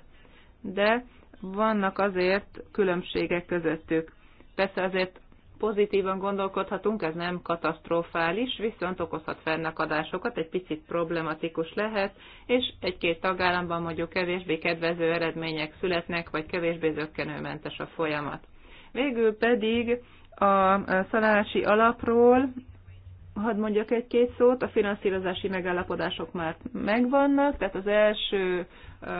de vannak azért különbségek közöttük. Persze azért pozitívan gondolkodhatunk, ez nem katasztrofális, viszont okozhat fennakadásokat, egy picit problematikus lehet, és egy-két tagállamban mondjuk kevésbé kedvező eredmények születnek, vagy kevésbé zöggenőmentes a folyamat. Végül pedig a szalási alapról hadd mondjak egy-két szót, a finanszírozási megállapodások már megvannak, tehát az első ö,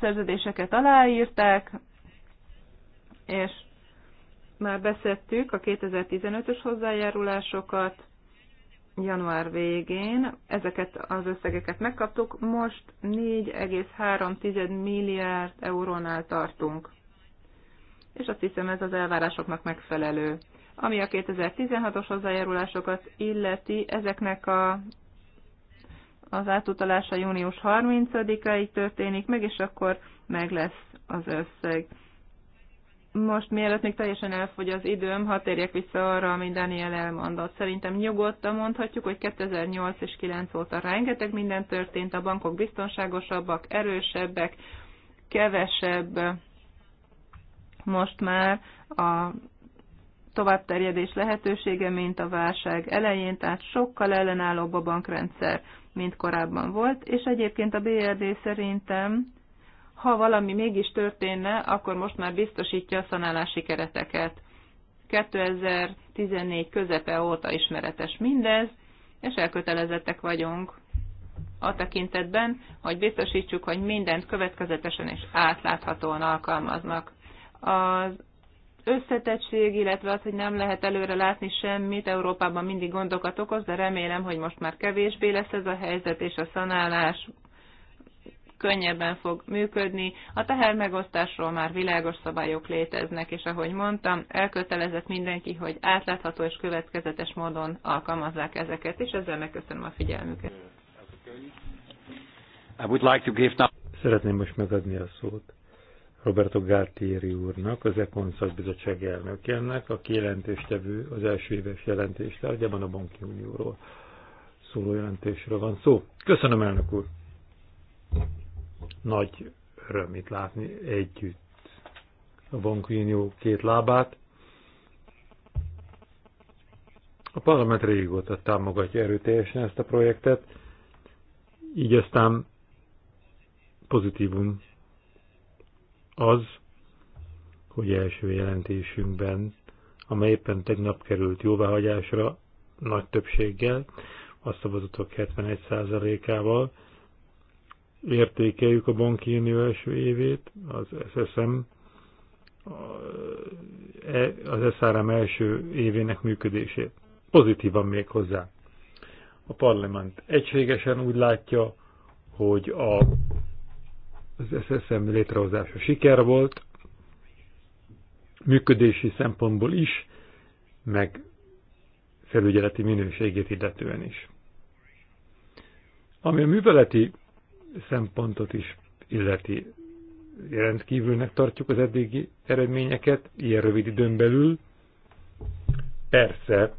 szerződéseket aláírták, és már beszéltük a 2015-ös hozzájárulásokat január végén. Ezeket az összegeket megkaptuk, most 4,3 milliárd eurónál tartunk. És azt hiszem ez az elvárásoknak megfelelő. Ami a 2016-os hozzájárulásokat illeti, ezeknek a az átutalása június 30-áig történik meg, és akkor meg lesz az összeg. Most mielőtt még teljesen elfogy az időm, ha térjek vissza arra, amit Daniel elmondott. Szerintem nyugodtan mondhatjuk, hogy 2008 és 9 óta rengeteg minden történt, a bankok biztonságosabbak, erősebbek, kevesebb most már a továbbterjedés lehetősége, mint a válság elején, tehát sokkal ellenállóbb a bankrendszer, mint korábban volt, és egyébként a BRD szerintem ha valami mégis történne, akkor most már biztosítja a szanálási kereteket. 2014 közepe óta ismeretes mindez, és elkötelezettek vagyunk a tekintetben, hogy biztosítsuk, hogy mindent következetesen és átláthatóan alkalmaznak. Az összetettség, illetve az, hogy nem lehet előre látni semmit, Európában mindig gondokat okoz, de remélem, hogy most már kevésbé lesz ez a helyzet, és a szanálás könnyebben fog működni. A tehermegosztásról már világos szabályok léteznek, és ahogy mondtam, elkötelezett mindenki, hogy átlátható és következetes módon alkalmazzák ezeket, és ezzel megköszönöm a figyelmüket. I would like to give now... Szeretném most megadni a szót Roberto Gáltieri úrnak, az Econ Bizottság elnökének, aki jelentéstevő az első éves van a Banki Unióról szóló jelentésről van szó. Köszönöm, elnök úr! Nagy öröm itt látni együtt a Quinio két lábát. A parlament régóta támogatja erőteljesen ezt a projektet, így aztán pozitívum az, hogy első jelentésünkben, amely éppen tegnap került jóváhagyásra nagy többséggel, a szavazatok 71%-ával, értékeljük a banki unió első évét, az SSM, e, az SRM első évének működését. Pozitívan még hozzá. A parlament egységesen úgy látja, hogy a, az SSM létrehozása siker volt, működési szempontból is, meg felügyeleti minőségét illetően is. Ami a műveleti szempontot is illeti. Rendkívülnek tartjuk az eddigi eredményeket, ilyen rövid időn belül. Persze,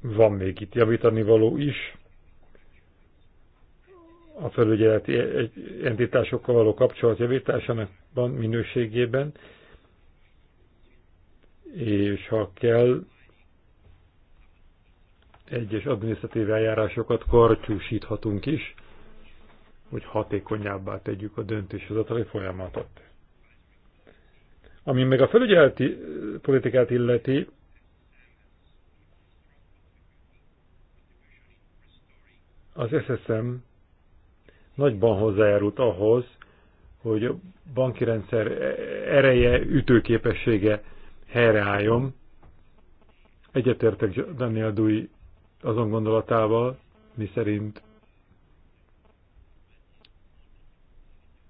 van még itt javítani való is, a felügyeleti e- entitásokkal való kapcsolat javításának van minőségében, és ha kell, egyes adminisztratív eljárásokat karcsúsíthatunk is, hogy hatékonyabbá tegyük a döntéshozatali folyamatot. Ami meg a felügyeleti eh, politikát illeti, az SSM nagyban hozzájárult ahhoz, hogy a banki rendszer ereje, ütőképessége helyreálljon. Egyetértek Daniel Dui azon gondolatával, mi szerint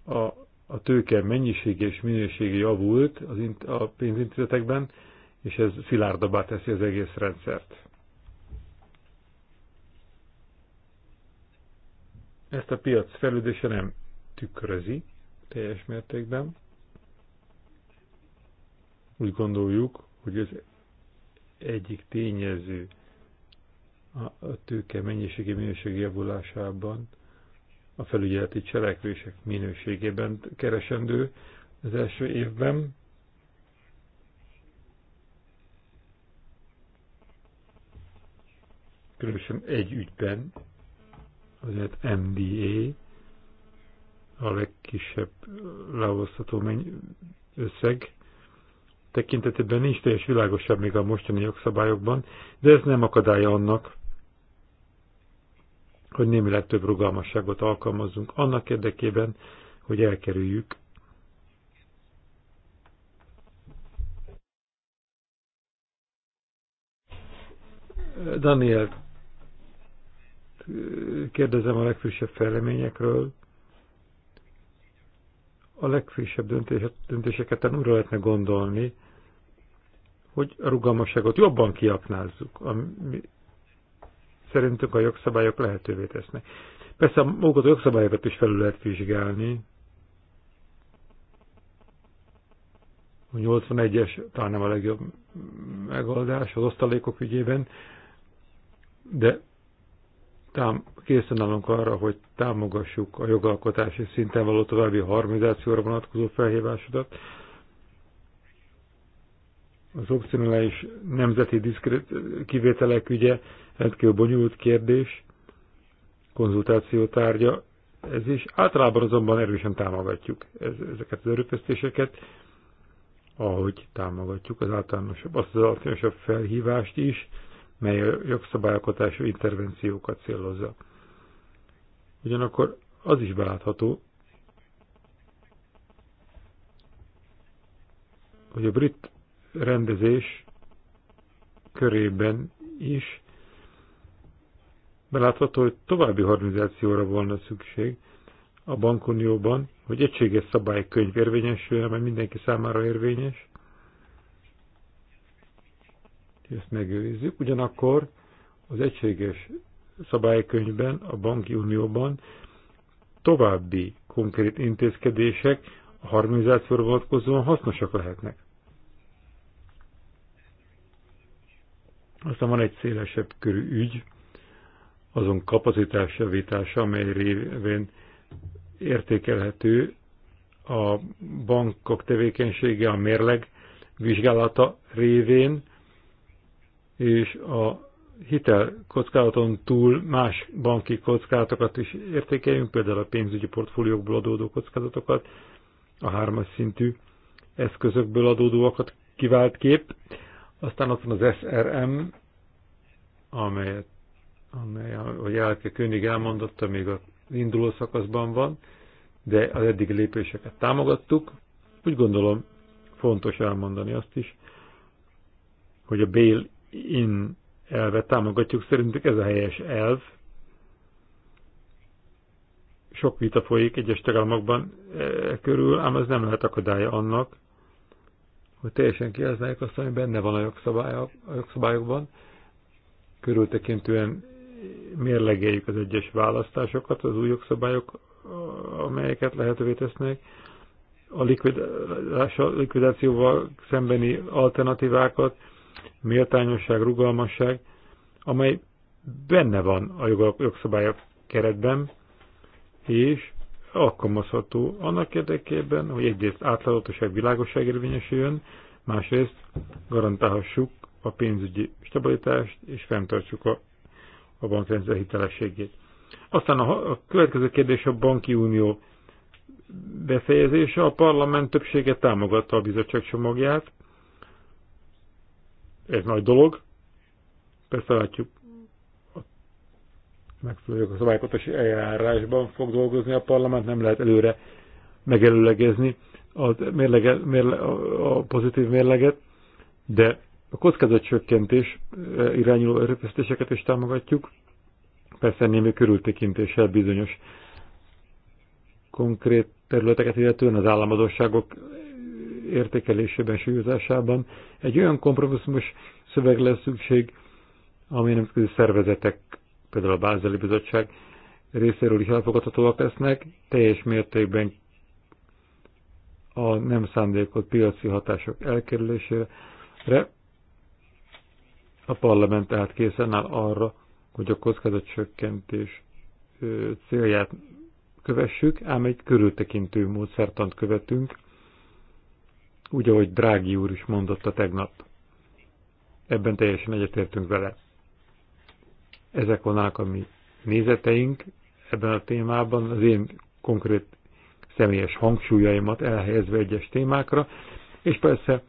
a, a tőke mennyisége és minősége javult az, a pénzintézetekben, és ez szilárdabbá teszi az egész rendszert. Ezt a piac fejlődése nem tükrözi teljes mértékben. Úgy gondoljuk, hogy ez egyik tényező a tőke mennyiségi minőségi javulásában, a felügyeleti cselekvések minőségében keresendő az első évben. Különösen egy ügyben, azért MDA, a legkisebb leosztható összeg tekintetében nincs teljes világosabb még a mostani jogszabályokban, de ez nem akadálya annak, hogy némileg több rugalmasságot alkalmazzunk annak érdekében, hogy elkerüljük Daniel, kérdezem a legfrissebb fejleményekről. A legfrissebb döntéseket, döntéseket újra lehetne gondolni, hogy a rugalmasságot jobban kiaknázzuk, ami szerintünk a jogszabályok lehetővé tesznek. Persze magukat a jogszabályokat is felül lehet vizsgálni. A 81-es talán nem a legjobb megoldás az osztalékok ügyében, de tám, készen állunk arra, hogy támogassuk a jogalkotási szinten való további harmonizációra vonatkozó felhívásodat, az opcionális nemzeti diszkret kivételek ügye rendkívül bonyolult kérdés, konzultáció tárgya, ez is. Általában azonban erősen támogatjuk ezeket az erőfeszítéseket, ahogy támogatjuk az általánosabb, azt az általánosabb felhívást is, mely a jogszabályalkotású intervenciókat célozza. Ugyanakkor az is belátható, hogy a brit rendezés körében is belátható, hogy további harmonizációra volna szükség a bankunióban, hogy egységes szabálykönyv érvényesül, amely mindenki számára érvényes. Ezt megőrizzük. Ugyanakkor az egységes szabálykönyvben, a banki unióban további konkrét intézkedések a harmonizációra vonatkozóan hasznosak lehetnek. Aztán van egy szélesebb körű ügy, azon kapacitásjavítása amely révén értékelhető a bankok tevékenysége, a mérleg vizsgálata révén, és a hitel kockázaton túl más banki kockázatokat is értékeljünk, például a pénzügyi portfóliókból adódó kockázatokat, a hármas szintű eszközökből adódóakat kivált kép, aztán ott van az SRM, amelyet, amely, ahogy Elke König elmondotta, még az induló szakaszban van, de az eddigi lépéseket támogattuk. Úgy gondolom, fontos elmondani azt is, hogy a bail-in elvet támogatjuk, szerintük ez a helyes elv. Sok vita folyik egyes tagállamokban e körül, ám ez nem lehet akadálya annak, hogy teljesen kihasználjuk azt, ami benne van a, jogszabályok, a jogszabályokban, körültekintően mérlegeljük az egyes választásokat, az új jogszabályok, amelyeket lehetővé tesznek, a likvidációval szembeni alternatívákat, méltányosság, rugalmasság, amely benne van a jogszabályok keretben, és alkalmazható annak érdekében, hogy egyrészt átláthatóság világosság érvényesüljön, másrészt garantálhassuk a pénzügyi stabilitást és fenntartsuk a, a bankrendszer hitelességét. Aztán a, a következő kérdés a banki unió befejezése. A parlament többsége támogatta a bizottság csomagját. Ez nagy dolog. Persze látjuk, megfelelők a szabálykotási eljárásban fog dolgozni a parlament, nem lehet előre megelőlegezni a, mérlege, mérle, a pozitív mérleget, de a kockázatcsökkentés e, irányuló erőfeszítéseket is támogatjuk, persze némi körültekintéssel bizonyos konkrét területeket illetően az államadosságok értékelésében, súlyozásában egy olyan kompromisszumos szöveg lesz szükség, ami nemzetközi szervezetek például a Bázeli Bizottság részéről is elfogadhatóak lesznek, teljes mértékben a nem szándékolt piaci hatások elkerülésére. A parlament tehát készen áll arra, hogy a kockázatcsökkentés célját kövessük, ám egy körültekintő módszertant követünk, úgy, ahogy Drági úr is mondotta tegnap. Ebben teljesen egyetértünk vele. Ezek volnának a mi nézeteink ebben a témában, az én konkrét személyes hangsúlyaimat elhelyezve egyes témákra, és persze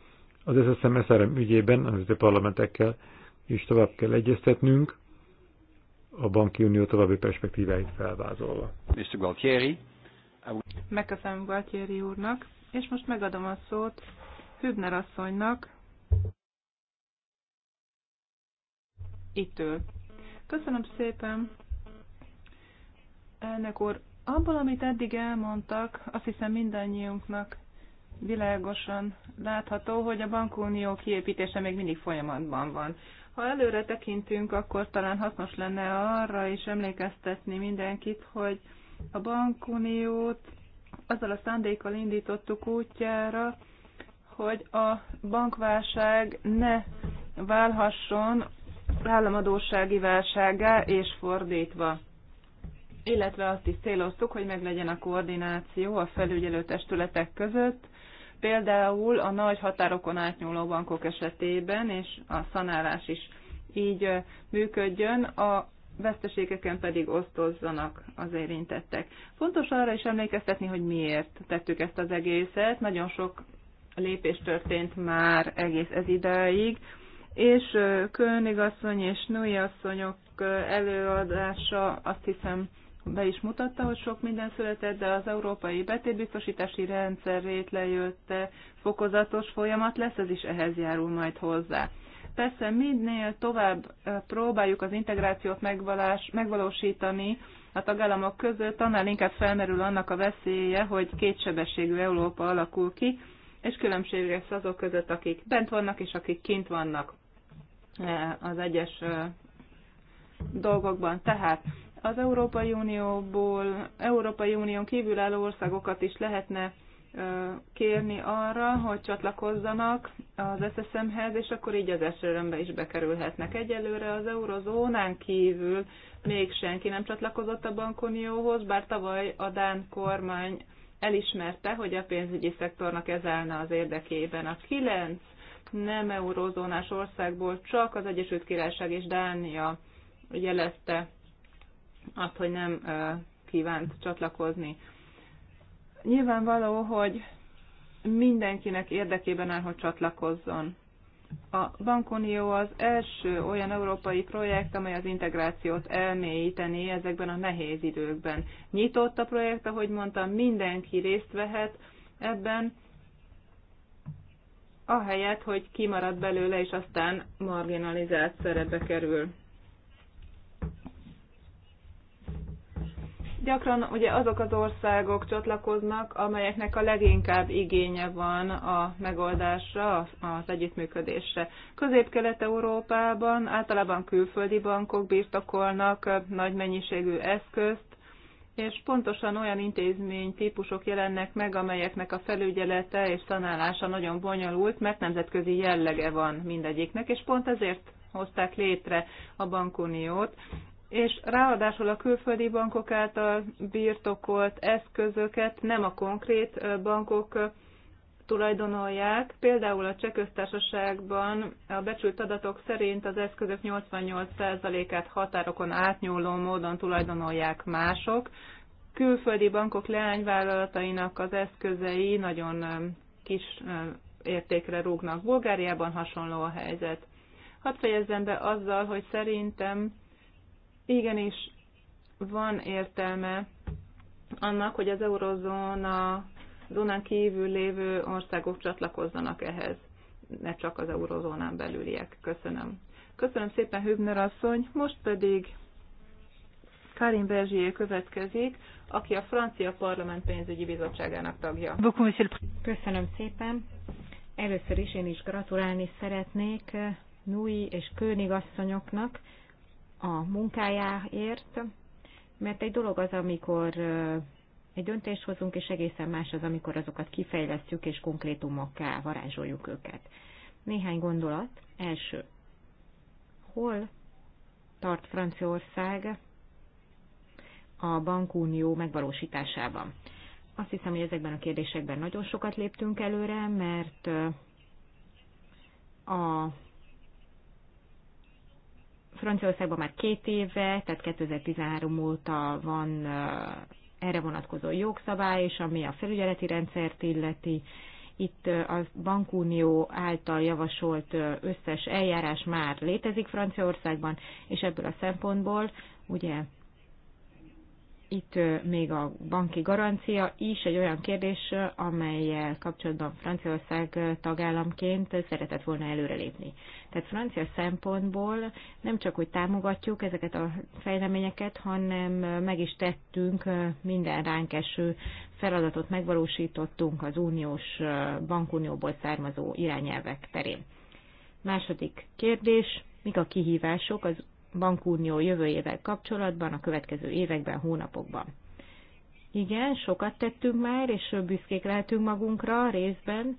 az SSM SRM ügyében, az parlamentekkel is tovább kell egyeztetnünk, a banki unió további perspektíváit felvázolva. Mr. Gualtieri. Megköszönöm Gualtieri úrnak, és most megadom a szót Hübner asszonynak. Itt ül. Köszönöm szépen. Elnök úr, abból, amit eddig elmondtak, azt hiszem mindannyiunknak világosan látható, hogy a bankunió kiépítése még mindig folyamatban van. Ha előre tekintünk, akkor talán hasznos lenne arra is emlékeztetni mindenkit, hogy a bankuniót azzal a szándékkal indítottuk útjára, hogy a bankválság ne válhasson államadósági válsága és fordítva. Illetve azt is céloztuk, hogy meglegyen a koordináció a felügyelő testületek között, például a nagy határokon átnyúló bankok esetében, és a szanálás is így működjön, a veszteségeken pedig osztozzanak az érintettek. Fontos arra is emlékeztetni, hogy miért tettük ezt az egészet. Nagyon sok lépés történt már egész ez idáig, és Kölnigasszony és női asszonyok előadása azt hiszem be is mutatta, hogy sok minden született, de az európai betétbiztosítási rendszer létrejötte fokozatos folyamat lesz, ez is ehhez járul majd hozzá. Persze minél tovább próbáljuk az integrációt megvalás, megvalósítani a tagállamok között, annál inkább felmerül annak a veszélye, hogy kétsebességű Európa alakul ki, és különbség lesz azok között, akik bent vannak és akik kint vannak. E, az egyes e, dolgokban. Tehát az Európai Unióból, Európai Unión kívülálló országokat is lehetne e, kérni arra, hogy csatlakozzanak az SSM-hez, és akkor így az SRM-be is bekerülhetnek. Egyelőre az eurozónán kívül még senki nem csatlakozott a bankunióhoz, bár tavaly a Dán kormány elismerte, hogy a pénzügyi szektornak ez állna az érdekében. A kilenc nem eurózónás országból csak az Egyesült Királyság és Dánia jelezte azt, hogy nem kívánt csatlakozni. Nyilvánvaló, hogy mindenkinek érdekében áll, hogy csatlakozzon. A Bankunió az első olyan európai projekt, amely az integrációt elmélyíteni ezekben a nehéz időkben. Nyitott a projekt, ahogy mondtam, mindenki részt vehet ebben, ahelyett, hogy kimarad belőle, és aztán marginalizált szerepbe kerül. Gyakran ugye azok az országok csatlakoznak, amelyeknek a leginkább igénye van a megoldásra, az együttműködésre. Közép-Kelet-Európában általában külföldi bankok birtokolnak nagy mennyiségű eszközt, és pontosan olyan intézmény típusok jelennek meg, amelyeknek a felügyelete és tanálása nagyon bonyolult, mert nemzetközi jellege van mindegyiknek, és pont ezért hozták létre a bankuniót, és ráadásul a külföldi bankok által birtokolt eszközöket nem a konkrét bankok tulajdonolják. Például a Cseh köztársaságban a becsült adatok szerint az eszközök 88%-át határokon átnyúló módon tulajdonolják mások. Külföldi bankok leányvállalatainak az eszközei nagyon um, kis um, értékre rúgnak. Bulgáriában hasonló a helyzet. Hadd fejezzem be azzal, hogy szerintem igenis van értelme annak, hogy az eurozóna Dunán kívül lévő országok csatlakozzanak ehhez, ne csak az eurozónán belüliek. Köszönöm. Köszönöm szépen, Hübner asszony. Most pedig Karin Berzsié következik, aki a Francia Parlament pénzügyi bizottságának tagja. Köszönöm szépen. Először is én is gratulálni szeretnék Nui és König asszonyoknak a munkájáért, mert egy dolog az, amikor mi döntést hozunk, és egészen más az, amikor azokat kifejlesztjük és konkrétumokká varázsoljuk őket. Néhány gondolat. Első. Hol tart Franciaország a bankunió megvalósításában? Azt hiszem, hogy ezekben a kérdésekben nagyon sokat léptünk előre, mert uh, a Franciaországban már két éve, tehát 2013 óta van uh, erre vonatkozó jogszabály, és ami a felügyeleti rendszert illeti, itt a bankunió által javasolt összes eljárás már létezik Franciaországban, és ebből a szempontból ugye itt még a banki garancia is egy olyan kérdés, amelyel kapcsolatban Franciaország tagállamként szeretett volna előrelépni. Tehát francia szempontból nem csak, hogy támogatjuk ezeket a fejleményeket, hanem meg is tettünk minden ránk eső feladatot megvalósítottunk az uniós bankunióból származó irányelvek terén. Második kérdés, mik a kihívások az bankunió jövőjével kapcsolatban a következő években, hónapokban. Igen, sokat tettünk már, és büszkék lehetünk magunkra részben.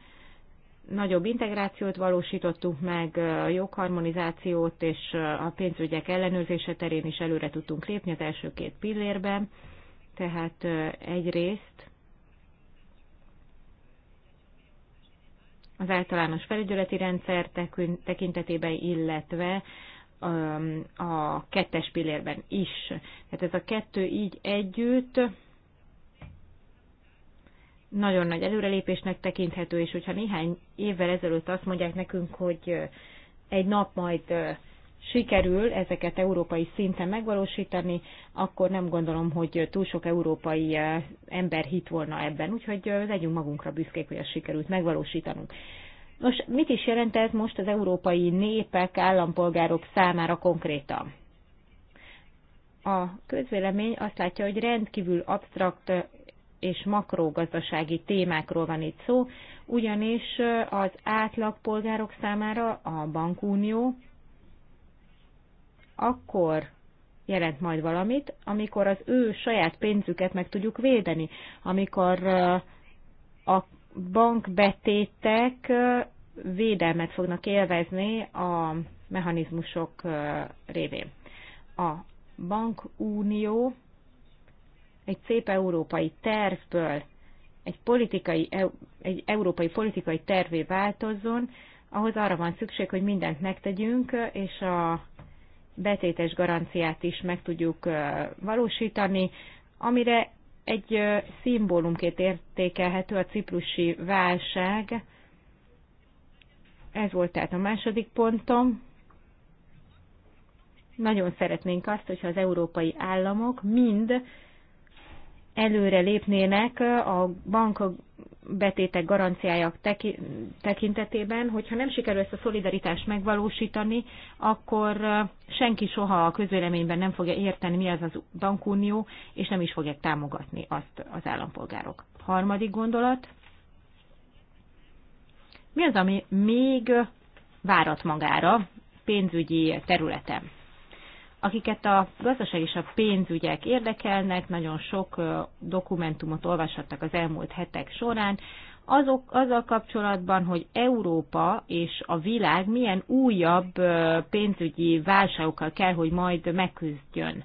Nagyobb integrációt valósítottunk meg, jogharmonizációt és a pénzügyek ellenőrzése terén is előre tudtunk lépni az első két pillérben. Tehát egyrészt az általános felügyeleti rendszer tekintetében, illetve a kettes pillérben is. Tehát ez a kettő így együtt nagyon nagy előrelépésnek tekinthető, és hogyha néhány évvel ezelőtt azt mondják nekünk, hogy egy nap majd sikerül ezeket európai szinten megvalósítani, akkor nem gondolom, hogy túl sok európai ember hit volna ebben. Úgyhogy legyünk magunkra büszkék, hogy ezt sikerült megvalósítanunk. Nos, mit is jelent ez most az európai népek, állampolgárok számára konkrétan? A közvélemény azt látja, hogy rendkívül absztrakt és makrogazdasági témákról van itt szó, ugyanis az átlagpolgárok számára a bankunió akkor jelent majd valamit, amikor az ő saját pénzüket meg tudjuk védeni, amikor a bankbetétek védelmet fognak élvezni a mechanizmusok révén. A bankunió egy szép európai tervből egy, politikai, e, egy európai politikai tervé változzon, ahhoz arra van szükség, hogy mindent megtegyünk, és a betétes garanciát is meg tudjuk valósítani, amire egy szimbólumként értékelhető a ciprusi válság. Ez volt tehát a második pontom. Nagyon szeretnénk azt, hogyha az európai államok mind előre lépnének a bankok betétek garanciája tekintetében, hogyha nem sikerül ezt a szolidaritást megvalósítani, akkor senki soha a közvéleményben nem fogja érteni, mi az az bankunió, és nem is fogják támogatni azt az állampolgárok. Harmadik gondolat. Mi az, ami még várat magára pénzügyi területen? akiket a gazdaság és a pénzügyek érdekelnek, nagyon sok dokumentumot olvashattak az elmúlt hetek során, azok, azzal kapcsolatban, hogy Európa és a világ milyen újabb pénzügyi válságokkal kell, hogy majd megküzdjön.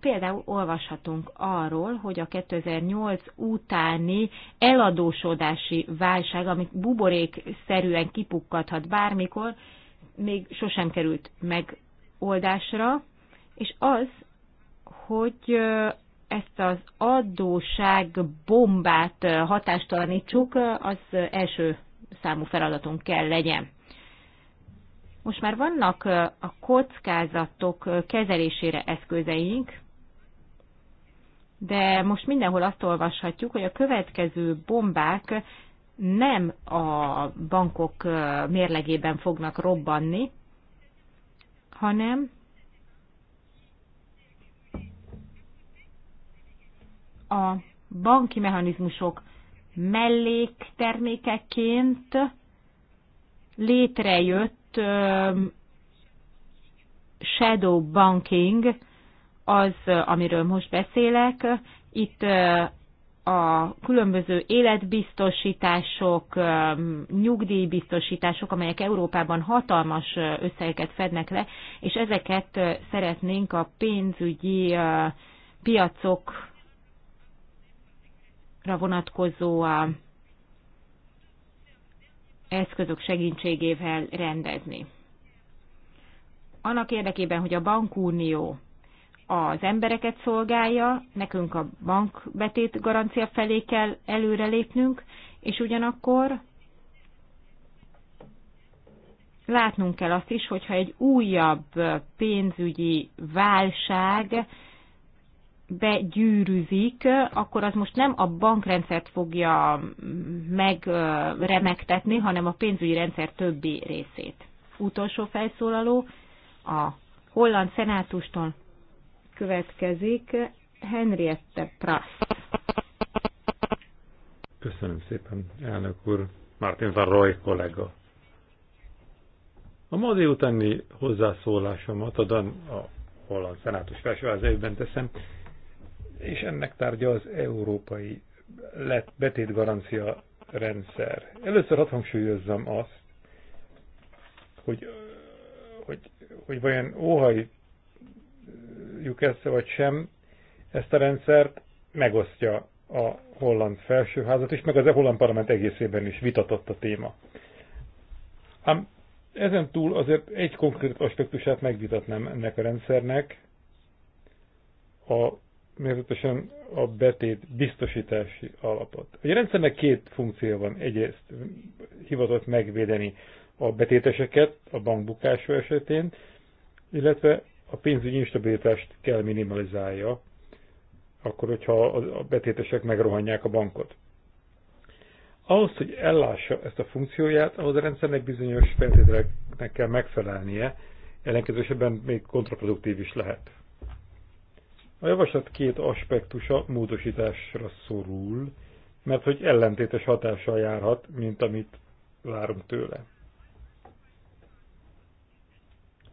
Például olvashatunk arról, hogy a 2008 utáni eladósodási válság, amit buborékszerűen kipukkadhat bármikor, még sosem került megoldásra, és az, hogy ezt az adóság bombát hatástalanítsuk, az első számú feladatunk kell legyen. Most már vannak a kockázatok kezelésére eszközeink, de most mindenhol azt olvashatjuk, hogy a következő bombák nem a bankok mérlegében fognak robbanni, hanem a banki mechanizmusok melléktermékeként létrejött shadow banking, az, amiről most beszélek. Itt a különböző életbiztosítások, nyugdíjbiztosítások, amelyek Európában hatalmas összegeket fednek le, és ezeket szeretnénk a pénzügyi piacok vonatkozó a eszközök segítségével rendezni. Annak érdekében, hogy a bankunió az embereket szolgálja, nekünk a bankbetét garancia felé kell előrelépnünk, és ugyanakkor látnunk kell azt is, hogyha egy újabb pénzügyi válság begyűrűzik, akkor az most nem a bankrendszert fogja megremegtetni, hanem a pénzügyi rendszer többi részét. Utolsó felszólaló a holland szenátustól következik Henriette Prass. Köszönöm szépen, elnök úr, Martin van Roy kollega. A ma délutáni hozzászólásomat a, Dan, a holland szenátus felsőházaiban teszem, és ennek tárgya az európai betétgarancia rendszer. Először hadd hangsúlyozzam azt, hogy, hogy, hogy vajon óhajjuk ezt vagy sem, ezt a rendszert megosztja a holland felsőházat és meg az e holland parlament egészében is vitatott a téma. Ám ezen túl azért egy konkrét aspektusát megvitatnám ennek a rendszernek, a mérzetesen a betét biztosítási alapot. A rendszernek két funkciója van. Egyrészt hivatott megvédeni a betéteseket a bankbukása esetén, illetve a pénzügyi instabilitást kell minimalizálja, akkor, hogyha a betétesek megrohanják a bankot. Ahhoz, hogy ellássa ezt a funkcióját, ahhoz a rendszernek bizonyos feltételeknek kell megfelelnie, ellenkező esetben még kontraproduktív is lehet. A javaslat két aspektusa módosításra szorul, mert hogy ellentétes hatással járhat, mint amit várunk tőle.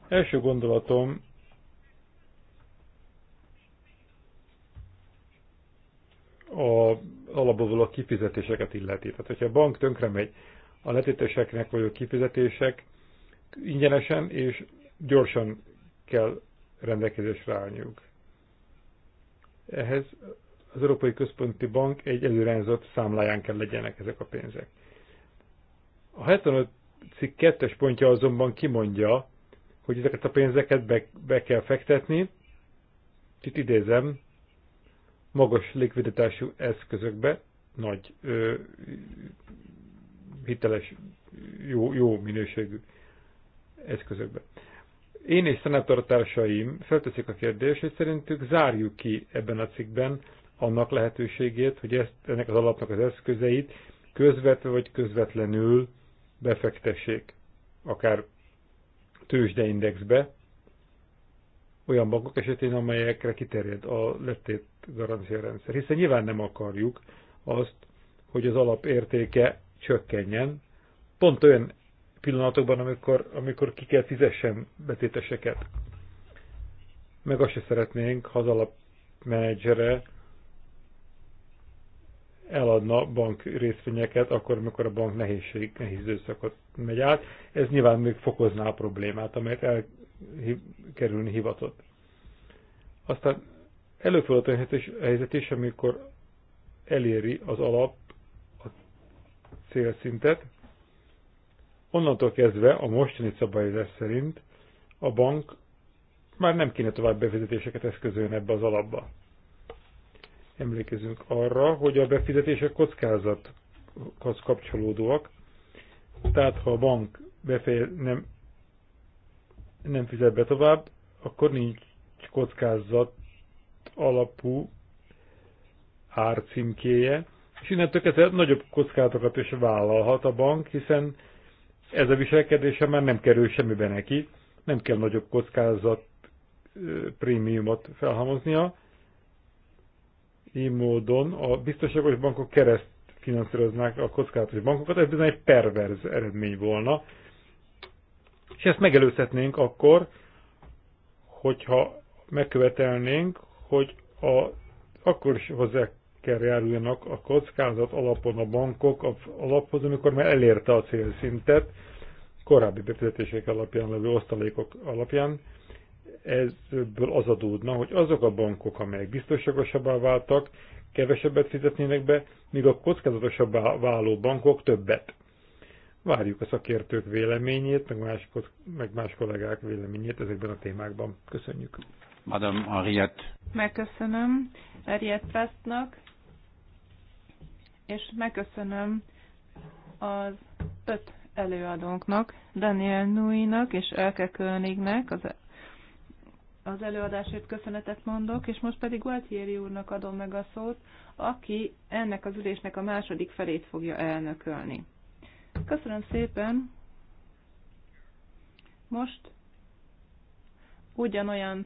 Első gondolatom a alapból a kifizetéseket illeti. Tehát, hogyha a bank tönkre megy, a letéteseknek vagy a kifizetések ingyenesen és gyorsan kell rendelkezésre állniuk. Ehhez az Európai Központi Bank egy előrányzott számláján kell legyenek ezek a pénzek. A 75 cikk kettes pontja azonban kimondja, hogy ezeket a pénzeket be, be kell fektetni, itt idézem, magas likviditású eszközökbe, nagy ö, hiteles, jó, jó minőségű eszközökbe én és szenátortársaim felteszik a kérdést, hogy szerintük zárjuk ki ebben a cikkben annak lehetőségét, hogy ezt, ennek az alapnak az eszközeit közvetve vagy közvetlenül befektessék, akár tőzsdeindexbe, olyan bankok esetén, amelyekre kiterjed a letét garanciarendszer. Hiszen nyilván nem akarjuk azt, hogy az alapértéke csökkenjen, pont olyan pillanatokban, amikor, amikor ki kell fizessen betéteseket. Meg azt se szeretnénk, ha az alapmenedzsere eladna bank részvényeket, akkor, amikor a bank nehézség, nehéz időszakot megy át. Ez nyilván még fokozná a problémát, amelyet elkerülni hivatott. Aztán előfordult a helyzet is, amikor eléri az alap a célszintet, Onnantól kezdve a mostani szabályozás szerint a bank már nem kéne tovább befizetéseket eszközölni ebbe az alapba. Emlékezünk arra, hogy a befizetések kockázathoz kapcsolódóak, tehát ha a bank befeje, nem, nem fizet be tovább, akkor nincs kockázat alapú árcímkéje, és innentől kezdve nagyobb kockázatokat is vállalhat a bank, hiszen ez a viselkedése már nem kerül semmibe neki, nem kell nagyobb kockázat prémiumot felhalmoznia. Így módon a biztonságos bankok kereszt finanszíroznák a kockázatos bankokat, ez bizony egy perverz eredmény volna. És ezt megelőzhetnénk akkor, hogyha megkövetelnénk, hogy a, akkor is hozzák kell járuljanak a kockázat alapon a bankok a alaphoz, amikor már elérte a célszintet, korábbi befizetések alapján levő osztalékok alapján, ezből az adódna, hogy azok a bankok, amelyek biztonságosabbá váltak, kevesebbet fizetnének be, míg a kockázatosabbá váló bankok többet. Várjuk a szakértők véleményét, meg más, meg más kollégák véleményét ezekben a témákban. Köszönjük. Madame Ariet. Megköszönöm Ariet Pestnak és megköszönöm az öt előadónknak, Daniel Nui-nak és Elke Könignek az, e- az előadásért köszönetet mondok, és most pedig Gualtieri úrnak adom meg a szót, aki ennek az ülésnek a második felét fogja elnökölni. Köszönöm szépen! Most ugyanolyan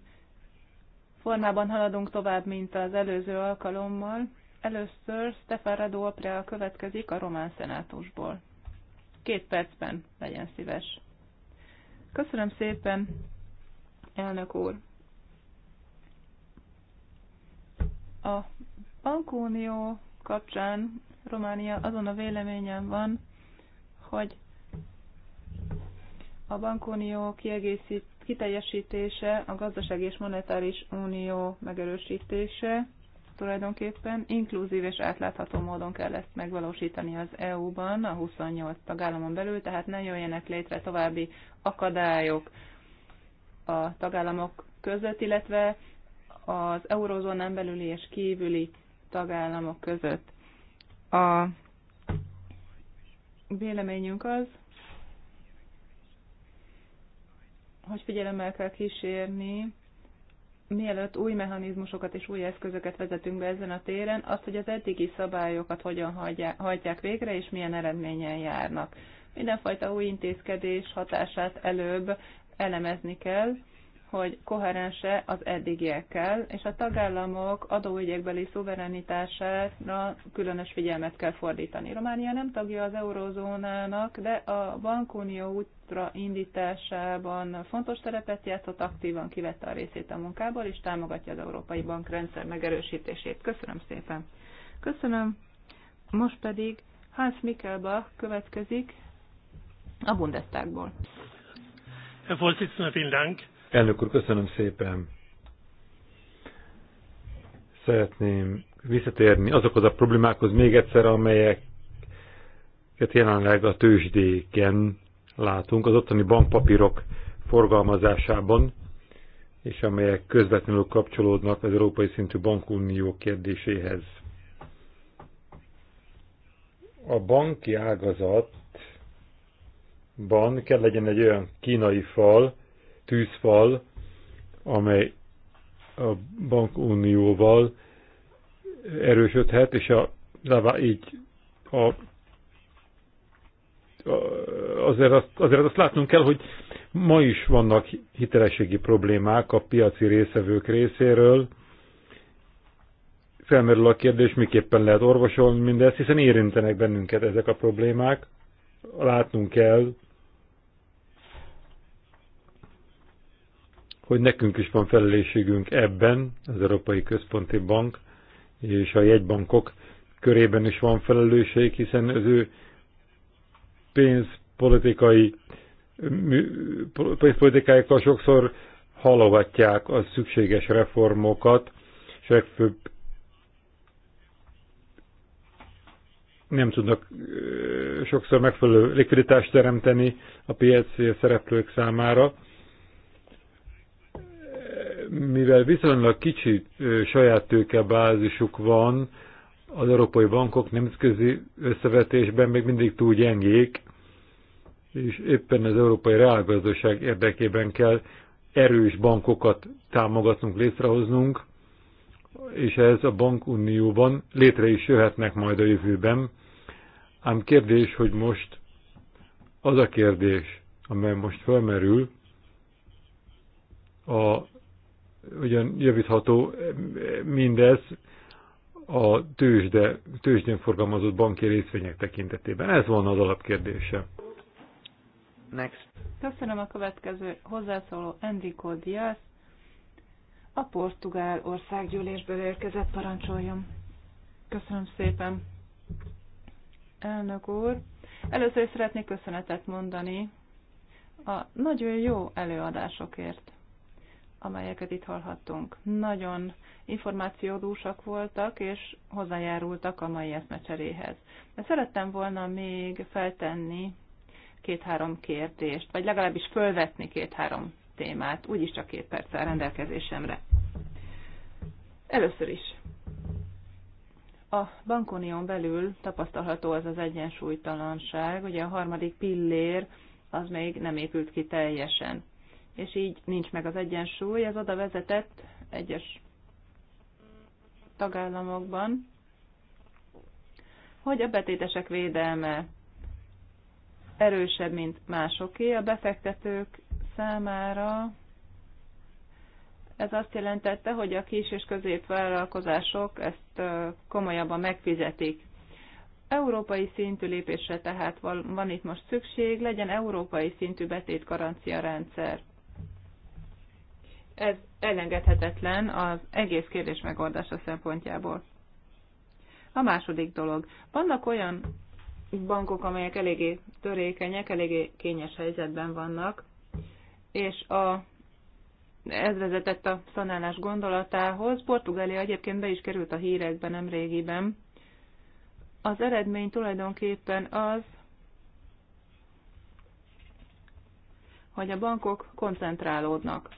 formában haladunk tovább, mint az előző alkalommal, Először Stefan Rado Aprea következik a román szenátusból. Két percben legyen szíves. Köszönöm szépen, elnök úr. A bankunió kapcsán Románia azon a véleményen van, hogy a bankunió kiegészít, kiteljesítése, a gazdasági és monetáris unió megerősítése tulajdonképpen, inkluzív és átlátható módon kell ezt megvalósítani az EU-ban, a 28 tagállamon belül, tehát ne jöjjenek létre további akadályok a tagállamok között, illetve az eurozónán belüli és kívüli tagállamok között. A véleményünk az, hogy figyelemmel kell kísérni mielőtt új mechanizmusokat és új eszközöket vezetünk be ezen a téren, azt, hogy az eddigi szabályokat hogyan hagyják végre, és milyen eredményen járnak. Mindenfajta új intézkedés hatását előbb elemezni kell, hogy koherense az eddigiekkel, és a tagállamok adóügyekbeli szuverenitására különös figyelmet kell fordítani. Románia nem tagja az eurozónának, de a bankunió útra indításában fontos szerepet játszott, aktívan kivette a részét a munkából, és támogatja az európai bankrendszer megerősítését. Köszönöm szépen! Köszönöm! Most pedig Hans Mikkelbach következik a Bundestagból. Herr Vorsitzender, vielen Dank. Elnök úr, köszönöm szépen. Szeretném visszatérni azokhoz a problémákhoz még egyszer, amelyeket jelenleg a tőzsdéken látunk, az ottani bankpapírok forgalmazásában, és amelyek közvetlenül kapcsolódnak az európai szintű bankunió kérdéséhez. A banki ágazatban kell legyen egy olyan kínai fal, tűzfal, amely a bankunióval erősödhet, és a, így a azért azt, azért azt látnunk kell, hogy ma is vannak hitelességi problémák a piaci részevők részéről. Felmerül a kérdés, miképpen lehet orvosolni mindezt, hiszen érintenek bennünket ezek a problémák. Látnunk kell, hogy nekünk is van felelősségünk ebben, az Európai Központi Bank és a jegybankok körében is van felelősség, hiszen az ő pénzpolitikai pénzpolitikájukkal sokszor halogatják a szükséges reformokat, és legfőbb nem tudnak sokszor megfelelő likviditást teremteni a piaci szereplők számára, mivel viszonylag kicsi saját tőkebázisuk van, az európai bankok nemzetközi összevetésben még mindig túl gyengék, és éppen az európai reálgazdaság érdekében kell erős bankokat támogatnunk, létrehoznunk, és ez a bankunióban létre is jöhetnek majd a jövőben. Ám kérdés, hogy most az a kérdés, amely most felmerül, a ugyan javítható mindez a tőzsde, tőzsdén forgalmazott banki részvények tekintetében. Ez volna az alapkérdése. Next. Köszönöm a következő hozzászóló Enrico Diaz, a portugál országgyűlésből érkezett parancsoljon. Köszönöm szépen. Elnök úr, először is szeretnék köszönetet mondani a nagyon jó előadásokért amelyeket itt hallhattunk. Nagyon információdúsak voltak, és hozzájárultak a mai eszmecseréhez. De szerettem volna még feltenni két-három kérdést, vagy legalábbis fölvetni két-három témát, úgyis csak két perccel rendelkezésemre. Először is. A bankunión belül tapasztalható az az egyensúlytalanság, ugye a harmadik pillér az még nem épült ki teljesen és így nincs meg az egyensúly. Ez oda vezetett egyes tagállamokban, hogy a betétesek védelme erősebb, mint másoké. A befektetők számára ez azt jelentette, hogy a kis és középvállalkozások ezt komolyabban megfizetik. Európai szintű lépésre tehát van, van itt most szükség, legyen európai szintű betétgarancia rendszer ez elengedhetetlen az egész kérdés megoldása szempontjából. A második dolog. Vannak olyan bankok, amelyek eléggé törékenyek, eléggé kényes helyzetben vannak, és a, ez vezetett a szanálás gondolatához. Portugália egyébként be is került a hírekben nem régiben. Az eredmény tulajdonképpen az, hogy a bankok koncentrálódnak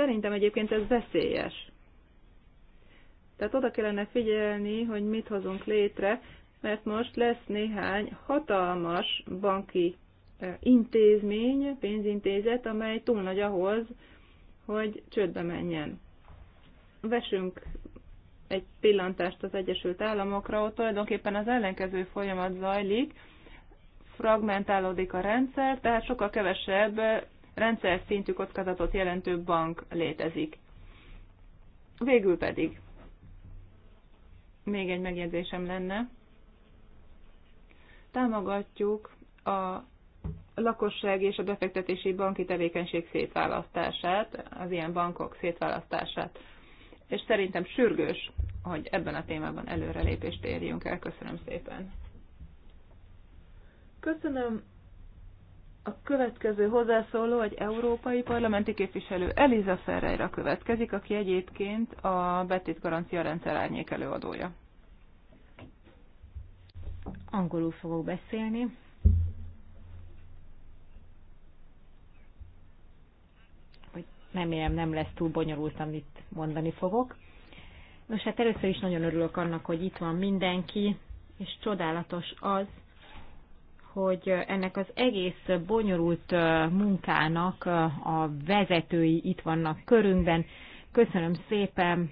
Szerintem egyébként ez veszélyes. Tehát oda kellene figyelni, hogy mit hozunk létre, mert most lesz néhány hatalmas banki e, intézmény, pénzintézet, amely túl nagy ahhoz, hogy csődbe menjen. Vesünk egy pillantást az Egyesült Államokra, ott tulajdonképpen az ellenkező folyamat zajlik, fragmentálódik a rendszer, tehát sokkal kevesebb rendszer szintű kockázatot jelentő bank létezik. Végül pedig még egy megjegyzésem lenne. Támogatjuk a lakosság és a befektetési banki tevékenység szétválasztását, az ilyen bankok szétválasztását. És szerintem sürgős, hogy ebben a témában előrelépést érjünk el. Köszönöm szépen. Köszönöm a következő hozzászóló egy európai parlamenti képviselő, Eliza Ferreira következik, aki egyébként a betét garancia rendszer árnyék előadója. Angolul fogok beszélni. Remélem nem lesz túl bonyolult, amit mondani fogok. Nos, hát először is nagyon örülök annak, hogy itt van mindenki, és csodálatos az, hogy ennek az egész bonyolult munkának a vezetői itt vannak körünkben. Köszönöm szépen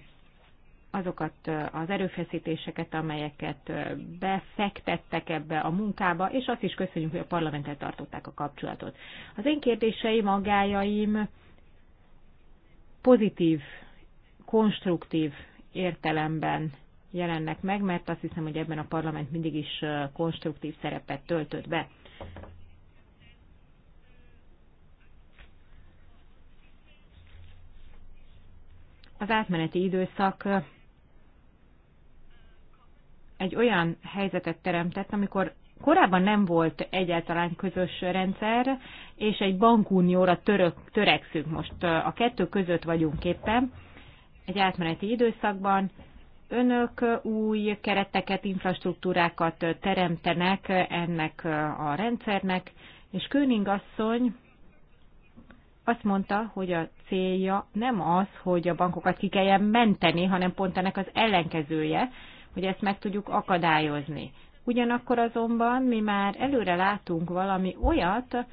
azokat az erőfeszítéseket, amelyeket befektettek ebbe a munkába, és azt is köszönjük, hogy a parlamenttel tartották a kapcsolatot. Az én kérdéseim, magájaim pozitív, konstruktív értelemben jelennek meg, mert azt hiszem, hogy ebben a parlament mindig is konstruktív szerepet töltött be. Az átmeneti időszak egy olyan helyzetet teremtett, amikor korábban nem volt egyáltalán közös rendszer, és egy bankunióra török, törekszünk most. A kettő között vagyunk éppen, egy átmeneti időszakban, Önök új kereteket, infrastruktúrákat teremtenek ennek a rendszernek, és Kőning asszony azt mondta, hogy a célja nem az, hogy a bankokat ki kelljen menteni, hanem pont ennek az ellenkezője, hogy ezt meg tudjuk akadályozni. Ugyanakkor azonban mi már előre látunk valami olyat,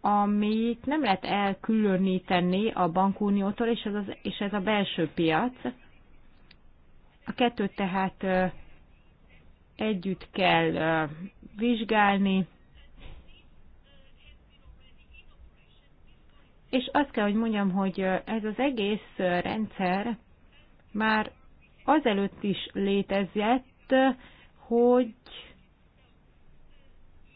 amit nem lehet elkülöníteni a bankuniótól, és ez, az, és ez a belső piac, a kettőt tehát együtt kell vizsgálni, és azt kell, hogy mondjam, hogy ez az egész rendszer már azelőtt is létezett, hogy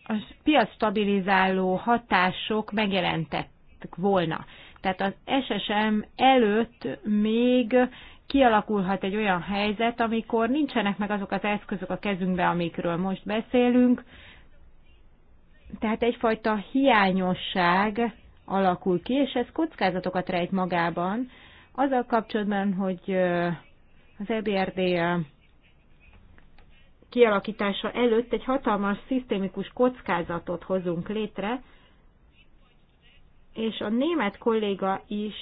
a piac stabilizáló hatások megjelentettek volna. Tehát az SSM előtt még kialakulhat egy olyan helyzet, amikor nincsenek meg azok az eszközök a kezünkbe, amikről most beszélünk, tehát egyfajta hiányosság alakul ki, és ez kockázatokat rejt magában, azzal kapcsolatban, hogy az EBRD kialakítása előtt egy hatalmas szisztémikus kockázatot hozunk létre, és a német kolléga is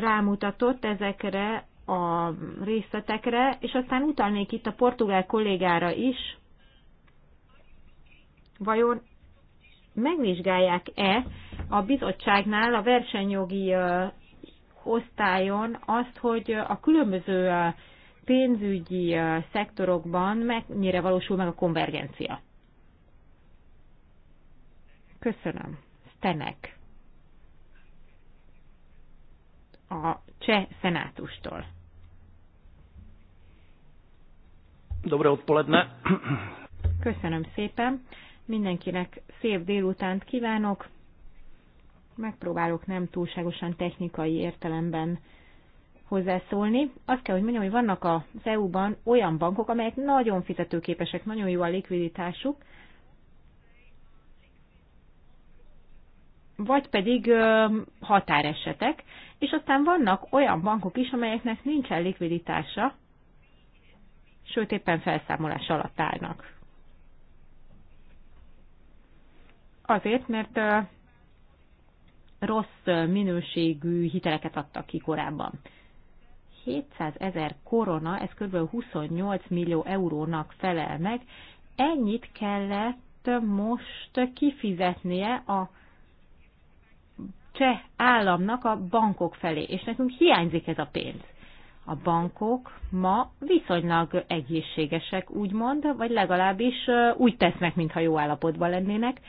rámutatott ezekre a részletekre, és aztán utalnék itt a portugál kollégára is. Vajon megvizsgálják-e a bizottságnál a versenyjogi osztályon azt, hogy a különböző pénzügyi szektorokban mennyire valósul meg a konvergencia? Köszönöm. Stenek a cseh szenátustól. Dobre odpoledne! Köszönöm szépen! Mindenkinek szép délutánt kívánok! Megpróbálok nem túlságosan technikai értelemben hozzászólni. Azt kell, hogy mondjam, hogy vannak az EU-ban olyan bankok, amelyek nagyon fizetőképesek, nagyon jó a likviditásuk, vagy pedig határesetek, és aztán vannak olyan bankok is, amelyeknek nincsen likviditása, sőt éppen felszámolás alatt állnak. Azért, mert rossz minőségű hiteleket adtak ki korábban. 700 ezer korona, ez kb. 28 millió eurónak felel meg, ennyit kellett most kifizetnie a cseh államnak a bankok felé, és nekünk hiányzik ez a pénz. A bankok ma viszonylag egészségesek, úgymond, vagy legalábbis úgy tesznek, mintha jó állapotban lennének.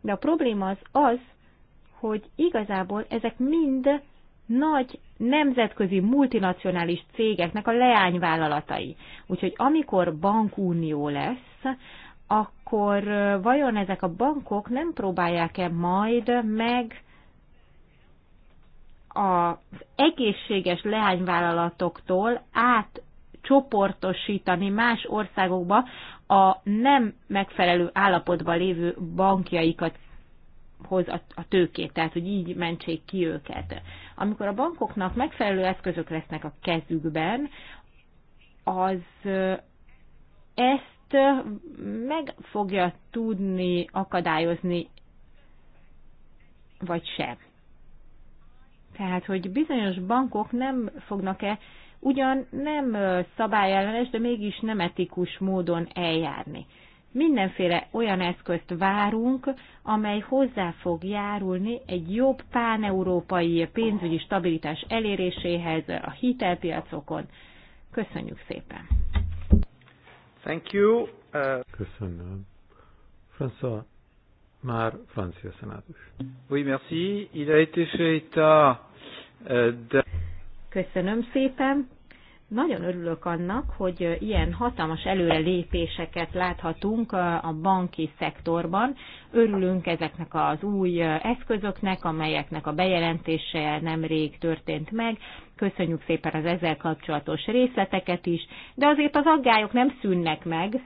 De a probléma az az, hogy igazából ezek mind nagy nemzetközi multinacionális cégeknek a leányvállalatai. Úgyhogy amikor bankunió lesz, akkor vajon ezek a bankok nem próbálják-e majd meg az egészséges leányvállalatoktól át csoportosítani más országokba a nem megfelelő állapotban lévő bankjaikat hoz a tőkét, tehát hogy így mentsék ki őket. Amikor a bankoknak megfelelő eszközök lesznek a kezükben, az ezt meg fogja tudni akadályozni, vagy sem. Tehát, hogy bizonyos bankok nem fognak-e ugyan nem szabályellenes, de mégis nem etikus módon eljárni. Mindenféle olyan eszközt várunk, amely hozzá fog járulni egy jobb páneurópai pénzügyi stabilitás eléréséhez a hitelpiacokon. Köszönjük szépen! Thank you. Uh... Köszönöm. François már francia szenátus. Oui, merci. Il a été fait euh, de... Köszönöm szépen. Nagyon örülök annak, hogy euh, ilyen hatalmas előrelépéseket láthatunk euh, a banki szektorban. Örülünk ezeknek az új eszközöknek, amelyeknek a bejelentése nemrég történt meg. Köszönjük szépen az ezzel kapcsolatos részleteket is, de azért az aggályok nem szűnnek meg,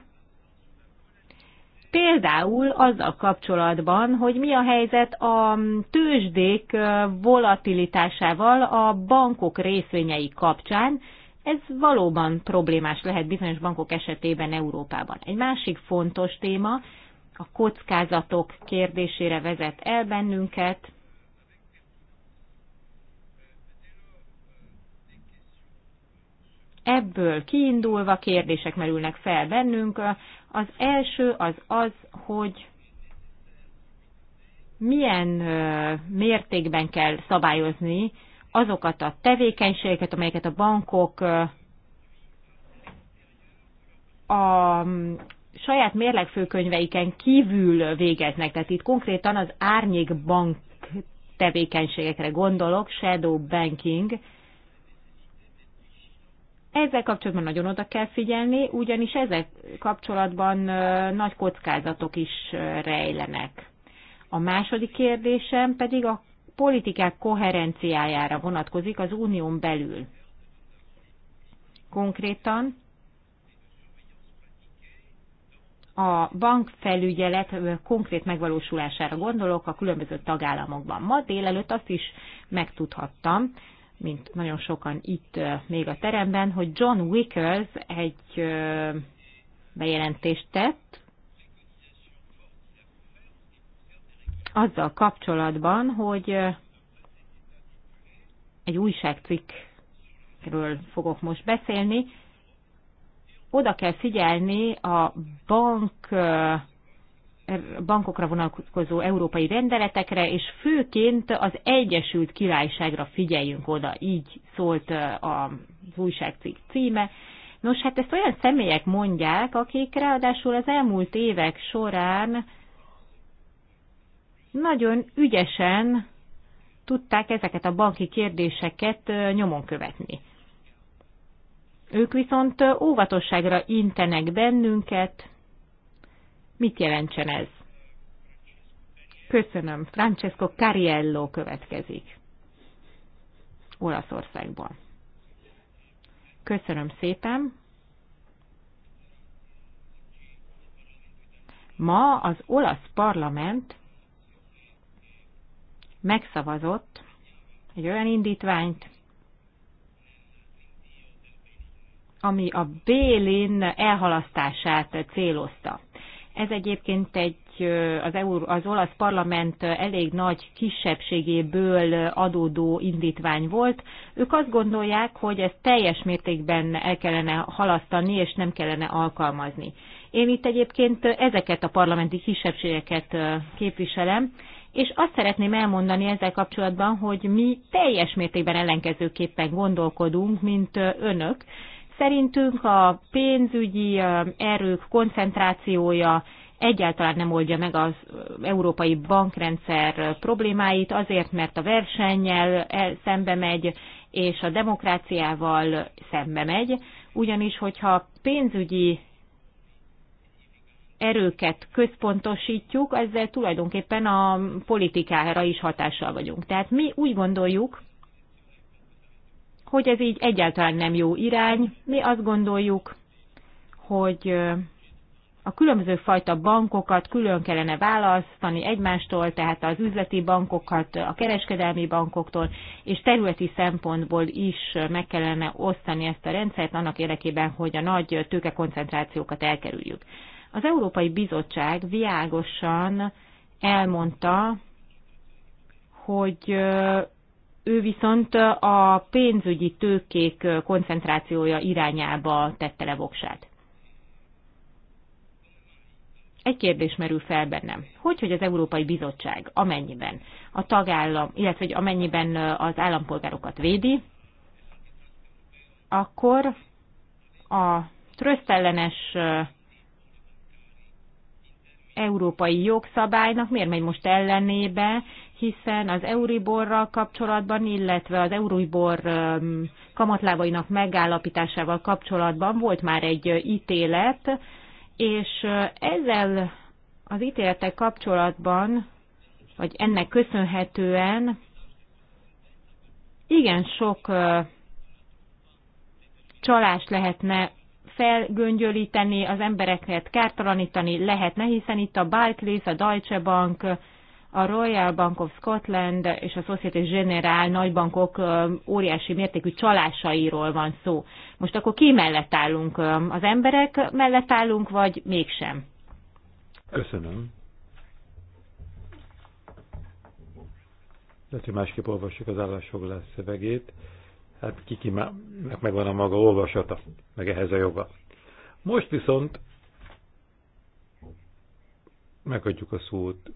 Például azzal kapcsolatban, hogy mi a helyzet a tőzsdék volatilitásával a bankok részvényei kapcsán, ez valóban problémás lehet bizonyos bankok esetében Európában. Egy másik fontos téma a kockázatok kérdésére vezet el bennünket. Ebből kiindulva kérdések merülnek fel bennünk az első az az, hogy milyen mértékben kell szabályozni azokat a tevékenységeket, amelyeket a bankok a saját mérlegfőkönyveiken kívül végeznek. Tehát itt konkrétan az árnyék bank tevékenységekre gondolok, shadow banking, ezzel kapcsolatban nagyon oda kell figyelni, ugyanis ezzel kapcsolatban nagy kockázatok is rejlenek. A második kérdésem pedig a politikák koherenciájára vonatkozik az unión belül. Konkrétan a bankfelügyelet konkrét megvalósulására gondolok a különböző tagállamokban. Ma délelőtt azt is megtudhattam, mint nagyon sokan itt még a teremben, hogy John Wickers egy bejelentést tett azzal kapcsolatban, hogy egy újságcikkről fogok most beszélni. Oda kell figyelni a bank bankokra vonatkozó európai rendeletekre, és főként az Egyesült Királyságra figyeljünk oda, így szólt az újságcikk címe. Nos, hát ezt olyan személyek mondják, akik ráadásul az elmúlt évek során nagyon ügyesen tudták ezeket a banki kérdéseket nyomon követni. Ők viszont óvatosságra intenek bennünket, Mit jelentsen ez? Köszönöm. Francesco Cariello következik. Olaszországból. Köszönöm szépen. Ma az olasz parlament megszavazott egy olyan indítványt, ami a Bélin elhalasztását célozta. Ez egyébként egy az, EU, az olasz parlament elég nagy kisebbségéből adódó indítvány volt. Ők azt gondolják, hogy ezt teljes mértékben el kellene halasztani, és nem kellene alkalmazni. Én itt egyébként ezeket a parlamenti kisebbségeket képviselem, és azt szeretném elmondani ezzel kapcsolatban, hogy mi teljes mértékben ellenkezőképpen gondolkodunk, mint önök, Szerintünk a pénzügyi erők koncentrációja egyáltalán nem oldja meg az európai bankrendszer problémáit, azért, mert a versennyel e, szembe megy, és a demokráciával szembe megy, ugyanis, hogyha pénzügyi erőket központosítjuk, ezzel tulajdonképpen a politikára is hatással vagyunk. Tehát mi úgy gondoljuk, hogy ez így egyáltalán nem jó irány. Mi azt gondoljuk, hogy a különböző fajta bankokat külön kellene választani egymástól, tehát az üzleti bankokat a kereskedelmi bankoktól, és területi szempontból is meg kellene osztani ezt a rendszert annak érdekében, hogy a nagy tőkekoncentrációkat elkerüljük. Az Európai Bizottság világosan elmondta, hogy ő viszont a pénzügyi tőkék koncentrációja irányába tette le voksát. Egy kérdés merül fel bennem. Hogy, hogy az Európai Bizottság amennyiben a tagállam, illetve hogy amennyiben az állampolgárokat védi, akkor a trösztellenes európai jogszabálynak miért megy most ellenébe, hiszen az Euriborral kapcsolatban, illetve az Euribor kamatlábainak megállapításával kapcsolatban volt már egy ítélet, és ezzel az ítéletek kapcsolatban, vagy ennek köszönhetően igen sok csalást lehetne felgöngyölíteni, az embereket kártalanítani lehetne, hiszen itt a Barclays, a Deutsche Bank, a Royal Bank of Scotland és a Société Générale nagybankok óriási mértékű csalásairól van szó. Most akkor ki mellett állunk? Az emberek mellett állunk, vagy mégsem? Köszönöm. Lehet, hogy másképp olvassuk az állásfoglalás szövegét. Hát kiki már megvan a maga olvasata, meg ehhez a joga. Most viszont megadjuk a szót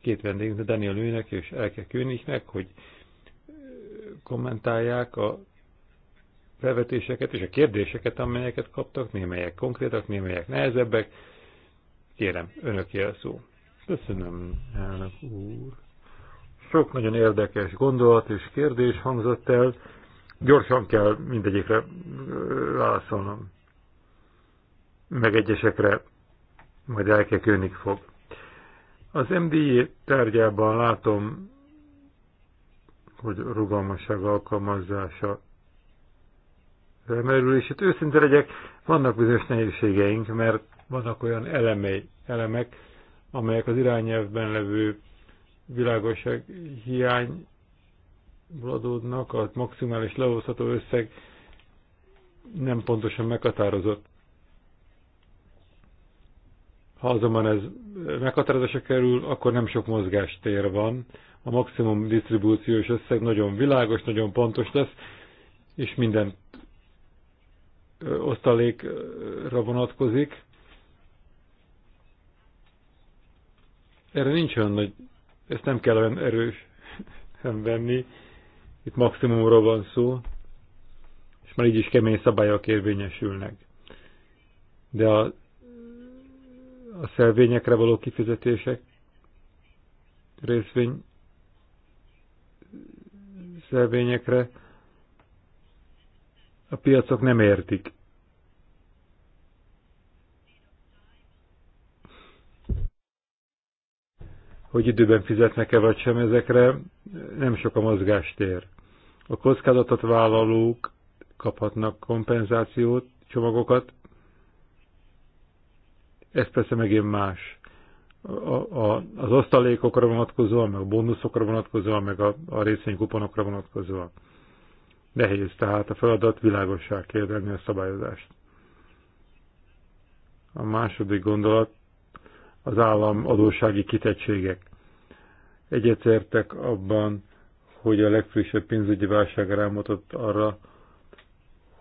két vendégünk, Daniel Lőnek és Elke Könignek, hogy kommentálják a felvetéseket és a kérdéseket, amelyeket kaptak, némelyek konkrétak, némelyek nehezebbek. Kérem, önöké a szó. Köszönöm, elnök úr. Sok nagyon érdekes gondolat és kérdés hangzott el. Gyorsan kell mindegyikre válaszolnom. Meg egyesekre majd el kell fog. Az MDI tárgyában látom, hogy rugalmasság alkalmazása felmerül, és itt hát őszinte legyek, vannak bizonyos nehézségeink, mert vannak olyan elemei, elemek, amelyek az irányelvben levő világosság hiány adódnak, a maximális lehozható összeg nem pontosan meghatározott. Ha azonban ez meghatározásra kerül, akkor nem sok mozgástér van. A maximum disztribúciós összeg nagyon világos, nagyon pontos lesz, és minden osztalékra vonatkozik. Erre nincs olyan nagy, ezt nem kell olyan erős venni, itt maximumról van szó, és már így is kemény szabályok érvényesülnek. De a a szervényekre való kifizetések, részvény szervényekre a piacok nem értik. Hogy időben fizetnek-e vagy sem ezekre, nem sok a mozgástér. A kockázatot vállalók kaphatnak kompenzációt, csomagokat, ez persze megint más. A, a, az osztalékokra vonatkozóan, meg a bónuszokra vonatkozóan, meg a, a részvénykuponokra vonatkozóan. Nehéz tehát a feladat világossá kérdelni a szabályozást. A második gondolat az állam adóssági kitettségek. Egyetértek abban, hogy a legfrissebb pénzügyi válság rámutott arra,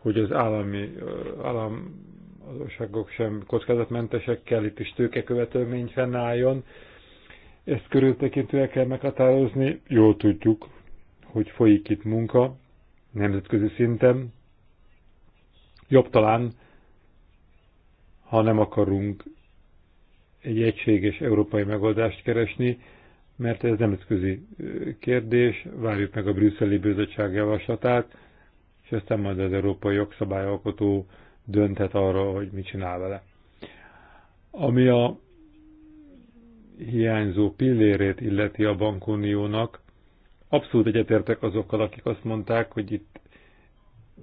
hogy az állami, állam adósságok sem kockázatmentesek, kell itt is tőkekövetőmény fennálljon. Ezt körültekintően kell meghatározni, jól tudjuk, hogy folyik itt munka nemzetközi szinten. Jobb talán, ha nem akarunk egy egységes európai megoldást keresni, mert ez nemzetközi kérdés, várjuk meg a brüsszeli bizottság javaslatát, és aztán majd az európai jogszabályalkotó dönthet arra, hogy mit csinál vele. Ami a hiányzó pillérét illeti a bankuniónak, abszolút egyetértek azokkal, akik azt mondták, hogy itt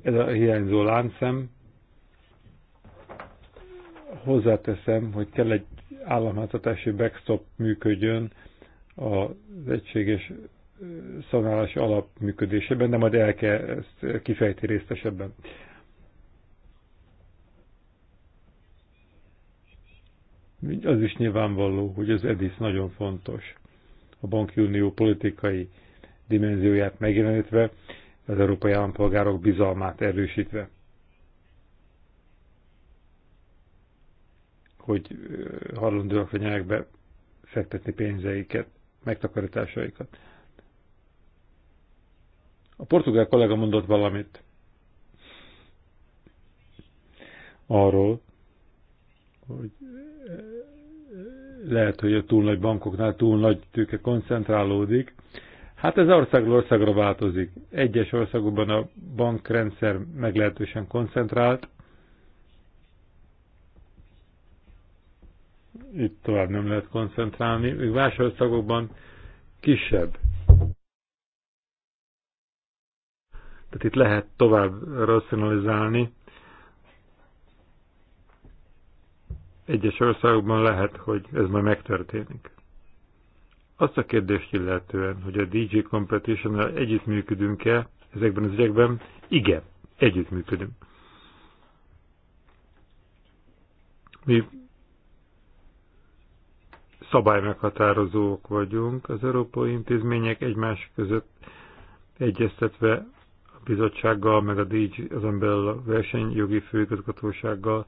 ez a hiányzó láncszem, hozzáteszem, hogy kell egy államháztatási backstop működjön az egységes szanálási alap működésében, de majd el kell ezt kifejti részesebben. Az is nyilvánvaló, hogy az EDIS nagyon fontos. A banki unió politikai dimenzióját megjelenítve, az európai állampolgárok bizalmát erősítve. Hogy hajlandóak legyenek be fektetni pénzeiket, megtakarításaikat. A portugál kollega mondott valamit arról, hogy lehet, hogy a túl nagy bankoknál túl nagy tőke koncentrálódik. Hát ez országról országra változik. Egyes országokban a bankrendszer meglehetősen koncentrált. Itt tovább nem lehet koncentrálni. Még más országokban kisebb. Tehát itt lehet tovább racionalizálni Egyes országokban lehet, hogy ez majd megtörténik. Azt a kérdést illetően, hogy a DJ Competition-nel együttműködünk-e ezekben az ügyekben, igen, együttműködünk. Mi szabálymeghatározók vagyunk, az európai intézmények egymás között egyeztetve a bizottsággal, meg a DG, azon belül a versenyjogi főigazgatósággal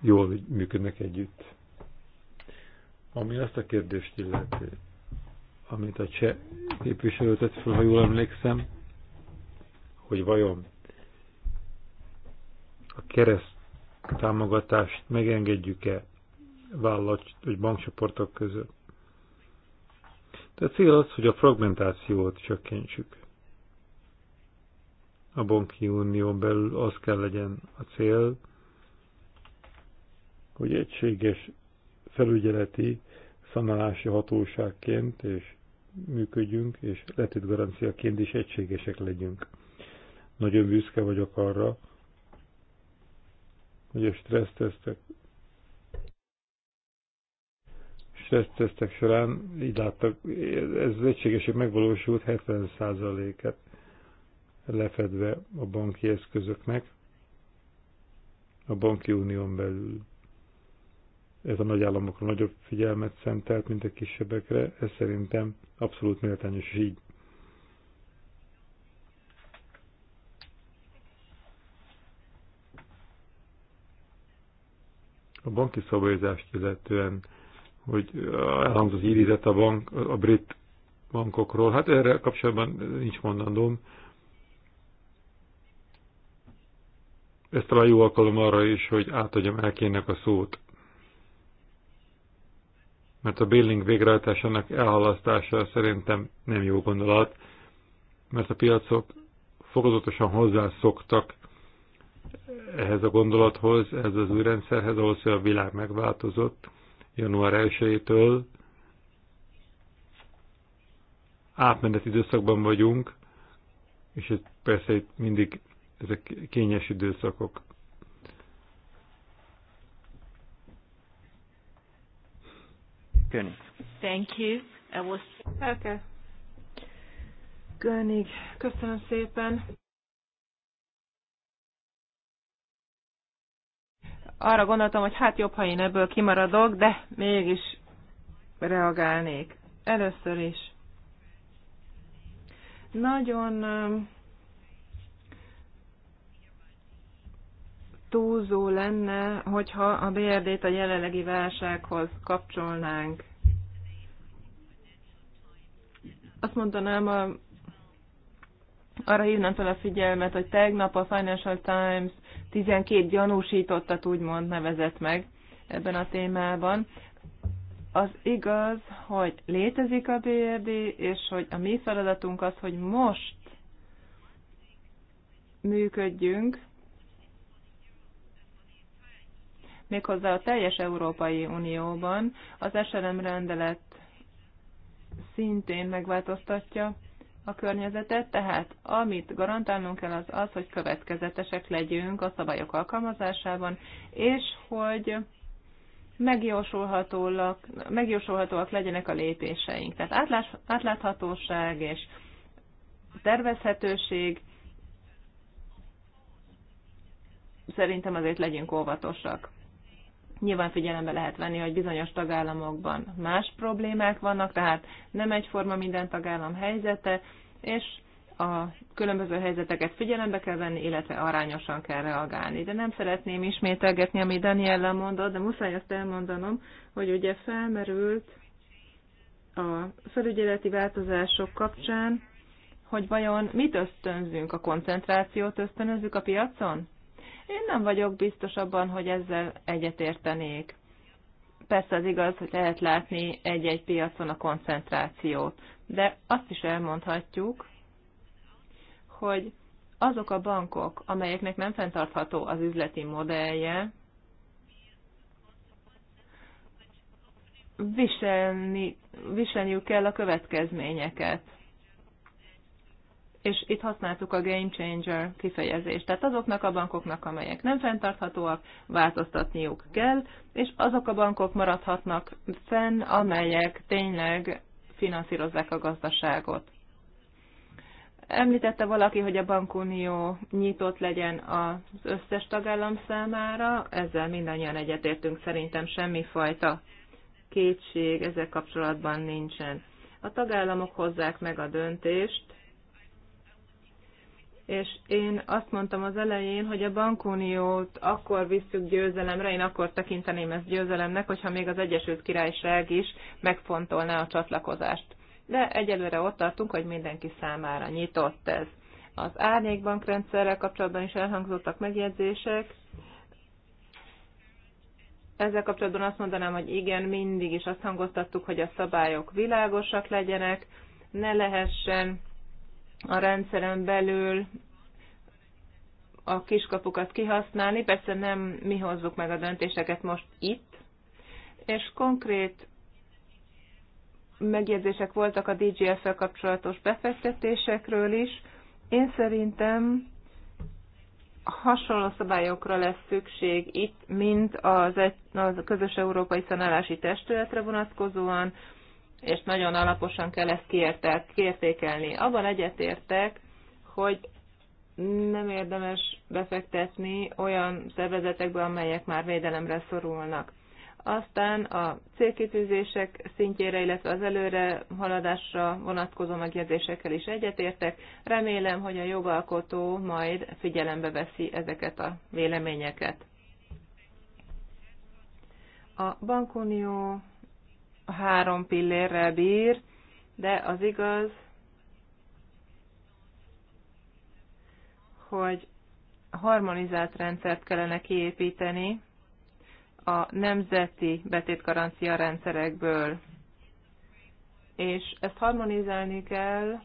jól működnek együtt. Ami azt a kérdést illeti, amit a cseh képviselő tett fel, ha jól emlékszem, hogy vajon a kereszt támogatást megengedjük-e vállalat vagy bankcsoportok között. De a cél az, hogy a fragmentációt csökkentsük. A banki unión belül az kell legyen a cél, hogy egységes felügyeleti szanálási hatóságként és működjünk, és letét garanciaként is egységesek legyünk. Nagyon büszke vagyok arra, hogy a stressztesztek stressztesztek során így láttak, ez az egységesség megvalósult 70%-et lefedve a banki eszközöknek a banki unión belül ez a nagy államokra nagyobb figyelmet szentelt, mint a kisebbekre, ez szerintem abszolút méltányos és így. A banki szabályozást illetően, hogy elhangzott írizet a, bank, a brit bankokról, hát erre kapcsolatban nincs mondandóm. Ez talán jó alkalom arra is, hogy átadjam elkének a szót mert a billing végrehajtásának elhalasztása szerintem nem jó gondolat, mert a piacok fokozatosan hozzászoktak ehhez a gondolathoz, ehhez az új rendszerhez, ahhoz, hogy a világ megváltozott január 1-től. Átmeneti időszakban vagyunk, és ez persze mindig ezek kényes időszakok. König. Thank you. I was... Okay. König, köszönöm szépen. Arra gondoltam, hogy hát jobb, ha én ebből kimaradok, de mégis reagálnék. Először is. Nagyon túlzó lenne, hogyha a BRD-t a jelenlegi válsághoz kapcsolnánk. Azt mondanám, a, arra hívnám fel a figyelmet, hogy tegnap a Financial Times 12 gyanúsítottat úgymond nevezett meg ebben a témában. Az igaz, hogy létezik a BRD, és hogy a mi feladatunk az, hogy most működjünk, méghozzá a teljes Európai Unióban. Az SLM rendelet szintén megváltoztatja a környezetet, tehát amit garantálnunk kell az az, hogy következetesek legyünk a szabályok alkalmazásában, és hogy megjósolhatóak, megjósolhatóak legyenek a lépéseink. Tehát átlás, átláthatóság és tervezhetőség, szerintem azért legyünk óvatosak. Nyilván figyelembe lehet venni, hogy bizonyos tagállamokban más problémák vannak, tehát nem egyforma minden tagállam helyzete, és a különböző helyzeteket figyelembe kell venni, illetve arányosan kell reagálni. De nem szeretném ismételgetni, ami Daniella mondott, de muszáj azt elmondanom, hogy ugye felmerült a felügyeleti változások kapcsán, hogy vajon mit ösztönzünk, a koncentrációt ösztönözzük a piacon? Én nem vagyok biztos abban, hogy ezzel egyetértenék. Persze az igaz, hogy lehet látni egy-egy piacon a koncentrációt, de azt is elmondhatjuk, hogy azok a bankok, amelyeknek nem fenntartható az üzleti modellje, viselni, viselniük kell a következményeket és itt használtuk a game changer kifejezést. Tehát azoknak a bankoknak, amelyek nem fenntarthatóak, változtatniuk kell, és azok a bankok maradhatnak fenn, amelyek tényleg finanszírozzák a gazdaságot. Említette valaki, hogy a bankunió nyitott legyen az összes tagállam számára, ezzel mindannyian egyetértünk, szerintem semmifajta kétség ezzel kapcsolatban nincsen. A tagállamok hozzák meg a döntést, és én azt mondtam az elején, hogy a bankuniót akkor visszük győzelemre, én akkor tekinteném ezt győzelemnek, hogyha még az Egyesült Királyság is megfontolná a csatlakozást. De egyelőre ott tartunk, hogy mindenki számára nyitott ez. Az árnyékbankrendszerrel kapcsolatban is elhangzottak megjegyzések. Ezzel kapcsolatban azt mondanám, hogy igen, mindig is azt hangoztattuk, hogy a szabályok világosak legyenek, ne lehessen a rendszeren belül a kiskapukat kihasználni. Persze nem mi hozzuk meg a döntéseket most itt, és konkrét megjegyzések voltak a dgf el kapcsolatos befektetésekről is. Én szerintem hasonló szabályokra lesz szükség itt, mint az, egy, az közös európai szanálási testületre vonatkozóan, és nagyon alaposan kell ezt kiértelt, kiértékelni. Abban egyetértek, hogy nem érdemes befektetni olyan szervezetekbe, amelyek már védelemre szorulnak. Aztán a célkitűzések szintjére, illetve az előre haladásra vonatkozó megjegyzésekkel is egyetértek. Remélem, hogy a jogalkotó majd figyelembe veszi ezeket a véleményeket. A bankunió a három pillérrel bír, de az igaz, hogy harmonizált rendszert kellene kiépíteni a nemzeti betétgarancia rendszerekből. És ezt harmonizálni kell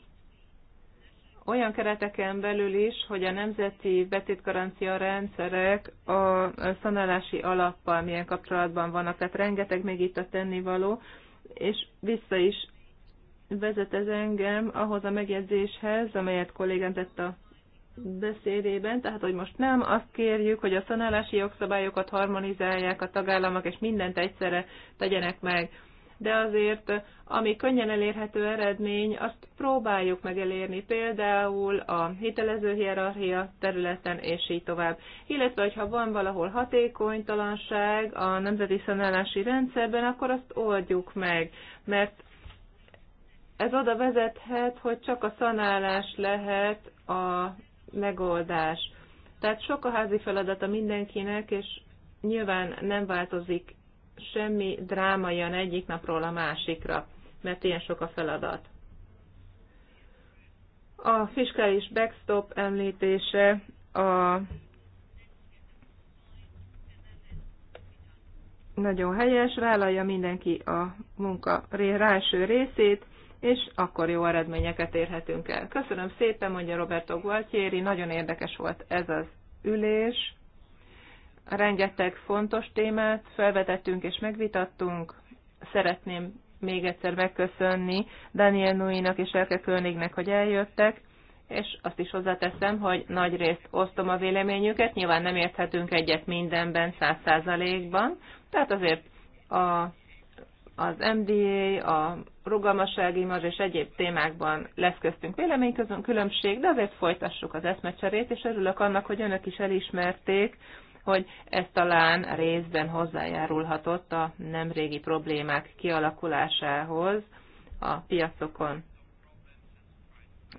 olyan kereteken belül is, hogy a nemzeti betétgarancia rendszerek a szanálási alappal milyen kapcsolatban vannak, tehát rengeteg még itt a tennivaló, és vissza is vezet ez engem ahhoz a megjegyzéshez, amelyet kollégám tett a beszédében, tehát hogy most nem azt kérjük, hogy a szanálási jogszabályokat harmonizálják a tagállamok, és mindent egyszerre tegyenek meg de azért ami könnyen elérhető eredmény, azt próbáljuk meg elérni, például a hitelező hierarchia területen, és így tovább. Illetve, hogyha van valahol hatékonytalanság a nemzeti szanálási rendszerben, akkor azt oldjuk meg, mert ez oda vezethet, hogy csak a szanálás lehet a megoldás. Tehát sok a házi feladata mindenkinek, és nyilván nem változik semmi dráma jön egyik napról a másikra, mert ilyen sok a feladat. A fiskális backstop említése a nagyon helyes, vállalja mindenki a munka első részét, és akkor jó eredményeket érhetünk el. Köszönöm szépen, mondja Roberto Gualtieri, nagyon érdekes volt ez az ülés rengeteg fontos témát felvetettünk és megvitattunk. Szeretném még egyszer megköszönni Daniel Nui-nak és Elke Könignek, hogy eljöttek, és azt is hozzáteszem, hogy nagy részt osztom a véleményüket, nyilván nem érthetünk egyet mindenben száz százalékban, tehát azért a, az MDA, a rugalmassági maz és egyéb témákban lesz köztünk véleménykülönbség, különbség, de azért folytassuk az eszmecserét, és örülök annak, hogy önök is elismerték, hogy ez talán részben hozzájárulhatott a nemrégi problémák kialakulásához a piacokon.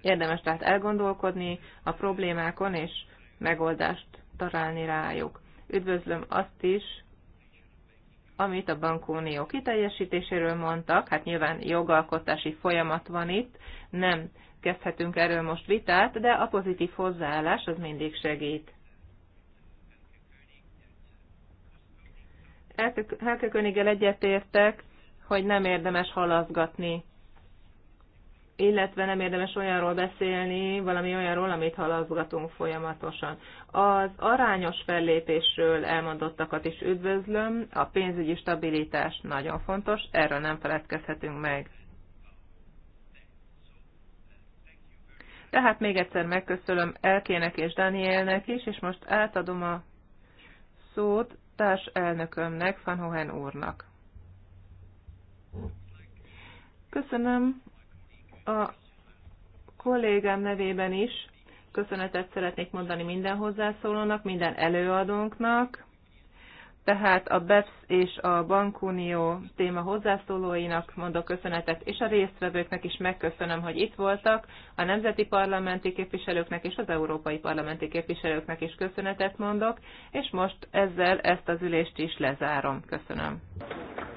Érdemes tehát elgondolkodni a problémákon és megoldást találni rájuk. Üdvözlöm azt is, amit a bankunió kiteljesítéséről mondtak, hát nyilván jogalkotási folyamat van itt, nem kezdhetünk erről most vitát, de a pozitív hozzáállás az mindig segít. Helkeköniggel egyetértek, hogy nem érdemes halaszgatni, illetve nem érdemes olyanról beszélni, valami olyanról, amit halaszgatunk folyamatosan. Az arányos fellépésről elmondottakat is üdvözlöm, a pénzügyi stabilitás nagyon fontos, erről nem feledkezhetünk meg. Tehát még egyszer megköszönöm Elkének és Danielnek is, és most átadom a szót társ elnökömnek, Van Hohen úrnak. Köszönöm a kollégám nevében is. Köszönetet szeretnék mondani minden hozzászólónak, minden előadónknak, tehát a BEPS és a Bankunió téma hozzászólóinak mondok köszönetet, és a résztvevőknek is megköszönöm, hogy itt voltak, a nemzeti parlamenti képviselőknek és az európai parlamenti képviselőknek is köszönetet mondok, és most ezzel ezt az ülést is lezárom. Köszönöm.